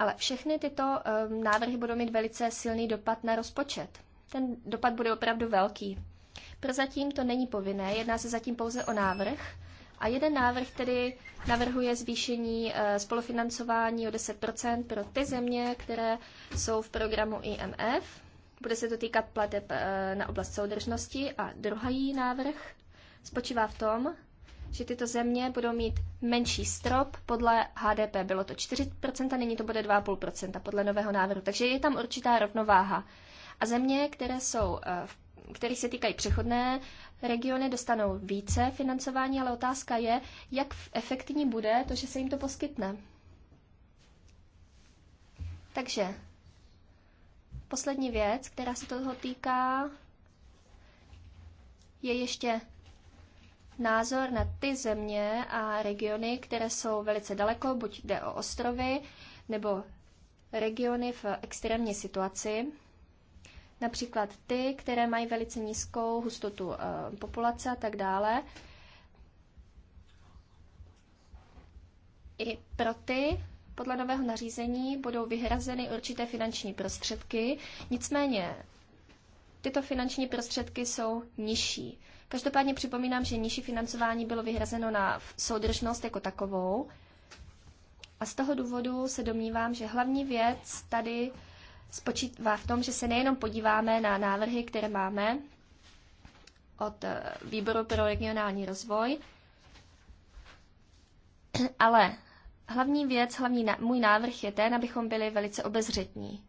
S4: ale všechny tyto ehm, návrhy budou mít velice silný dopad na rozpočet. Ten dopad bude opravdu velký. Prozatím to není povinné, jedná se zatím pouze o návrh. A jeden návrh tedy navrhuje zvýšení eh, spolufinancování o 10 pro ty země, které jsou v programu IMF. Bude se to týkat plateb eh, na oblast soudržnosti. A druhý návrh spočívá v tom, že tyto země budou mít menší strop podle HDP. Bylo to 4%, nyní to bude 2,5% podle nového návrhu. Takže je tam určitá rovnováha. A země, které jsou eh, který se týkají přechodné regiony, dostanou více financování, ale otázka je, jak efektivní bude to, že se jim to poskytne. Takže poslední věc, která se toho týká, je ještě názor na ty země a regiony, které jsou velice daleko, buď jde o ostrovy nebo regiony v extrémní situaci, například ty, které mají velice nízkou hustotu eh, populace a tak dále. I pro ty podle nového nařízení budou vyhrazeny určité finanční prostředky, nicméně tyto finanční prostředky jsou nižší. Každopádně připomínám, že nižší financování bylo vyhrazeno na soudržnost jako takovou. A z toho důvodu se domnívám, že hlavní věc tady spočívá v tom, že se nejenom podíváme na návrhy, které máme od eh, Výboru pro regionální rozvoj, ale hlavní věc, hlavní na, můj návrh je ten, abychom byli velice obezřetní.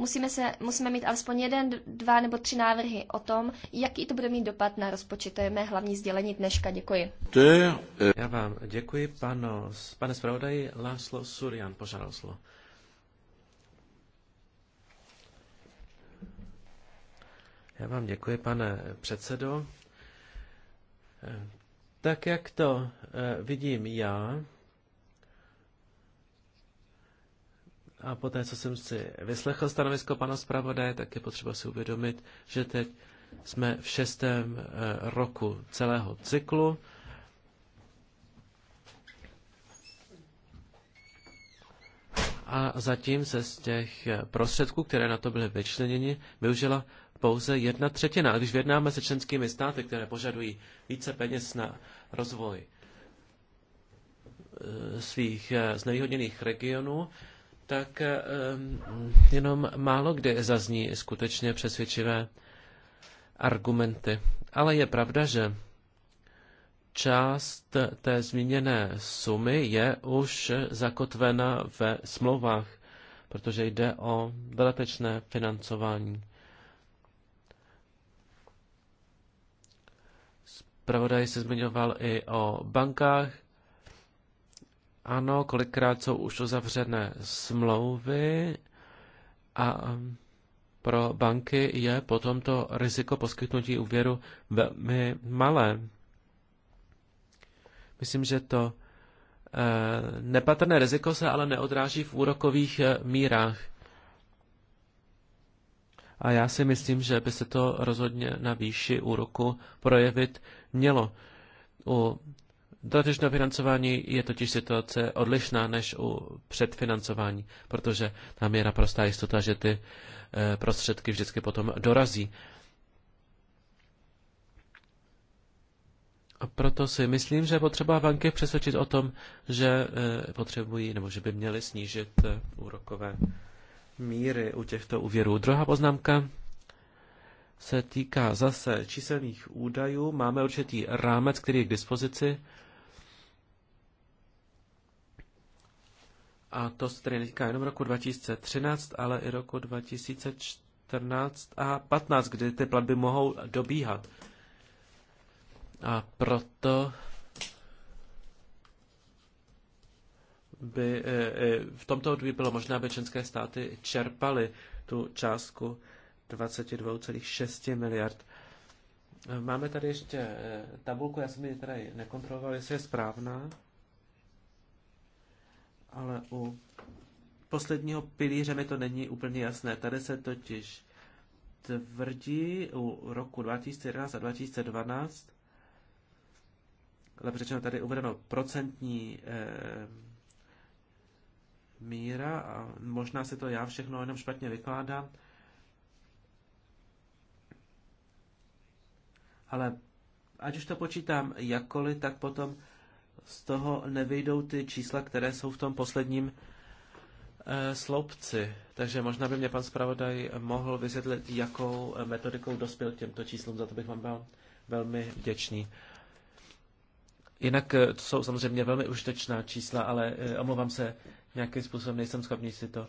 S4: Musíme, se, musíme mít alespoň jeden, dva nebo tři návrhy o tom, jaký to bude mít dopad na rozpočet. To je mé hlavní sdělení dneška. Děkuji.
S2: Já vám děkuji, pano, pane zpravodaji. Láslo Surian požádal slovo. Já vám děkuji, pane předsedo. Tak jak to eh, vidím já, A poté, co jsem si vyslechl stanovisko pana zpravodaje, tak je potřeba si uvědomit, že teď jsme v šestém eh, roku celého cyklu. A zatím se z těch eh, prostředků, které na to byly vyčleněny, využila pouze jedna třetina. A když vědnáme se členskými státy, které požadují více peněz na rozvoj eh, svých znevýhodněných regionů, tak ehm, jenom málo kdy zazní skutečně přesvědčivé argumenty. Ale je pravda, že část té zmíněné sumy je už zakotvena ve smlouvách, protože jde o dodatečné financování. Pravodaj se zmiňoval i o bankách, ano, kolikrát jsou už uzavřené smlouvy a um, pro banky je potom to riziko poskytnutí úvěru velmi malé. Myslím, že to eh, nepatrné riziko se ale neodráží v úrokových eh, mírách. A já si myslím, že by se to rozhodně na výši úroku projevit mělo. U Dodatečného financování je totiž situace odlišná než u předfinancování, protože tam je naprostá jistota, že ty eh, prostředky vždycky potom dorazí. A proto si myslím, že potřeba banky přesvědčit o tom, že eh, potřebují nebo že by měly snížit eh, úrokové míry u těchto úvěrů. Druhá poznámka se týká zase číselných údajů. Máme určitý rámec, který je k dispozici A to se tedy netýká jenom roku 2013, ale i roku 2014 a 15, kdy ty platby mohou dobíhat. A proto by e, e, v tomto období bylo možné, aby členské státy čerpaly tu částku 22,6 miliard. E, máme tady ještě tabulku, já jsem ji tady nekontroloval, jestli je správná ale u posledního pilíře mi to není úplně jasné. Tady se totiž tvrdí u roku 2011 a 2012, ale řečeno tady uvedeno procentní eh, míra a možná si to já všechno jenom špatně vykládám, ale ať už to počítám jakkoliv, tak potom z toho nevyjdou ty čísla, které jsou v tom posledním eh, sloupci. Takže možná by mě pan zpravodaj mohl vysvětlit, jakou eh, metodikou dospěl k těmto číslům. Za to bych vám byl velmi vděčný. Jinak eh, to jsou samozřejmě velmi užitečná čísla, ale omlouvám se, nějakým způsobem nejsem schopný si to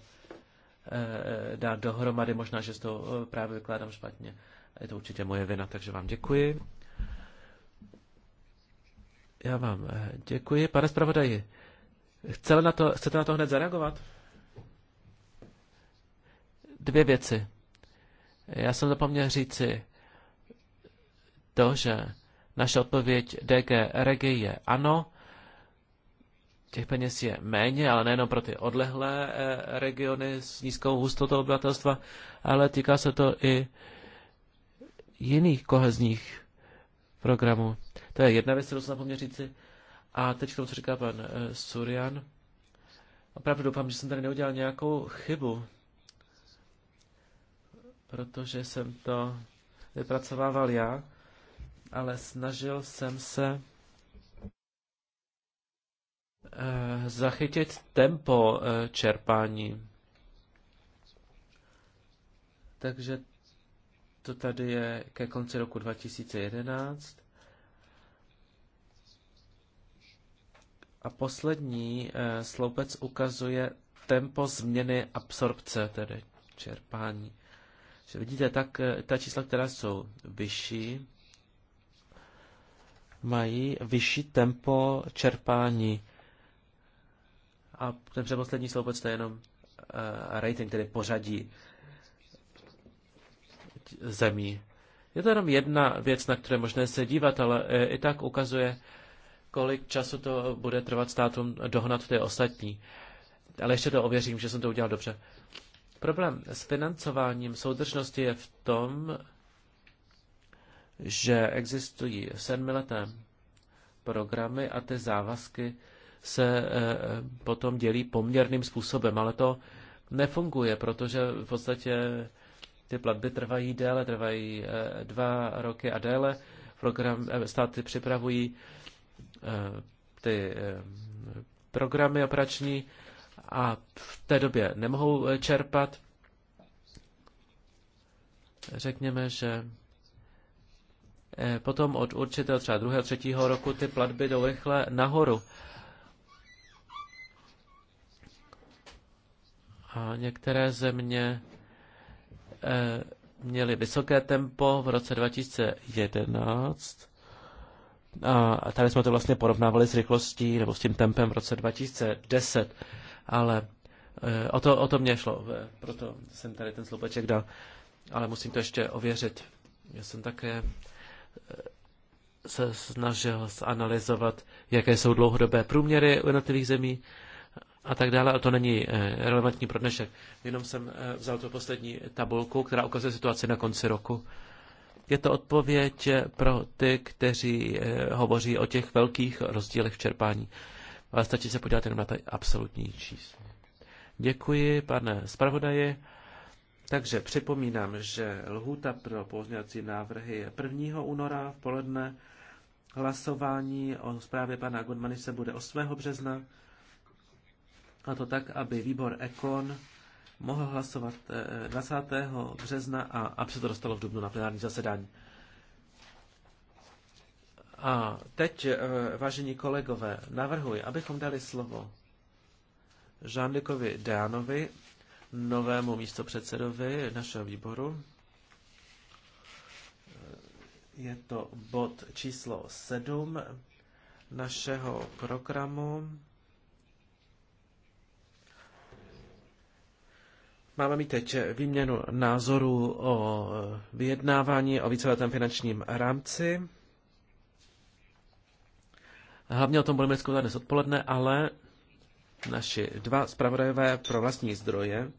S2: dát dohromady. Možná, že to právě vykládám špatně. Je to určitě moje vina, takže vám děkuji. Já vám eh, děkuji. Pane zpravodaji, chcete na to, chcete na to hned zareagovat? Dvě věci. Já jsem zapomněl říci to, že naše odpověď DG regie je ano, těch peněz je méně, ale nejenom pro ty odlehlé eh, regiony s nízkou hustotou obyvatelstva, ale týká se to i jiných kohezních programů. To je jedna věc, kterou jsem zapomněl říci. A teď k tomu, co říká pan e, Surian. Opravdu doufám, že jsem tady neudělal nějakou chybu, protože jsem to vypracovával já, ale snažil jsem se eh, zachytit tempo eh, čerpání. Takže to tady je ke konci roku 2011 A poslední eh, sloupec ukazuje tempo změny absorpce, tedy čerpání. Že vidíte, tak eh, ta čísla, která jsou vyšší, mají vyšší tempo čerpání. A ten předposlední sloupec to je jenom uh, rating, tedy pořadí zemí. Je to jenom jedna věc, na které možné se dívat, ale i tak ukazuje, kolik času to bude trvat státům dohnat ty ostatní. Ale ještě to ověřím, že jsem to udělal dobře. Problém s financováním soudržnosti je v tom, že existují sedmileté programy a ty závazky se e, e, potom dělí poměrným způsobem, ale to nefunguje, protože v podstatě ty platby trvají déle, trvají e, dva roky a déle. Program, státy připravují Eh, ty eh, programy operační a v té době nemohou eh, čerpat. Řekněme, že potom od určitého třeba druhého, třetího roku ty platby jdou rychle nahoru. A některé země měly vysoké tempo v roce 2011 a tady jsme to vlastně porovnávali s rychlostí nebo s tím tempem v roce 2010, ale e, o to, o to mě šlo, e, proto jsem tady ten sloupeček dal, ale musím to ještě ověřit. Já jsem také e, se snažil zanalizovat, jaké jsou dlouhodobé průměry u jednotlivých zemí a tak dále, ale to není relevantní pro dnešek. Jenom jsem vzal tu poslední tabulku, která ukazuje situaci na konci roku. Je to odpověď pro ty, kteří eh, hovoří o těch velkých rozdílech v čerpání. Ale stačí se podívat jenom na ty absolutní čísla. Děkuji, pane zpravodaji. Takže připomínám, že lhůta pro pozměňovací návrhy je 1. února v poledne. Hlasování o zprávě pana Godmany se bude 8. března. A to tak, aby výbor Ekon mohl hlasovat 20. Eh, března a aby se to dostalo v dubnu na plenární zasedání. A teď, eh, vážení kolegové, navrhuji, abychom dali slovo Žánlikovi Deanovi, novému místopředsedovi našeho výboru. Eh, je to bod číslo 7 našeho programu. Máme mít teď výměnu názorů o vyjednávání o víceletém finančním rámci. Hlavně o tom budeme diskutovat dnes odpoledne, ale naši dva zpravodajové pro vlastní zdroje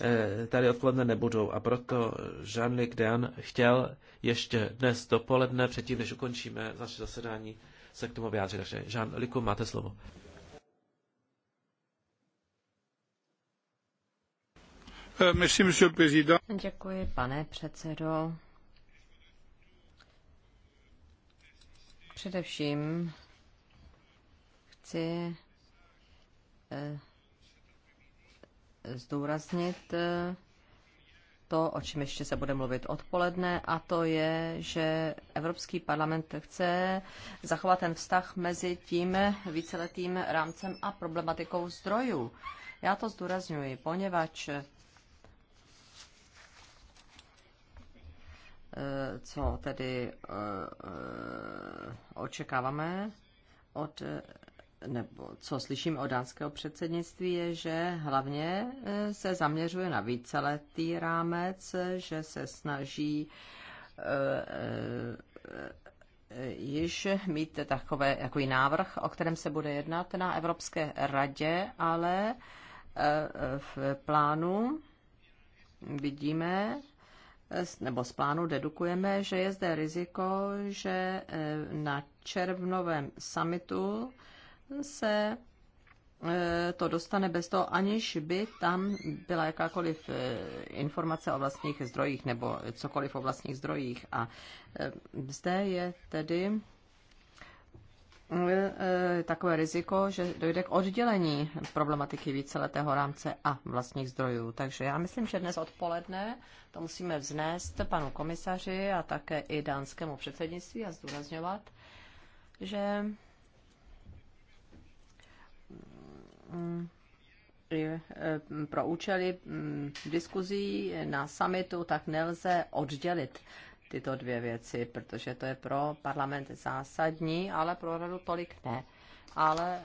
S2: eh, tady odpoledne nebudou a proto Jean-Luc Dean chtěl ještě dnes dopoledne, předtím než ukončíme naše zasedání, se k tomu vyjádřit. Takže Jean-Luc, máte slovo.
S1: Euh,
S3: Děkuji, pane předsedo. Především chci eh, zdůraznit eh, to, o čem ještě se bude mluvit odpoledne, a to je, že Evropský parlament chce zachovat ten vztah mezi tím víceletým rámcem a problematikou zdrojů. Já to zdůrazňuji, poněvadž Eh, co tedy eh, eh, očekáváme od nebo co slyším od dánského předsednictví, je, že hlavně se zaměřuje na víceletý rámec, že se snaží již mít takové, takový návrh, o kterém se bude jednat na Evropské radě, ale v plánu vidíme, nebo z plánu dedukujeme, že je zde riziko, že eh, na červnovém summitu se eh, to dostane bez toho, aniž by tam byla jakákoliv eh, informace o vlastních zdrojích nebo cokoliv o vlastních zdrojích. A zde je tedy Eh, takové riziko, že dojde k oddělení problematiky víceletého rámce a vlastních zdrojů. Takže já myslím, že dnes odpoledne to musíme vznést panu komisaři a také i dánskému předsednictví a zdůrazňovat, že mm, eh, pro účely mm, diskuzí na summitu tak nelze oddělit tyto dvě věci, protože to je pro parlament zásadní, ale pro radu tolik ne. Ale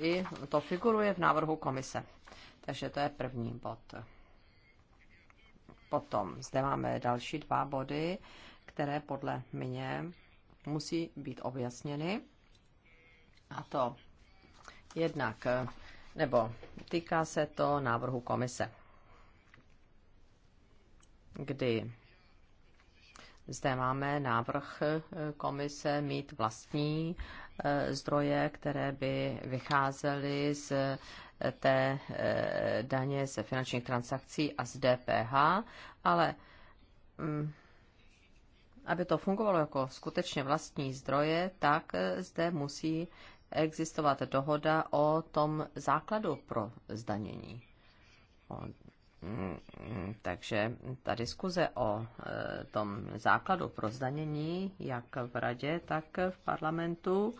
S3: eh, i to figuruje v návrhu komise. Takže to je první bod. Potom zde máme další dva body, které podle mě musí být objasněny. A to jednak, eh, nebo týká se to návrhu komise, kdy zde máme návrh eh, komise mít vlastní eh, zdroje, které by vycházely z eh, té daně ze finančních transakcí a z DPH, ale mm, aby to fungovalo jako skutečně vlastní zdroje, tak zde musí existovat dohoda o tom základu pro zdanění, o takže ta diskuze o e, tom základu pro zdanění, jak v radě, tak v parlamentu,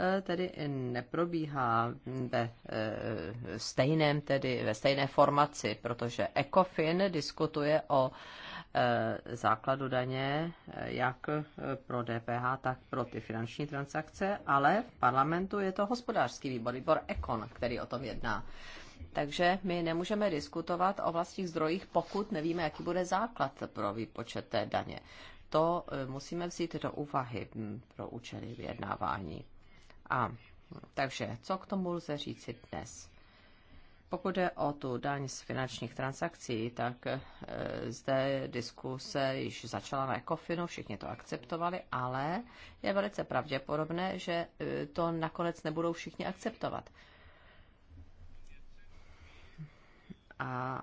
S3: e, tedy neprobíhá ve e, stejném, tedy ve stejné formaci, protože ECOFIN diskutuje o základu daně jak pro DPH, tak pro ty finanční transakce, ale v parlamentu je to hospodářský výbor, výbor ECON, který o tom jedná. Takže my nemůžeme diskutovat o vlastních zdrojích, pokud nevíme, jaký bude základ pro výpočet té daně. To e, musíme vzít do úvahy pro účely vyjednávání. A takže, co k tomu lze říci dnes? Pokud jde o tu daň z finančních transakcí, tak e, zde diskuse již začala na ECOFINu, všichni to akceptovali, ale je velice pravděpodobné, že e, to nakonec nebudou všichni akceptovat. a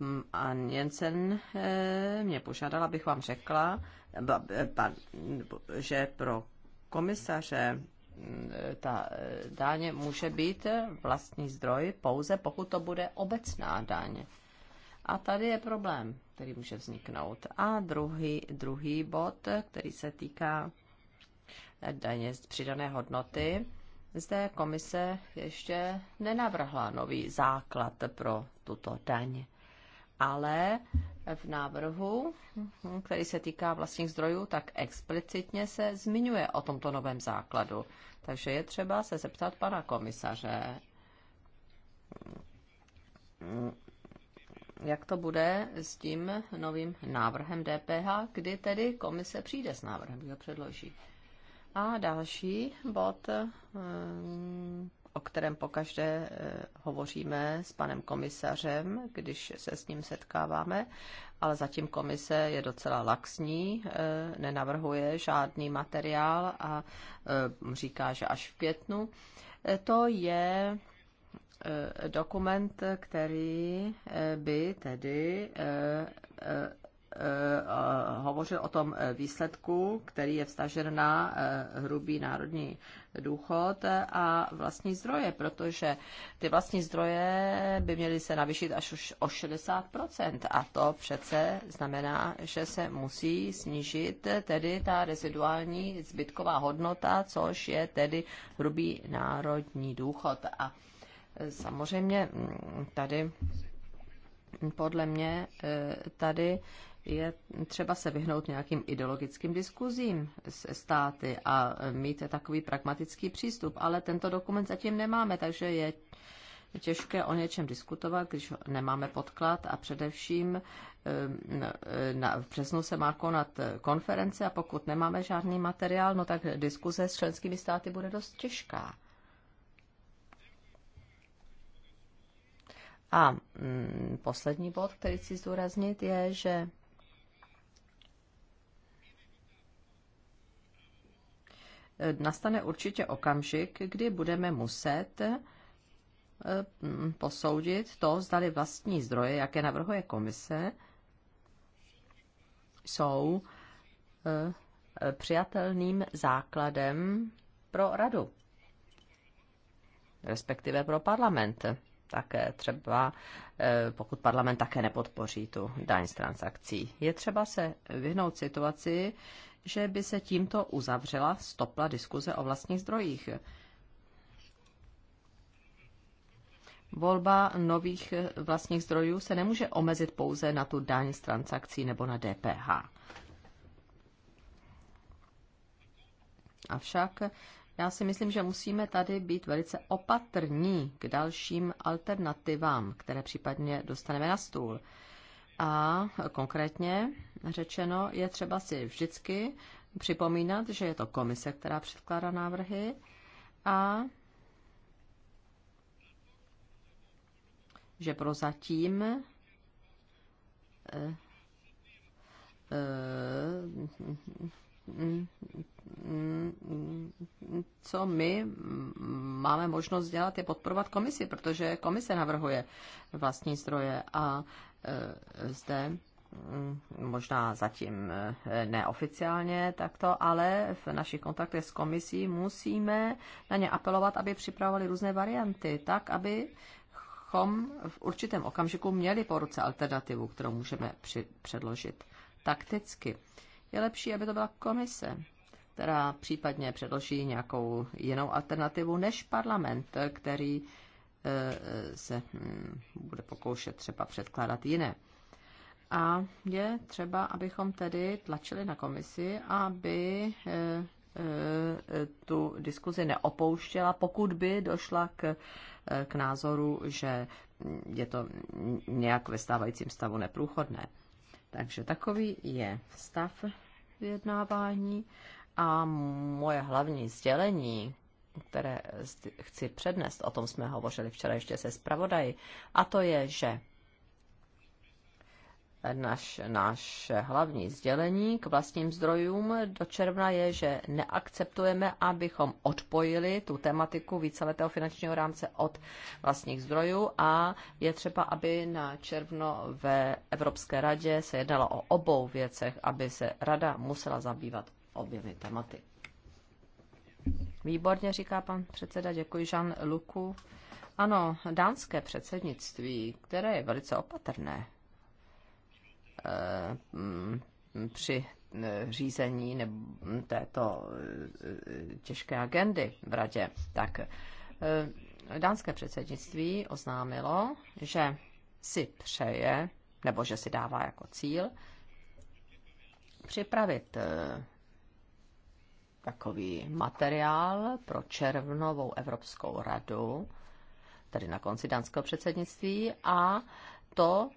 S3: mm, Ann Jensen eh, mě požádala, abych vám řekla, eh, že pro komisaře mm, ta eh, dáně může být vlastní zdroj pouze, pokud to bude obecná daň. A tady je problém, který může vzniknout. A druhý, druhý bod, který se týká daně z přidané hodnoty, zde komise ještě nenavrhla nový základ pro tuto daň, ale v návrhu, který se týká vlastních zdrojů, tak explicitně se zmiňuje o tomto novém základu. Takže je třeba se zeptat pana komisaře, jak to bude s tím novým návrhem DPH, kdy tedy komise přijde s návrhem, kdy ho předloží. A další bod, eh, o kterém pokaždé eh, hovoříme s panem komisařem, když se s ním setkáváme, ale zatím komise je docela laxní, eh, nenavrhuje žádný materiál a říká, že až v květnu. To je dokument, který by tedy Eh, eh, hovořil o tom eh, výsledku, který je vstažen na hrubý národní důchod a vlastní zdroje, protože ty vlastní zdroje by měly se navyšit až už o 60%. A to přece znamená, že se musí snížit tedy ta reziduální zbytková hodnota, což je tedy hrubý národní důchod. A samozřejmě mm, tady mm, podle mě tady je třeba se vyhnout nějakým ideologickým diskuzím se státy a mít takový pragmatický přístup, ale tento dokument zatím nemáme, takže je těžké o něčem diskutovat, když nemáme podklad a především ehm, na, v březnu se má konat konference a pokud nemáme žádný materiál, no tak diskuze s členskými státy bude dost těžká. A mm, poslední bod, který chci zdůraznit, je, že nastane určitě okamžik, kdy budeme muset eh, mm, posoudit to, zdali vlastní zdroje, jaké navrhuje komise, jsou eh, přijatelným základem pro radu, respektive pro parlament. Také třeba, eh, pokud parlament také nepodpoří tu daň z transakcí. Je třeba se vyhnout situaci, že by se tímto uzavřela stopla diskuze o vlastních zdrojích. Volba nových eh, vlastních zdrojů se nemůže omezit pouze na tu daň z transakcí nebo na DPH. Avšak já si myslím, že musíme tady být velice opatrní k dalším alternativám, které případně dostaneme na stůl. A konkrétně řečeno je třeba si vždycky připomínat, že je to komise, která předkládá návrhy a že prozatím eh, eh, co my máme možnost dělat, je podporovat komisi, protože komise navrhuje vlastní zdroje a e, zde mm, možná zatím e, neoficiálně takto, ale v našich kontaktech s komisí musíme na ně apelovat, aby připravovali různé varianty, tak, aby v určitém okamžiku měli po ruce alternativu, kterou můžeme při- předložit takticky. Uh, je lepší, aby to byla komise, která případně předloží nějakou jinou alternativu než parlament, který eh, se hm, bude pokoušet třeba předkládat jiné. A je třeba, abychom tedy tlačili na komisi, aby eh, eh, tu diskuzi neopouštěla, pokud by došla k, k názoru, že je to nějak ve stávajícím stavu neprůchodné. Takže takový je stav vyjednávání a moje hlavní sdělení, které chci přednést, o tom jsme hovořili včera ještě se zpravodají, a to je, že naš, naš hlavní sdělení k vlastním zdrojům do června je, že neakceptujeme, abychom odpojili tu tematiku víceletého finančního rámce od vlastních zdrojů a je třeba, aby na červno ve Evropské radě se jednalo o obou věcech, aby se rada musela zabývat oběmi tematy. Výborně, říká pan předseda, děkuji Jean Luku. Ano, dánské předsednictví, které je velice opatrné, Eh, mm, při eh, řízení této eh, těžké agendy v radě, tak dánské předsednictví oznámilo, že si přeje, nebo že si dává jako cíl, připravit takový materiál pro červnovou Evropskou radu, tedy na konci dánského předsednictví, a to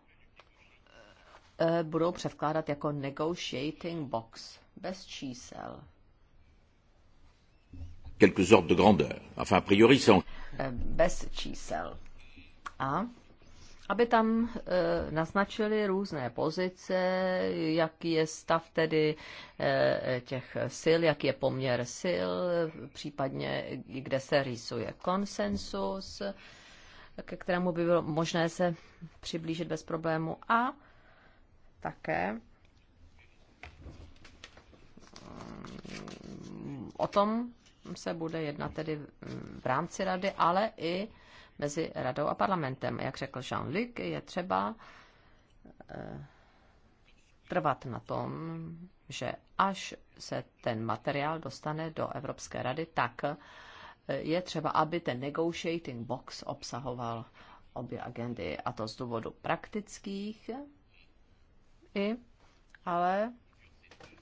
S3: Eh, budou převkládat jako negotiating box, bez čísel.
S1: Quelques ordres de grandeur. Enfin, a priori, sont...
S3: Eh, bez čísel. A aby tam e, naznačili různé pozice, jaký je stav tedy e, těch sil, jaký je poměr sil, případně kde se rýsuje konsensus, ke kterému by bylo možné se přiblížit bez problému a také o tom se bude jednat tedy v rámci rady, ale i mezi radou a parlamentem. Jak řekl Jean-Luc, je třeba eh, trvat na tom, že až se ten materiál dostane do Evropské rady, tak eh, je třeba, aby ten negotiating box obsahoval obě agendy, a to z důvodu praktických, i, ale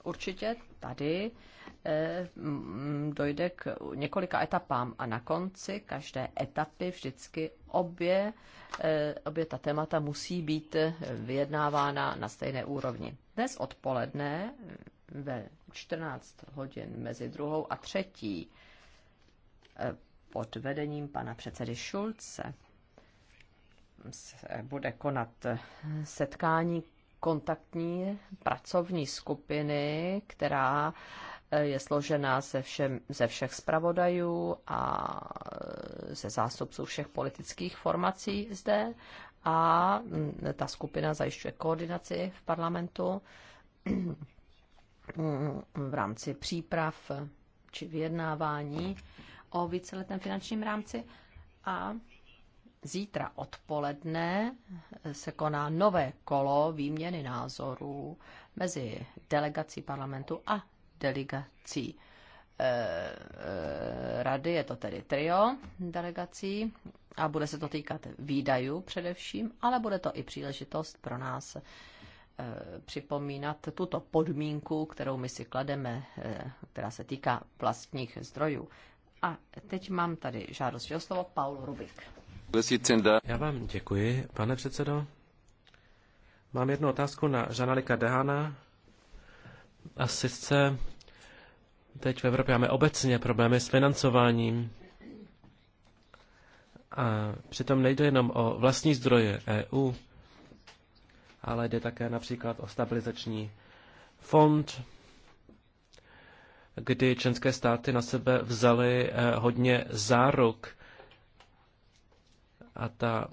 S3: určitě tady eh, mm, dojde k několika etapám a na konci každé etapy vždycky obě, eh, obě ta témata musí být vyjednávána na stejné úrovni. Dnes odpoledne ve 14 hodin mezi druhou a třetí eh, pod vedením pana předsedy Šulce se bude konat setkání kontaktní pracovní skupiny, která eh, je složená ze, všem, ze všech zpravodajů a eh, ze zástupců všech politických formací zde. A mm, ta skupina zajišťuje koordinaci v parlamentu mm, v rámci příprav či vyjednávání o víceletém finančním rámci. A Zítra odpoledne se koná nové kolo výměny názorů mezi delegací parlamentu a delegací eh, eh, rady, je to tedy trio delegací a bude se to týkat výdajů především, ale bude to i příležitost pro nás eh, připomínat tuto podmínku, kterou my si klademe, která se týká vlastních zdrojů. A teď mám tady žádost o slovo Paul Rubik.
S2: Já vám děkuji, pane předsedo. Mám jednu otázku na Žanalika Dehana. A sice teď v Evropě máme obecně problémy s financováním. A přitom nejde jenom o vlastní zdroje EU, ale jde také například o stabilizační fond, kdy členské státy na sebe vzaly eh, hodně záruk a ta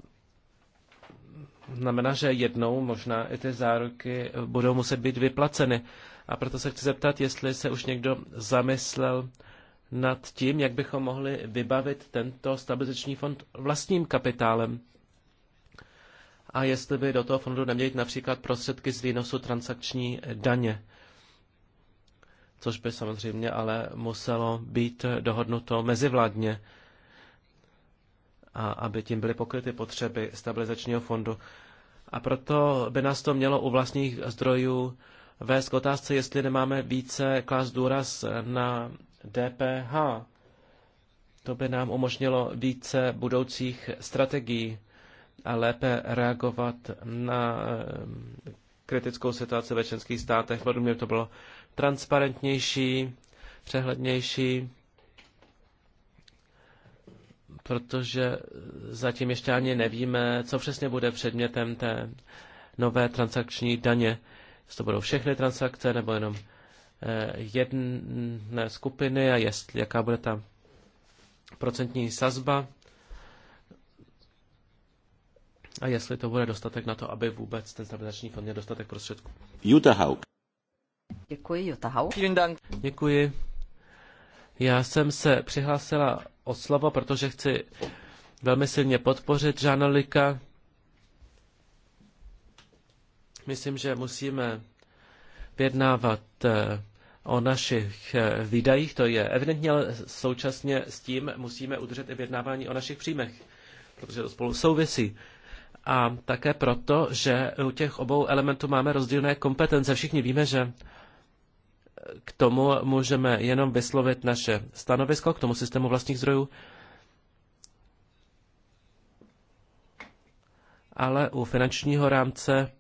S2: znamená, že jednou možná i ty záruky budou muset být vyplaceny. A proto se chci zeptat, jestli se už někdo zamyslel nad tím, jak bychom mohli vybavit tento stabilizační fond vlastním kapitálem. A jestli by do toho fondu neměli například prostředky z výnosu transakční daně. Což by samozřejmě ale muselo být dohodnuto mezivládně a aby tím byly pokryty potřeby stabilizačního fondu. A proto by nás to mělo u vlastních zdrojů vést k otázce, jestli nemáme více klást důraz na DPH. To by nám umožnilo více budoucích strategií a lépe reagovat na eh, kritickou situaci ve členských státech. Podle mě to bylo transparentnější, přehlednější protože eh, zatím ještě ani nevíme, co přesně bude předmětem té nové transakční daně. Jestli to budou všechny transakce nebo jenom eh, jedné skupiny a jestli, jaká bude ta procentní sazba a jestli to bude dostatek na to, aby vůbec ten stabilizační fond měl dostatek prostředků. Jutta Haug. Děkuji, Jutta Haug. Děkuji. Já jsem se přihlásila o slovo, protože chci velmi silně podpořit Žána Lika. Myslím, že musíme vyjednávat eh, o našich eh, výdajích, to je evidentně, ale současně s tím musíme udržet i vyjednávání o našich příjmech, protože to spolu souvisí. A také proto, že u těch obou elementů máme rozdílné kompetence. Všichni víme, že k tomu můžeme jenom vyslovit naše stanovisko k tomu systému vlastních zdrojů. Ale u finančního rámce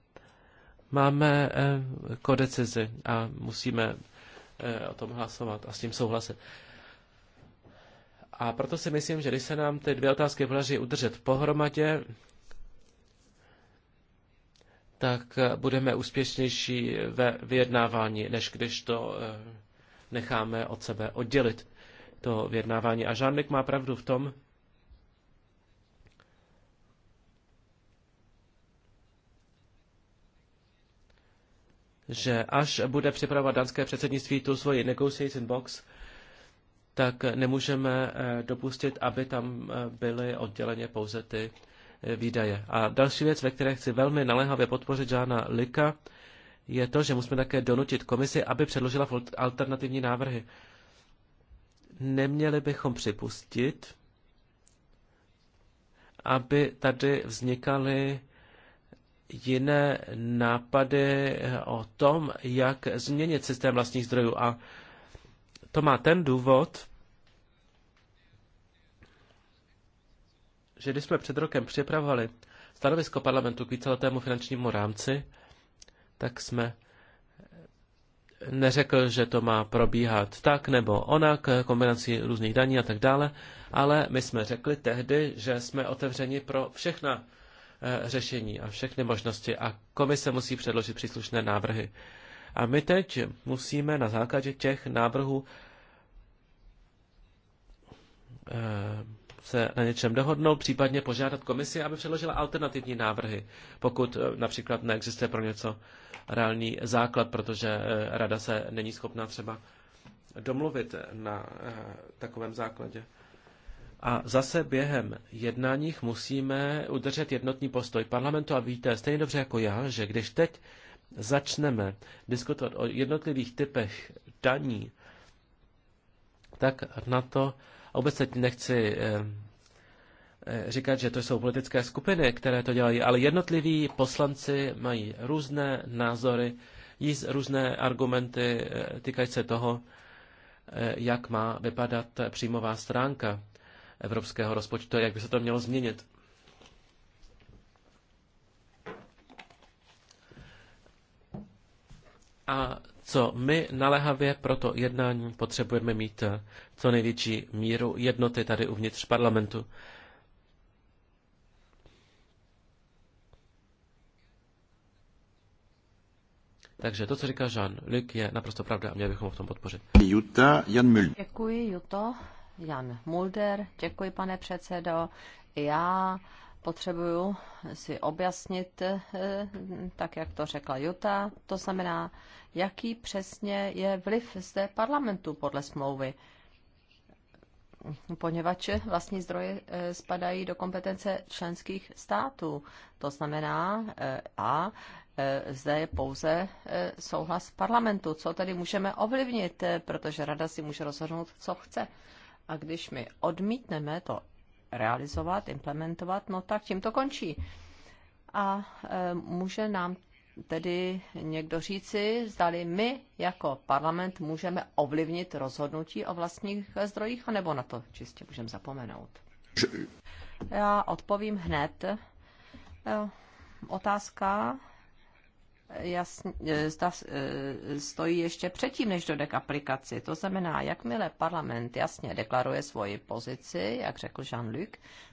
S2: máme eh, kodecizi a musíme eh, o tom hlasovat a s tím souhlasit. A proto si myslím, že když se nám ty dvě otázky podaří udržet pohromadě, tak budeme úspěšnější ve vyjednávání, než když to eh, necháme od sebe oddělit, to vyjednávání. A Žánek má pravdu v tom, že až bude připravovat danské předsednictví tu svoji negotiation box, tak nemůžeme eh, dopustit, aby tam eh, byly odděleně pouze ty výdaje. A další věc, ve které chci velmi naléhavě podpořit Žána Lika, je to, že musíme také donutit komisi, aby předložila alternativní návrhy. Neměli bychom připustit, aby tady vznikaly jiné nápady o tom, jak změnit systém vlastních zdrojů. A to má ten důvod, že když jsme před rokem připravovali stanovisko parlamentu k víceletému finančnímu rámci, tak jsme neřekl, že to má probíhat tak nebo onak, kombinací různých daní a tak dále, ale my jsme řekli tehdy, že jsme otevřeni pro všechna eh, řešení a všechny možnosti a komise musí předložit příslušné návrhy. A my teď musíme na základě těch návrhů eh, se na něčem dohodnout, případně požádat komisi, aby předložila alternativní návrhy, pokud eh, například neexistuje pro něco reálný základ, protože eh, rada se není schopná třeba domluvit eh, na takovém základě. A zase během jednáních musíme udržet jednotný postoj parlamentu a víte stejně dobře jako já, že když teď začneme diskutovat o jednotlivých typech daní, tak na to a vůbec teď nechci eh, eh, říkat, že to jsou politické skupiny, které to dělají, ale jednotliví poslanci mají různé názory, jíst různé argumenty eh, týkající se toho, jak má vypadat příjmová stránka evropského rozpočtu, jak by se to mělo změnit. A co my naléhavě pro to jednání potřebujeme mít eh, co největší míru jednoty tady uvnitř parlamentu. Takže to, co říká Jean-Luc, je naprosto pravda a měli bychom ho v tom podpořit. Juta, Jan Mulder.
S3: Děkuji, Juto. Jan Mulder, děkuji, pane předsedo. Já potřebuju si objasnit, eh, tak jak to řekla Jutta, to znamená, jaký přesně je vliv zde parlamentu podle smlouvy. Poněvadž vlastní zdroje eh, spadají do kompetence členských států. To znamená, eh, a zde je pouze souhlas parlamentu, co tedy můžeme ovlivnit, protože rada si může rozhodnout, co chce. A když my odmítneme to realizovat, implementovat, no tak tím to končí. A e, může nám tedy někdo říci, zdali my jako parlament můžeme ovlivnit rozhodnutí o vlastních e, zdrojích, anebo na to čistě můžeme zapomenout. Já odpovím hned. E, otázka jasně, e, zda, e, stojí ještě předtím, než dojde k aplikaci. To znamená, jakmile parlament jasně deklaruje svoji pozici, jak řekl Jean-Luc,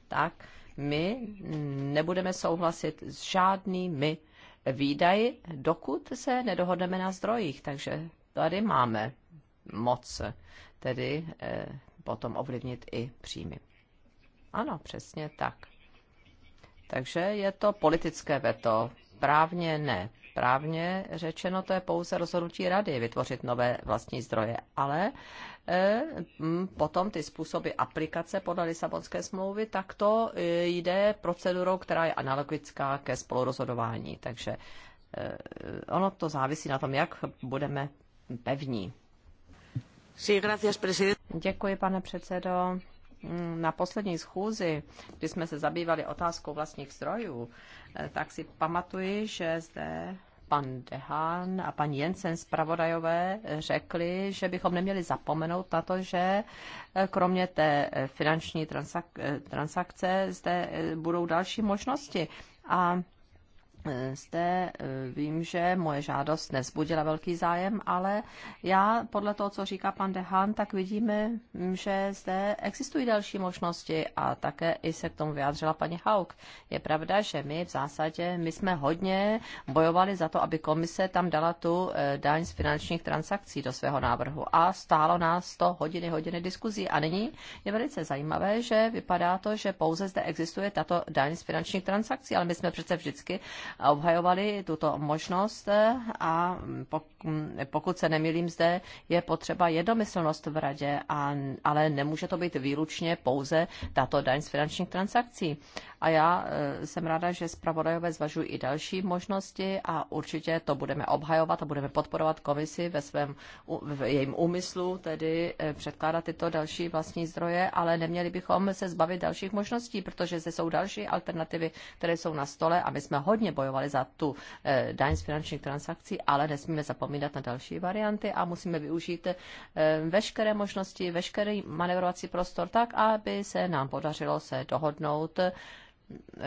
S3: tak my nebudeme souhlasit s žádnými výdaji, dokud se nedohodneme na zdrojích. Takže tady máme moc, tedy e, potom ovlivnit i příjmy. Ano, přesně tak. Takže je to politické veto, právně ne právně řečeno, to je pouze rozhodnutí rady vytvořit nové vlastní zdroje, ale eh, potom ty způsoby aplikace podle Lisabonské smlouvy, tak to eh, jde procedurou, která je analogická ke spolurozhodování. Takže eh, ono to závisí na tom, jak budeme pevní. Děkuji, pane předsedo. Mm, na poslední schůzi, kdy jsme se zabývali otázkou vlastních zdrojů, tak si pamatuji, že zde pan Dehan a pan Jensen zpravodajové řekli, že bychom neměli zapomenout na to, že eh, kromě té eh, finanční transak- eh, transakce zde budou další možnosti. A Eh, zde eh, vím, že moje žádost nezbudila velký zájem, ale já podle toho, co říká pan Dehan, tak vidíme, mm, že zde existují další možnosti a také i se k tomu vyjádřila paní Hauk. Je pravda, že my v zásadě, my jsme hodně bojovali za to, aby komise tam dala tu eh, daň z finančních transakcí do svého návrhu a stálo nás to hodiny, hodiny diskuzí. A nyní je velice zajímavé, že vypadá to, že pouze zde existuje tato daň z finančních transakcí, ale my jsme přece vždycky obhajovali tuto možnost a pokud pokud se nemilím zde, je potřeba jednomyslnost v radě, a, ale nemůže to být výlučně pouze tato daň z finančních transakcí. A já e, jsem ráda, že zpravodajové zvažují i další možnosti a určitě to budeme obhajovat a budeme podporovat komisi ve svém v jejím úmyslu, tedy e, předkládat tyto další vlastní zdroje, ale neměli bychom se zbavit dalších možností, protože zde jsou další alternativy, které jsou na stole a my jsme hodně bojovali za tu e, daň z finančních transakcí, ale nesmíme zapomínat zapomínat na další varianty a musíme využít eh, veškeré možnosti, veškerý manevrovací prostor tak, aby se nám podařilo se dohodnout eh,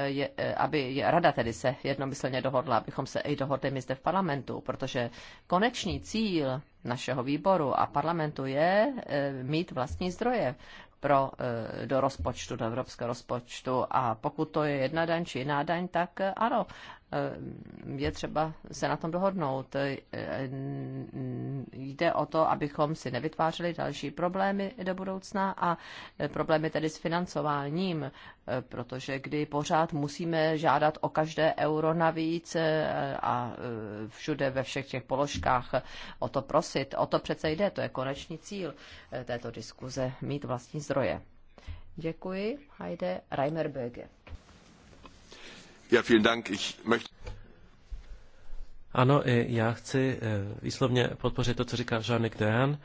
S3: je, eh, aby rada tedy se jednomyslně dohodla, abychom se i dohodli my zde v parlamentu, protože konečný cíl našeho výboru a parlamentu je mít vlastní zdroje pro, do rozpočtu, do evropského rozpočtu a pokud to je jedna daň či jiná daň, tak ano, Eh, je třeba se na tom dohodnout. Eh, jde o to, abychom si nevytvářeli další problémy do budoucna a eh, problémy tedy s financováním, protože kdy pořád musíme žádat o každé euro navíc a všude ve všech těch položkách o to prosit. O to přece jde, to je konečný cíl této diskuze, mít vlastní zdroje. Děkuji, Heide Reimerberge.
S2: Ano, i já chci eh, výslovně podpořit to, co říká Žánek Dehan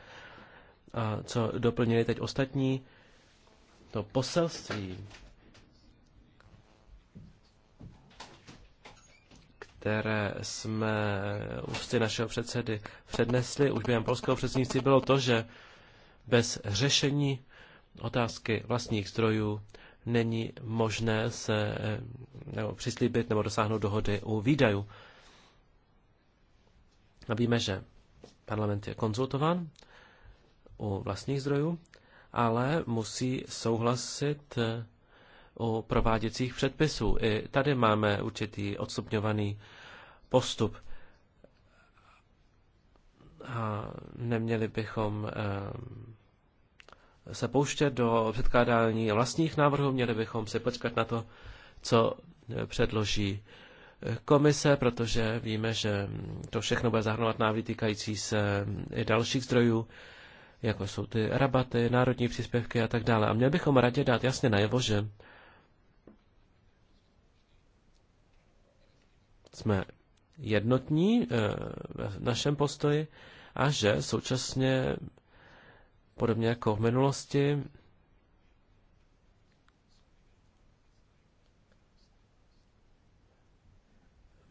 S2: a co doplnili teď ostatní. To poselství, které jsme ústy našeho předsedy přednesli už během polského předsednictví, bylo to, že bez řešení otázky vlastních zdrojů není možné se eh, nebo přislíbit nebo dosáhnout dohody u výdajů. A víme, že parlament je konzultován u vlastních zdrojů, ale musí souhlasit eh, u prováděcích předpisů. I tady máme určitý odstupňovaný postup. A neměli bychom eh, se pouštět do předkládání vlastních návrhů, měli bychom si počkat na to, co předloží komise, protože víme, že to všechno bude zahrnovat návrhy týkající se i dalších zdrojů, jako jsou ty rabaty, národní příspěvky a tak dále. A měli bychom radě dát jasně najevo, že jsme jednotní eh, v našem postoji a že současně podobně jako v minulosti.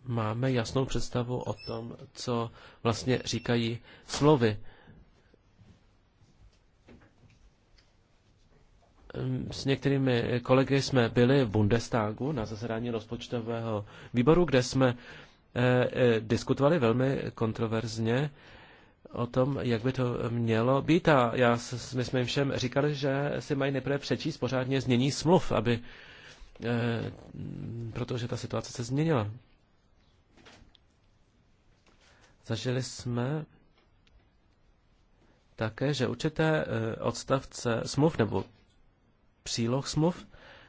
S2: Máme jasnou představu o tom, co vlastně říkají slovy. S některými kolegy jsme byli v Bundestagu na zasedání rozpočtového výboru, kde jsme eh, eh, diskutovali velmi kontroverzně o tom, jak by to mělo být. A já, my jsme jim všem říkali, že si mají nejprve přečíst pořádně změní smluv, aby, e, protože ta situace se změnila. Zažili jsme také, že určité eh, odstavce smluv nebo příloh smluv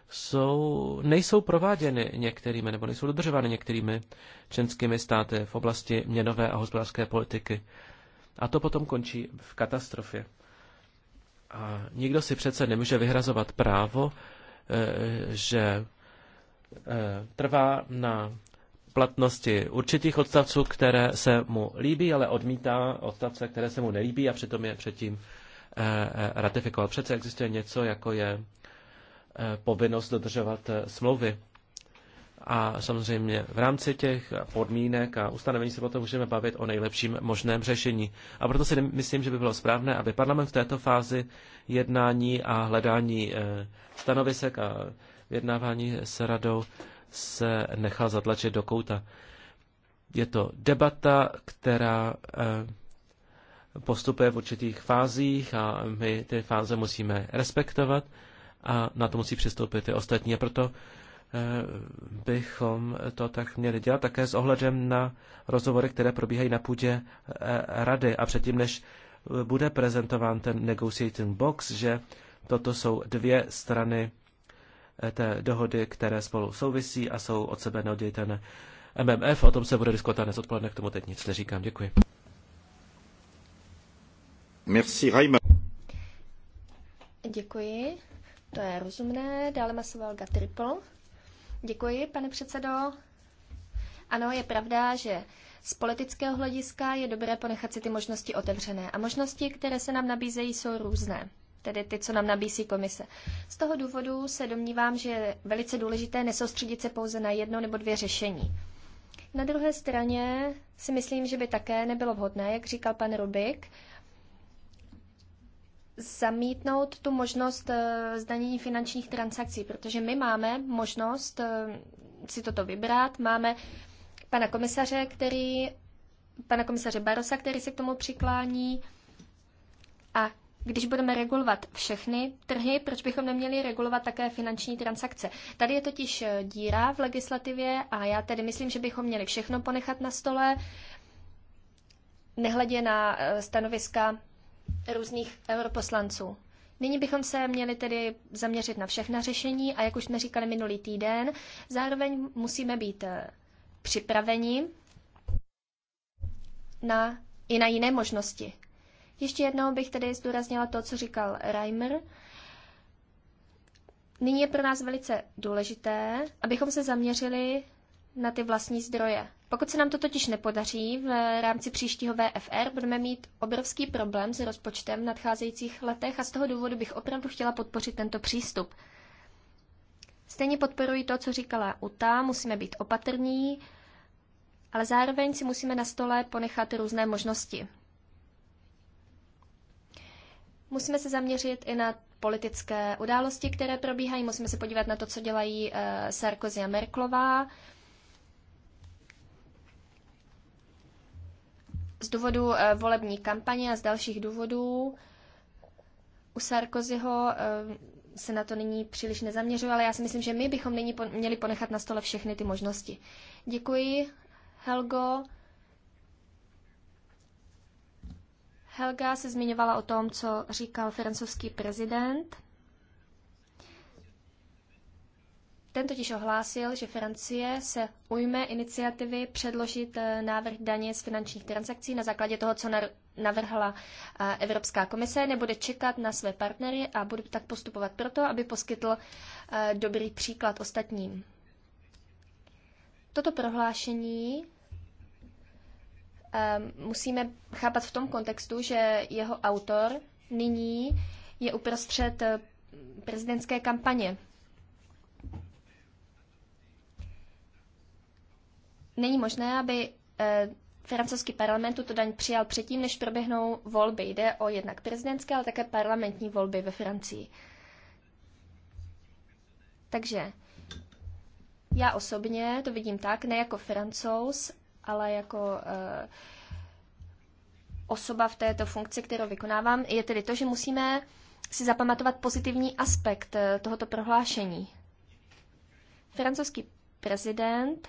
S2: jsou, nejsou prováděny některými nebo nejsou dodržovány některými členskými státy v oblasti měnové a hospodářské politiky. A to potom končí v katastrofě. A nikdo si přece nemůže vyhrazovat právo, eh, že eh, trvá na platnosti určitých odstavců, které se mu líbí, ale odmítá odstavce, které se mu nelíbí a přitom je předtím eh, ratifikoval. Přece existuje něco, jako je povinnost dodržovat smlouvy a samozřejmě v rámci těch podmínek a ustanovení se potom můžeme bavit o nejlepším možném řešení. A proto si myslím, že by bylo správné, aby parlament v této fázi jednání a hledání eh, stanovisek a vyjednávání s radou se nechal zatlačit do kouta. Je to debata, která eh, postupuje v určitých fázích a my ty fáze musíme respektovat a na to musí přistoupit i ostatní. A proto Eh, bychom to tak měli dělat, také s ohledem na rozhovory, které probíhají na půdě eh, rady a předtím, než eh, bude prezentován ten negotiating box, že toto jsou dvě strany té dohody, které spolu souvisí a jsou od sebe neoddělitelné. MMF, o tom se bude diskutovat dnes odpoledne, k tomu teď nic neříkám. Děkuji. Merci, Raima.
S4: Děkuji, to je rozumné. Dále masoval Gatripl. Děkuji, pane předsedo. Ano, je pravda, že z politického hlediska je dobré ponechat si ty možnosti otevřené. A možnosti, které se nám nabízejí, jsou různé tedy ty, co nám nabízí komise. Z toho důvodu se domnívám, že je velice důležité nesoustředit se pouze na jedno nebo dvě řešení. Na druhé straně si myslím, že by také nebylo vhodné, jak říkal pan Rubik, zamítnout tu možnost eh, zdanění finančních transakcí, protože my máme možnost eh, si toto vybrat. Máme pana komisaře, který, pana komisaře Barosa, který se k tomu přiklání. A když budeme regulovat všechny trhy, proč bychom neměli regulovat také finanční transakce? Tady je totiž eh, díra v legislativě a já tedy myslím, že bychom měli všechno ponechat na stole, nehledě na stanoviska různých europoslanců. Nyní bychom se měli tedy zaměřit na všechna řešení a jak už jsme říkali minulý týden, zároveň musíme být eh, připraveni na, i na jiné možnosti. Ještě jednou bych tedy zdůraznila to, co říkal Reimer. Nyní je pro nás velice důležité, abychom se zaměřili na ty vlastní zdroje. Pokud se nám to totiž nepodaří v rámci příštího VFR, budeme mít obrovský problém s rozpočtem v nadcházejících letech a z toho důvodu bych opravdu chtěla podpořit tento přístup. Stejně podporuji to, co říkala Uta, musíme být opatrní, ale zároveň si musíme na stole ponechat různé možnosti. Musíme se zaměřit i na politické události, které probíhají, musíme se podívat na to, co dělají eh, Sarkozy a Merklová, z důvodu eh, volební kampaně a z dalších důvodů. U Sarkozyho eh, se na to nyní příliš nezaměřuje, ale já si myslím, že my bychom nyní měli ponechat na stole všechny ty možnosti. Děkuji, Helgo. Helga se zmiňovala o tom, co říkal francouzský prezident. Ten totiž ohlásil, že Francie se ujme iniciativy předložit eh, návrh daně z finančních transakcí na základě toho, co navrhla eh, Evropská komise, nebude čekat na své partnery a bude tak postupovat proto, aby poskytl eh, dobrý příklad ostatním. Toto prohlášení musíme chápat v tom kontextu, že jeho autor nyní je uprostřed prezidentské kampaně. není možné, aby eh, francouzský parlament tuto daň přijal předtím, než proběhnou volby. Jde o jednak prezidentské, ale také parlamentní volby ve Francii. Takže já osobně to vidím tak, ne jako francouz, ale jako uh, osoba v této funkci, kterou vykonávám, je tedy to, že musíme si zapamatovat pozitivní aspekt eh, tohoto prohlášení. Francouzský prezident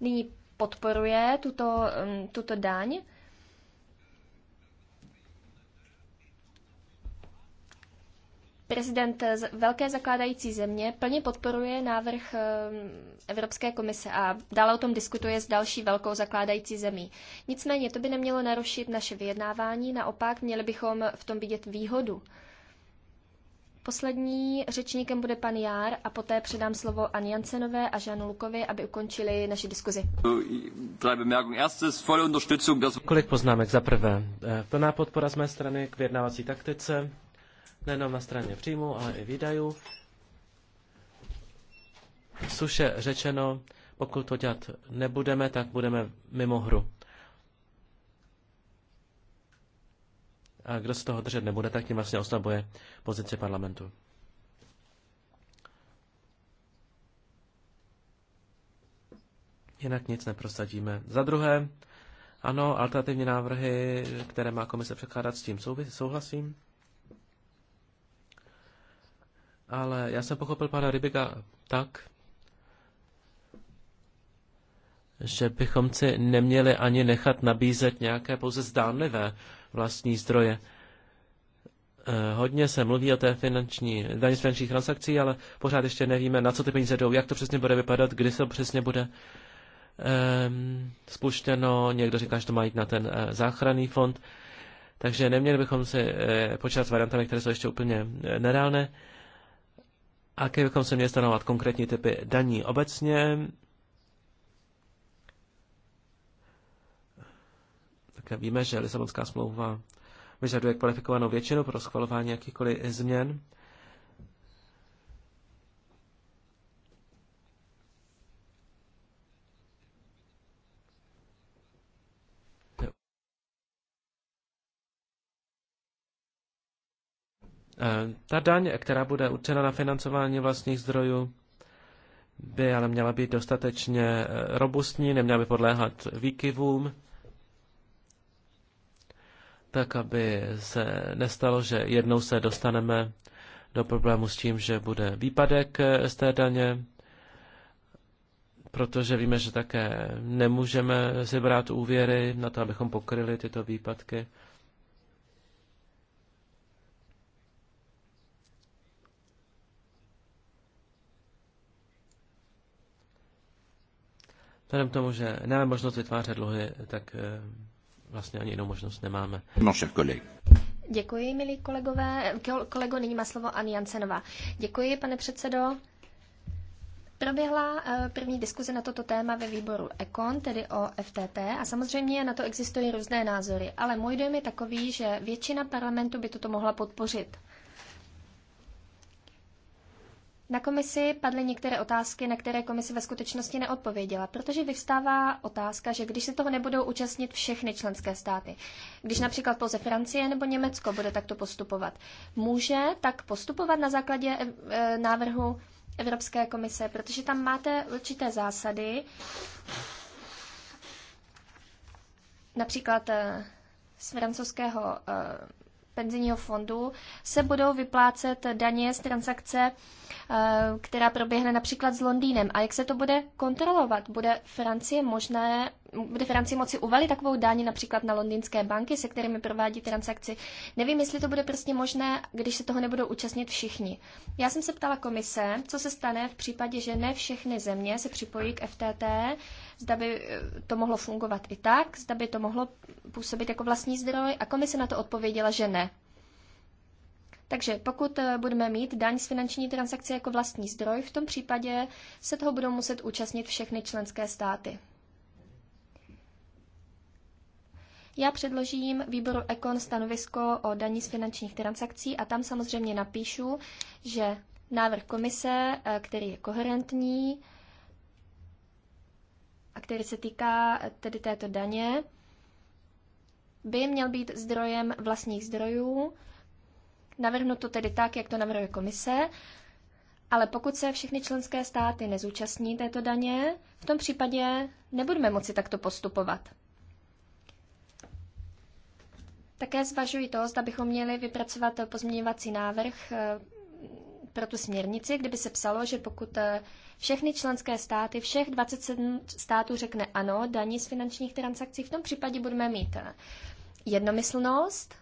S4: nyní podporuje tuto, um, tuto daň. Prezident velké zakládající země plně podporuje návrh um, Evropské komise a dále o tom diskutuje s další velkou zakládající zemí. Nicméně to by nemělo narušit naše vyjednávání, naopak měli bychom v tom vidět výhodu. Poslední řečníkem bude pan Jár a poté předám slovo Ani Jancenové a Žánu Lukovi, aby ukončili naši diskuzi.
S2: Äh, Kolik poznámek za prvé. Äh, plná podpora z mé strany k vyjednávací taktice, nejenom na straně příjmu, ale i výdajů. Suše řečeno, pokud to dělat nebudeme, tak budeme mimo hru. A kdo se toho držet nebude, tak tím vlastně oslabuje pozici parlamentu. Jinak nic neprosadíme. Za druhé, ano, alternativní návrhy, které má komise překládat, s tím souhlasím. Ale já jsem pochopil pana Rybika tak, že bychom si neměli ani nechat nabízet nějaké pouze zdánlivé vlastní zdroje. Eh, hodně se mluví o té finanční, daní z finančních transakcí, ale pořád ještě nevíme, na co ty peníze jdou, jak to přesně bude vypadat, kdy se to přesně bude um, spuštěno. Někdo říká, že to má jít na ten uh, záchranný fond. Takže neměli bychom si uh, eh, počítat s variantami, které jsou ještě úplně uh, nereálné. A kdybychom se měli stanovat konkrétní typy daní obecně, víme, že Lisabonská smlouva vyžaduje kvalifikovanou většinu pro schvalování jakýchkoliv změn. Eh, ta daň, která bude určena na financování vlastních zdrojů, by ale měla být dostatečně eh, robustní, neměla by podléhat výkyvům tak aby se nestalo, že jednou se dostaneme do problému s tím, že bude výpadek eh, z té daně, protože víme, že také nemůžeme si brát úvěry na to, abychom pokryli tyto výpadky. Vzhledem k tomu, že nemáme možnost vytvářet dluhy, tak eh, vlastně ani jinou možnost nemáme.
S4: Děkuji, milí kolegové. Kolego, nyní má slovo Ani Jansenová. Děkuji, pane předsedo. Proběhla eh, první diskuze na toto téma ve výboru ECON, tedy o FTT, a samozřejmě na to existují různé názory, ale můj dojem je takový, že většina parlamentu by toto mohla podpořit. Na komisi padly některé otázky, na které komise ve skutečnosti neodpověděla, protože vyvstává otázka, že když se toho nebudou účastnit všechny členské státy, když například pouze Francie nebo Německo bude takto postupovat, může tak postupovat na základě eh, návrhu Evropské komise, protože tam máte určité zásady, například eh, z francouzského eh, penzijního fondu se budou vyplácet daně z transakce, eh, která proběhne například s Londýnem. A jak se to bude kontrolovat? Bude Francie možné bude Francie moci uvalit takovou daň například na londýnské banky, se kterými provádí transakci. Nevím, jestli to bude prostě možné, když se toho nebudou účastnit všichni. Já jsem se ptala komise, co se stane v případě, že ne všechny země se připojí k FTT, zda by eh, to mohlo fungovat i tak, zda by to mohlo působit jako vlastní zdroj a komise na to odpověděla, že ne. Takže pokud eh, budeme mít daň z finanční transakce jako vlastní zdroj, v tom případě se toho budou muset účastnit všechny členské státy. Já předložím výboru Ekon stanovisko o daní z finančních transakcí a tam samozřejmě napíšu, že návrh komise, eh, který je koherentní a který se týká eh, tedy této daně, by měl být zdrojem vlastních zdrojů. Navrhnu to tedy tak, jak to navrhuje komise. Ale pokud se všechny členské státy nezúčastní této daně, v tom případě nebudeme moci takto postupovat. Také zvažuji to, zda bychom měli vypracovat pozměňovací návrh eh, pro tu směrnici, kdyby se psalo, že pokud eh, všechny členské státy, všech 27 států řekne ano, daní z finančních transakcí, v tom případě budeme mít eh, jednomyslnost.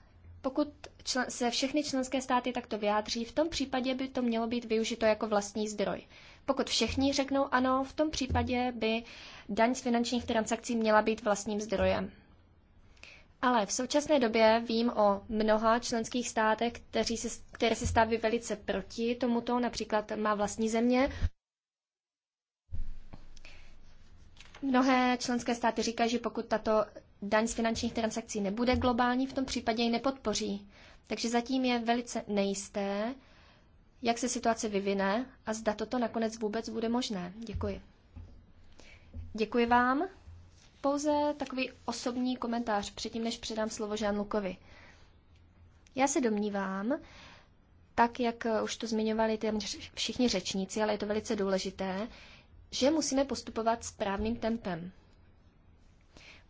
S4: Pokud člen, se všechny členské státy takto vyjádří, v tom případě by to mělo být využito jako vlastní zdroj. Pokud všichni řeknou ano, v tom případě by daň z finančních transakcí měla být vlastním zdrojem. Ale v současné době vím o mnoha členských státech, kteří se, které se staví velice proti tomuto, například má vlastní země. Mnohé členské státy říkají, že pokud tato daň z finančních transakcí nebude globální, v tom případě ji nepodpoří. Takže zatím je velice nejisté, jak se situace vyvine a zda toto nakonec vůbec bude možné. Děkuji. Děkuji vám pouze takový osobní komentář předtím, než předám slovo Žán Lukovi. Já se domnívám, tak jak už to zmiňovali ty všichni řečníci, ale je to velice důležité, že musíme postupovat správným tempem.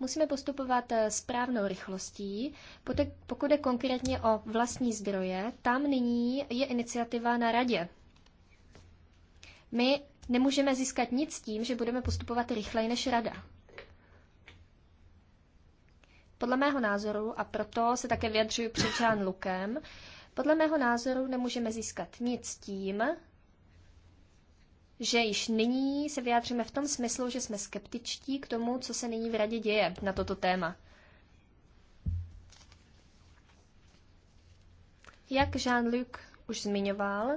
S4: Musíme postupovat eh, správnou rychlostí. Pokud je konkrétně o vlastní zdroje, tam nyní je iniciativa na radě. My nemůžeme získat nic tím, že budeme postupovat rychleji než rada. Podle mého názoru, a proto se také vyjadřuju před Jean Lukem, podle mého názoru nemůžeme získat nic tím, že již nyní se vyjádříme v tom smyslu, že jsme skeptičtí k tomu, co se nyní v radě děje na toto téma. Jak Jean-Luc už zmiňoval,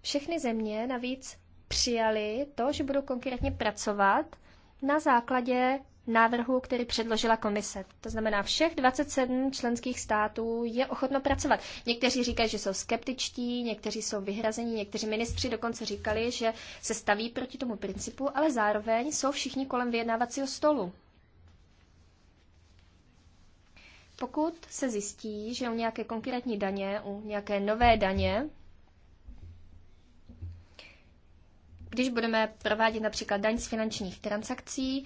S4: všechny země navíc přijali to, že budou konkrétně pracovat na základě návrhu, který předložila komise. To znamená, všech 27 členských států je ochotno pracovat. Někteří říkají, že jsou skeptičtí, někteří jsou vyhrazení, někteří ministři dokonce říkali, že se staví proti tomu principu, ale zároveň jsou všichni kolem vyjednávacího stolu. Pokud se zjistí, že u nějaké konkrétní daně, u nějaké nové daně, když budeme provádět například daň z finančních transakcí,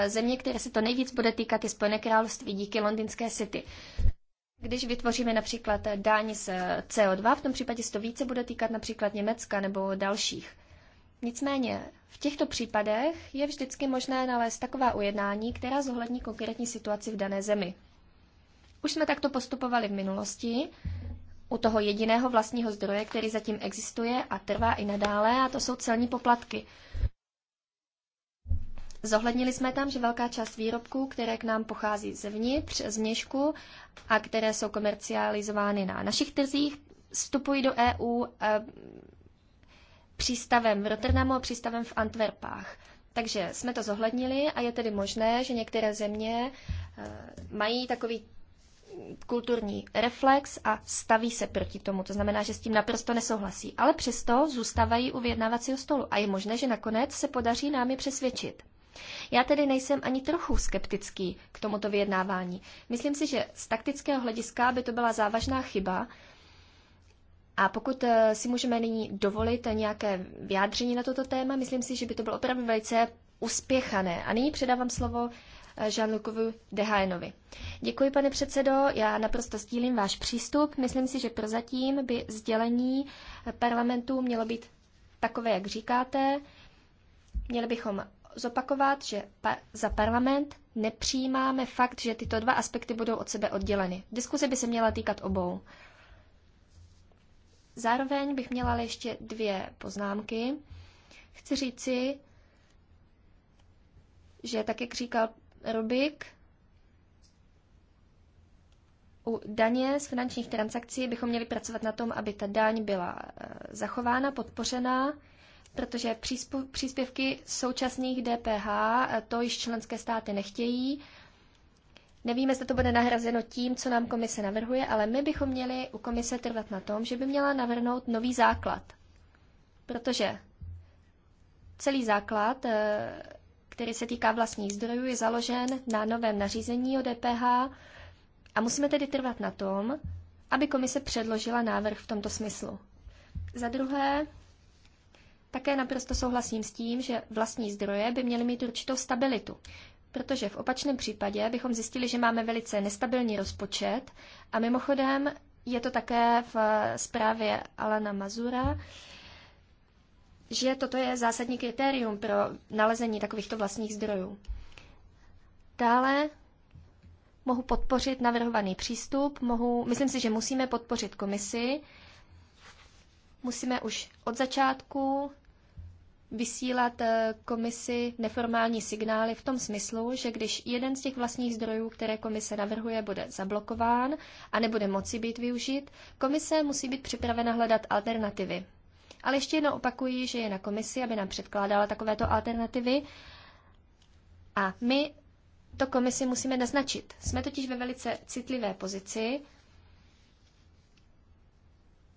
S4: eh, země, které se to nejvíc bude týkat, je Spojené království díky londýnské city. Když vytvoříme například daň z eh, CO2, v tom případě se to více bude týkat například Německa nebo dalších. Nicméně v těchto případech je vždycky možné nalézt taková ujednání, která zohlední konkrétní situaci v dané zemi. Už jsme takto postupovali v minulosti, u toho jediného vlastního zdroje, který zatím existuje a trvá i nadále, a to jsou celní poplatky. Zohlednili jsme tam, že velká část výrobků, které k nám pochází zevnitř, z měšku a které jsou komercializovány na našich trzích, vstupují do EU e, eh, přístavem v Rotterdamu a přístavem v Antwerpách. Takže jsme to zohlednili a je tedy možné, že některé země eh, mají takový kulturní reflex a staví se proti tomu. To znamená, že s tím naprosto nesouhlasí. Ale přesto zůstávají u vyjednávacího stolu a je možné, že nakonec se podaří nám je přesvědčit. Já tedy nejsem ani trochu skeptický k tomuto vyjednávání. Myslím si, že z taktického hlediska by to byla závažná chyba. A pokud eh, si můžeme nyní dovolit nějaké vyjádření na toto téma, myslím si, že by to bylo opravdu velice uspěchané. A nyní předávám slovo Žanlukovi Dehajenovi. Děkuji, pane předsedo. Já naprosto stílím váš přístup. Myslím si, že prozatím by sdělení parlamentu mělo být takové, jak říkáte. Měli bychom zopakovat, že za parlament nepřijímáme fakt, že tyto dva aspekty budou od sebe odděleny. Diskuse by se měla týkat obou. Zároveň bych měla ale ještě dvě poznámky. Chci říci, že tak, jak říkal Rubik. U daně z finančních transakcí bychom měli pracovat na tom, aby ta daň byla eh, zachována, podpořená, protože příspěvky současných DPH eh, to již členské státy nechtějí. Nevíme, jestli to bude nahrazeno tím, co nám komise navrhuje, ale my bychom měli u komise trvat na tom, že by měla navrhnout nový základ. Protože celý základ eh, který se týká vlastních zdrojů, je založen na novém nařízení o DPH a musíme tedy trvat na tom, aby komise předložila návrh v tomto smyslu. Za druhé, také naprosto souhlasím s tím, že vlastní zdroje by měly mít určitou stabilitu, protože v opačném případě bychom zjistili, že máme velice nestabilní rozpočet a mimochodem je to také v eh, zprávě Alana Mazura, že toto je zásadní kritérium pro nalezení takovýchto vlastních zdrojů. Dále mohu podpořit navrhovaný přístup, mohu, myslím si, že musíme podpořit komisi, musíme už od začátku vysílat eh, komisi neformální signály v tom smyslu, že když jeden z těch vlastních zdrojů, které komise navrhuje, bude zablokován a nebude moci být využit, komise musí být připravena hledat alternativy. Ale ještě jednou opakuji, že je na komisi, aby nám předkládala takovéto alternativy. A my to komisi musíme naznačit. Jsme totiž ve velice citlivé pozici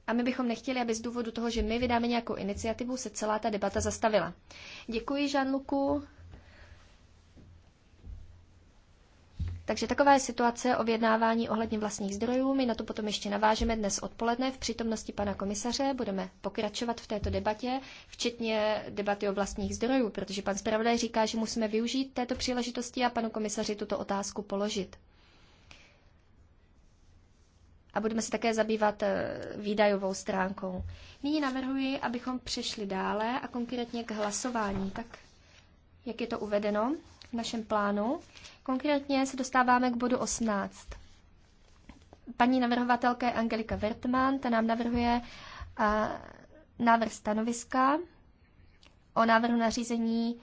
S4: a my bychom nechtěli, aby z důvodu toho, že my vydáme nějakou iniciativu, se celá ta debata zastavila. Děkuji, Žanluku. Takže taková je situace o vyjednávání ohledně vlastních zdrojů. My na to potom ještě navážeme dnes odpoledne v přítomnosti pana komisaře. Budeme pokračovat v této debatě, včetně debaty o vlastních zdrojů, protože pan zpravodaj říká, že musíme využít této příležitosti a panu komisaři tuto otázku položit. A budeme se také zabývat eh, výdajovou stránkou. Nyní navrhuji, abychom přešli dále a konkrétně k hlasování. Tak jak je to uvedeno v našem plánu. Konkrétně se dostáváme k bodu 18. Paní navrhovatelka je Angelika Wertmann, ta nám navrhuje uh, návrh stanoviska o návrhu nařízení,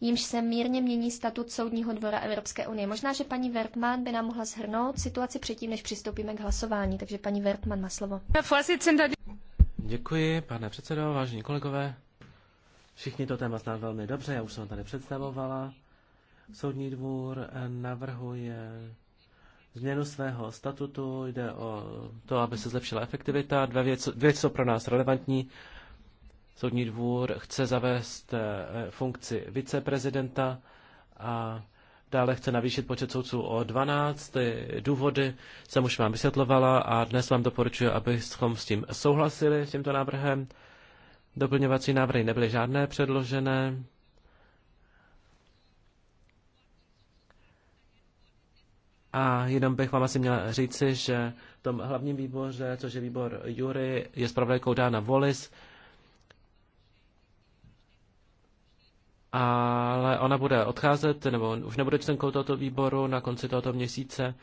S4: jímž se mírně mění statut Soudního dvora Evropské unie. Možná, že paní Wertmann by nám mohla shrnout situaci předtím, než přistoupíme k hlasování. Takže paní Wertmann má slovo.
S2: Děkuji, pane předsedo, vážení kolegové. Všichni to téma zná velmi dobře, já už jsem tady představovala. Soudní dvůr eh, navrhuje změnu svého statutu, jde o to, aby se zlepšila efektivita. Dvě věci, dvě věci jsou pro nás relevantní. Soudní dvůr chce zavést eh, funkci viceprezidenta a dále chce navýšit počet soudců o 12. Ty důvody jsem už vám vysvětlovala a dnes vám doporučuji, abychom s tím souhlasili, s tímto návrhem. Doplňovací návrhy nebyly žádné předložené. A jenom bych vám asi měla říci, že v tom hlavním výboře, což je výbor Jury, je zpravodajkou Dána Volis, ale ona bude odcházet, nebo už nebude členkou tohoto výboru na konci tohoto měsíce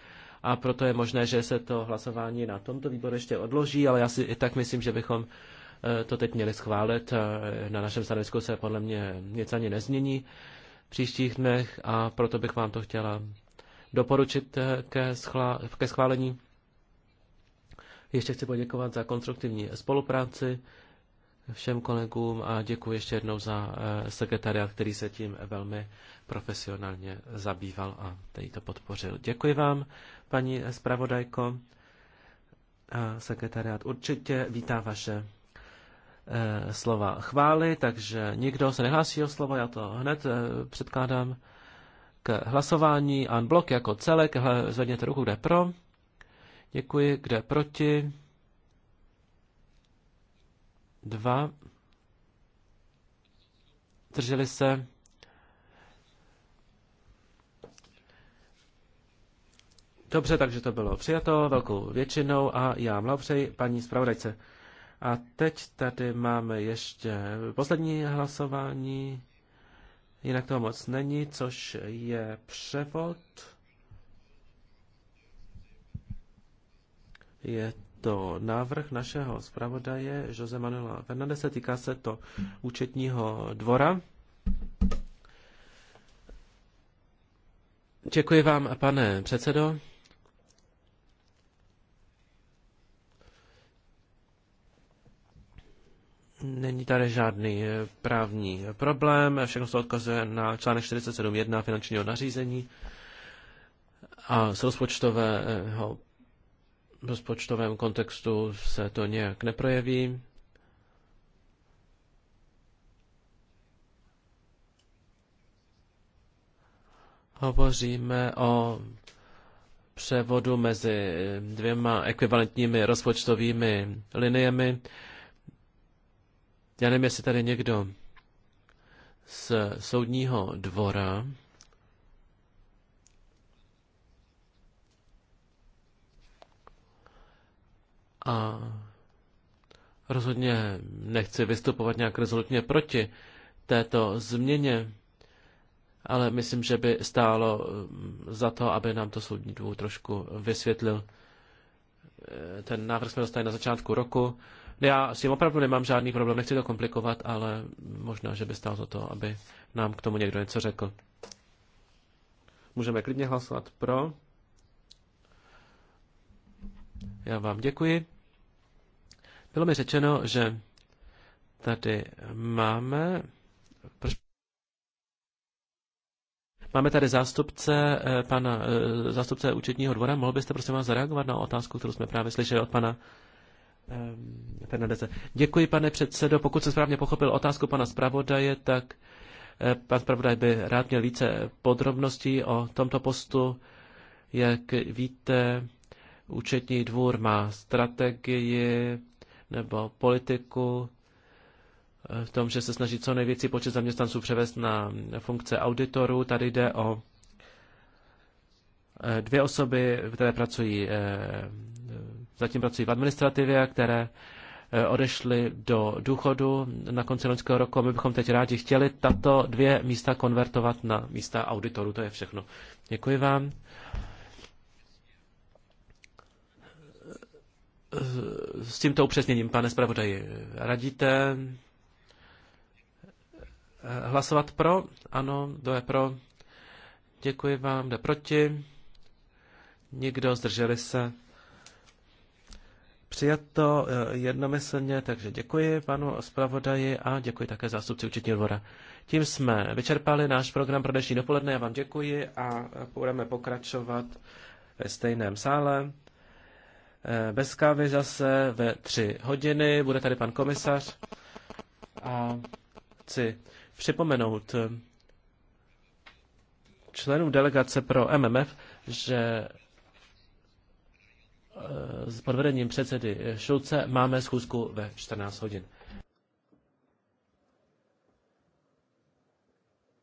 S2: a proto je možné, že se to hlasování na tomto výboru ještě odloží, ale já si i tak myslím, že bychom eh, to teď měli schválit. Eh, na našem stanovisku se podle mě nic ani nezmění v příštích dnech a proto bych vám to chtěla doporučit eh, ke, schla, ke schválení. Ještě chci poděkovat za konstruktivní spolupráci všem kolegům a děkuji ještě jednou za eh, sekretariat, který se tím velmi profesionálně zabýval a tady to podpořil. Děkuji vám, paní zpravodajko. sekretariat určitě vítá vaše eh, slova chvály, takže nikdo se nehlásí o slovo, já to hned předkládám k hlasování en blok jako celek. Zvedněte ruku, kde pro. Děkuji, kde proti. Dva. Drželi se. Dobře, takže to bylo přijato velkou většinou a já blahopřeji paní zpravodajce. A teď tady máme ještě poslední hlasování. Jinak to moc není, což je převod. Je to návrh našeho zpravodaje Jose Manuela Fernandese, týká se to účetního dvora. Děkuji vám, pane předsedo. Není tady žádný eh, právní problém, všechno se odkazuje na článek 47.1 finančního nařízení a z rozpočtového rozpočtovém kontextu se to nějak neprojeví. Hovoříme o převodu mezi dvěma ekvivalentními rozpočtovými liniemi. Já nevím, jestli tady někdo z soudního dvora a rozhodně nechci vystupovat nějak rezolutně proti této změně, ale myslím, že by stálo mm, za to, aby nám to soudní dvůr trošku vysvětlil. E, ten návrh jsme dostali na začátku roku já s tím opravdu nemám žádný problém, nechci to komplikovat, ale možná, že by stálo za to, aby nám k tomu někdo něco řekl. Můžeme klidně hlasovat pro. Já vám děkuji. Bylo mi řečeno, že tady máme... Máme tady zástupce eh, pana, eh, zástupce účetního dvora. Mohl byste prosím vás zareagovat na otázku, kterou jsme právě slyšeli od pana Ehm, Fernandeze. Děkuji, pane předsedo. Pokud jsem správně pochopil otázku pana zpravodaje, tak eh, pan zpravodaj by rád měl více podrobností o tomto postu. Jak víte, účetní dvůr má strategii nebo politiku eh, v tom, že se snaží co největší počet zaměstnanců převést na funkce auditorů. Tady jde o eh, dvě osoby, které pracují zatím pracují v administrativě, které eh, odešly do důchodu na konci loňského roku a my bychom teď rádi chtěli tato dvě místa konvertovat na místa auditorů. To je všechno. Děkuji vám. S tímto upřesněním, pane zpravodaji, radíte eh, hlasovat pro? Ano, kdo je pro? Děkuji vám, jde proti. Nikdo, zdrželi se. Přijato eh, jednomyslně, takže děkuji panu zpravodaji a děkuji také zástupci Učitního dvora. Tím jsme vyčerpali náš program pro dnešní dopoledne. Já vám děkuji a budeme pokračovat ve stejném sále. Eh, bez kávy zase ve tři hodiny. Bude tady pan komisař. A chci připomenout eh, členům delegace pro MMF, že Eh, s podvedením předsedy Šulce máme schůzku ve 14 hodin.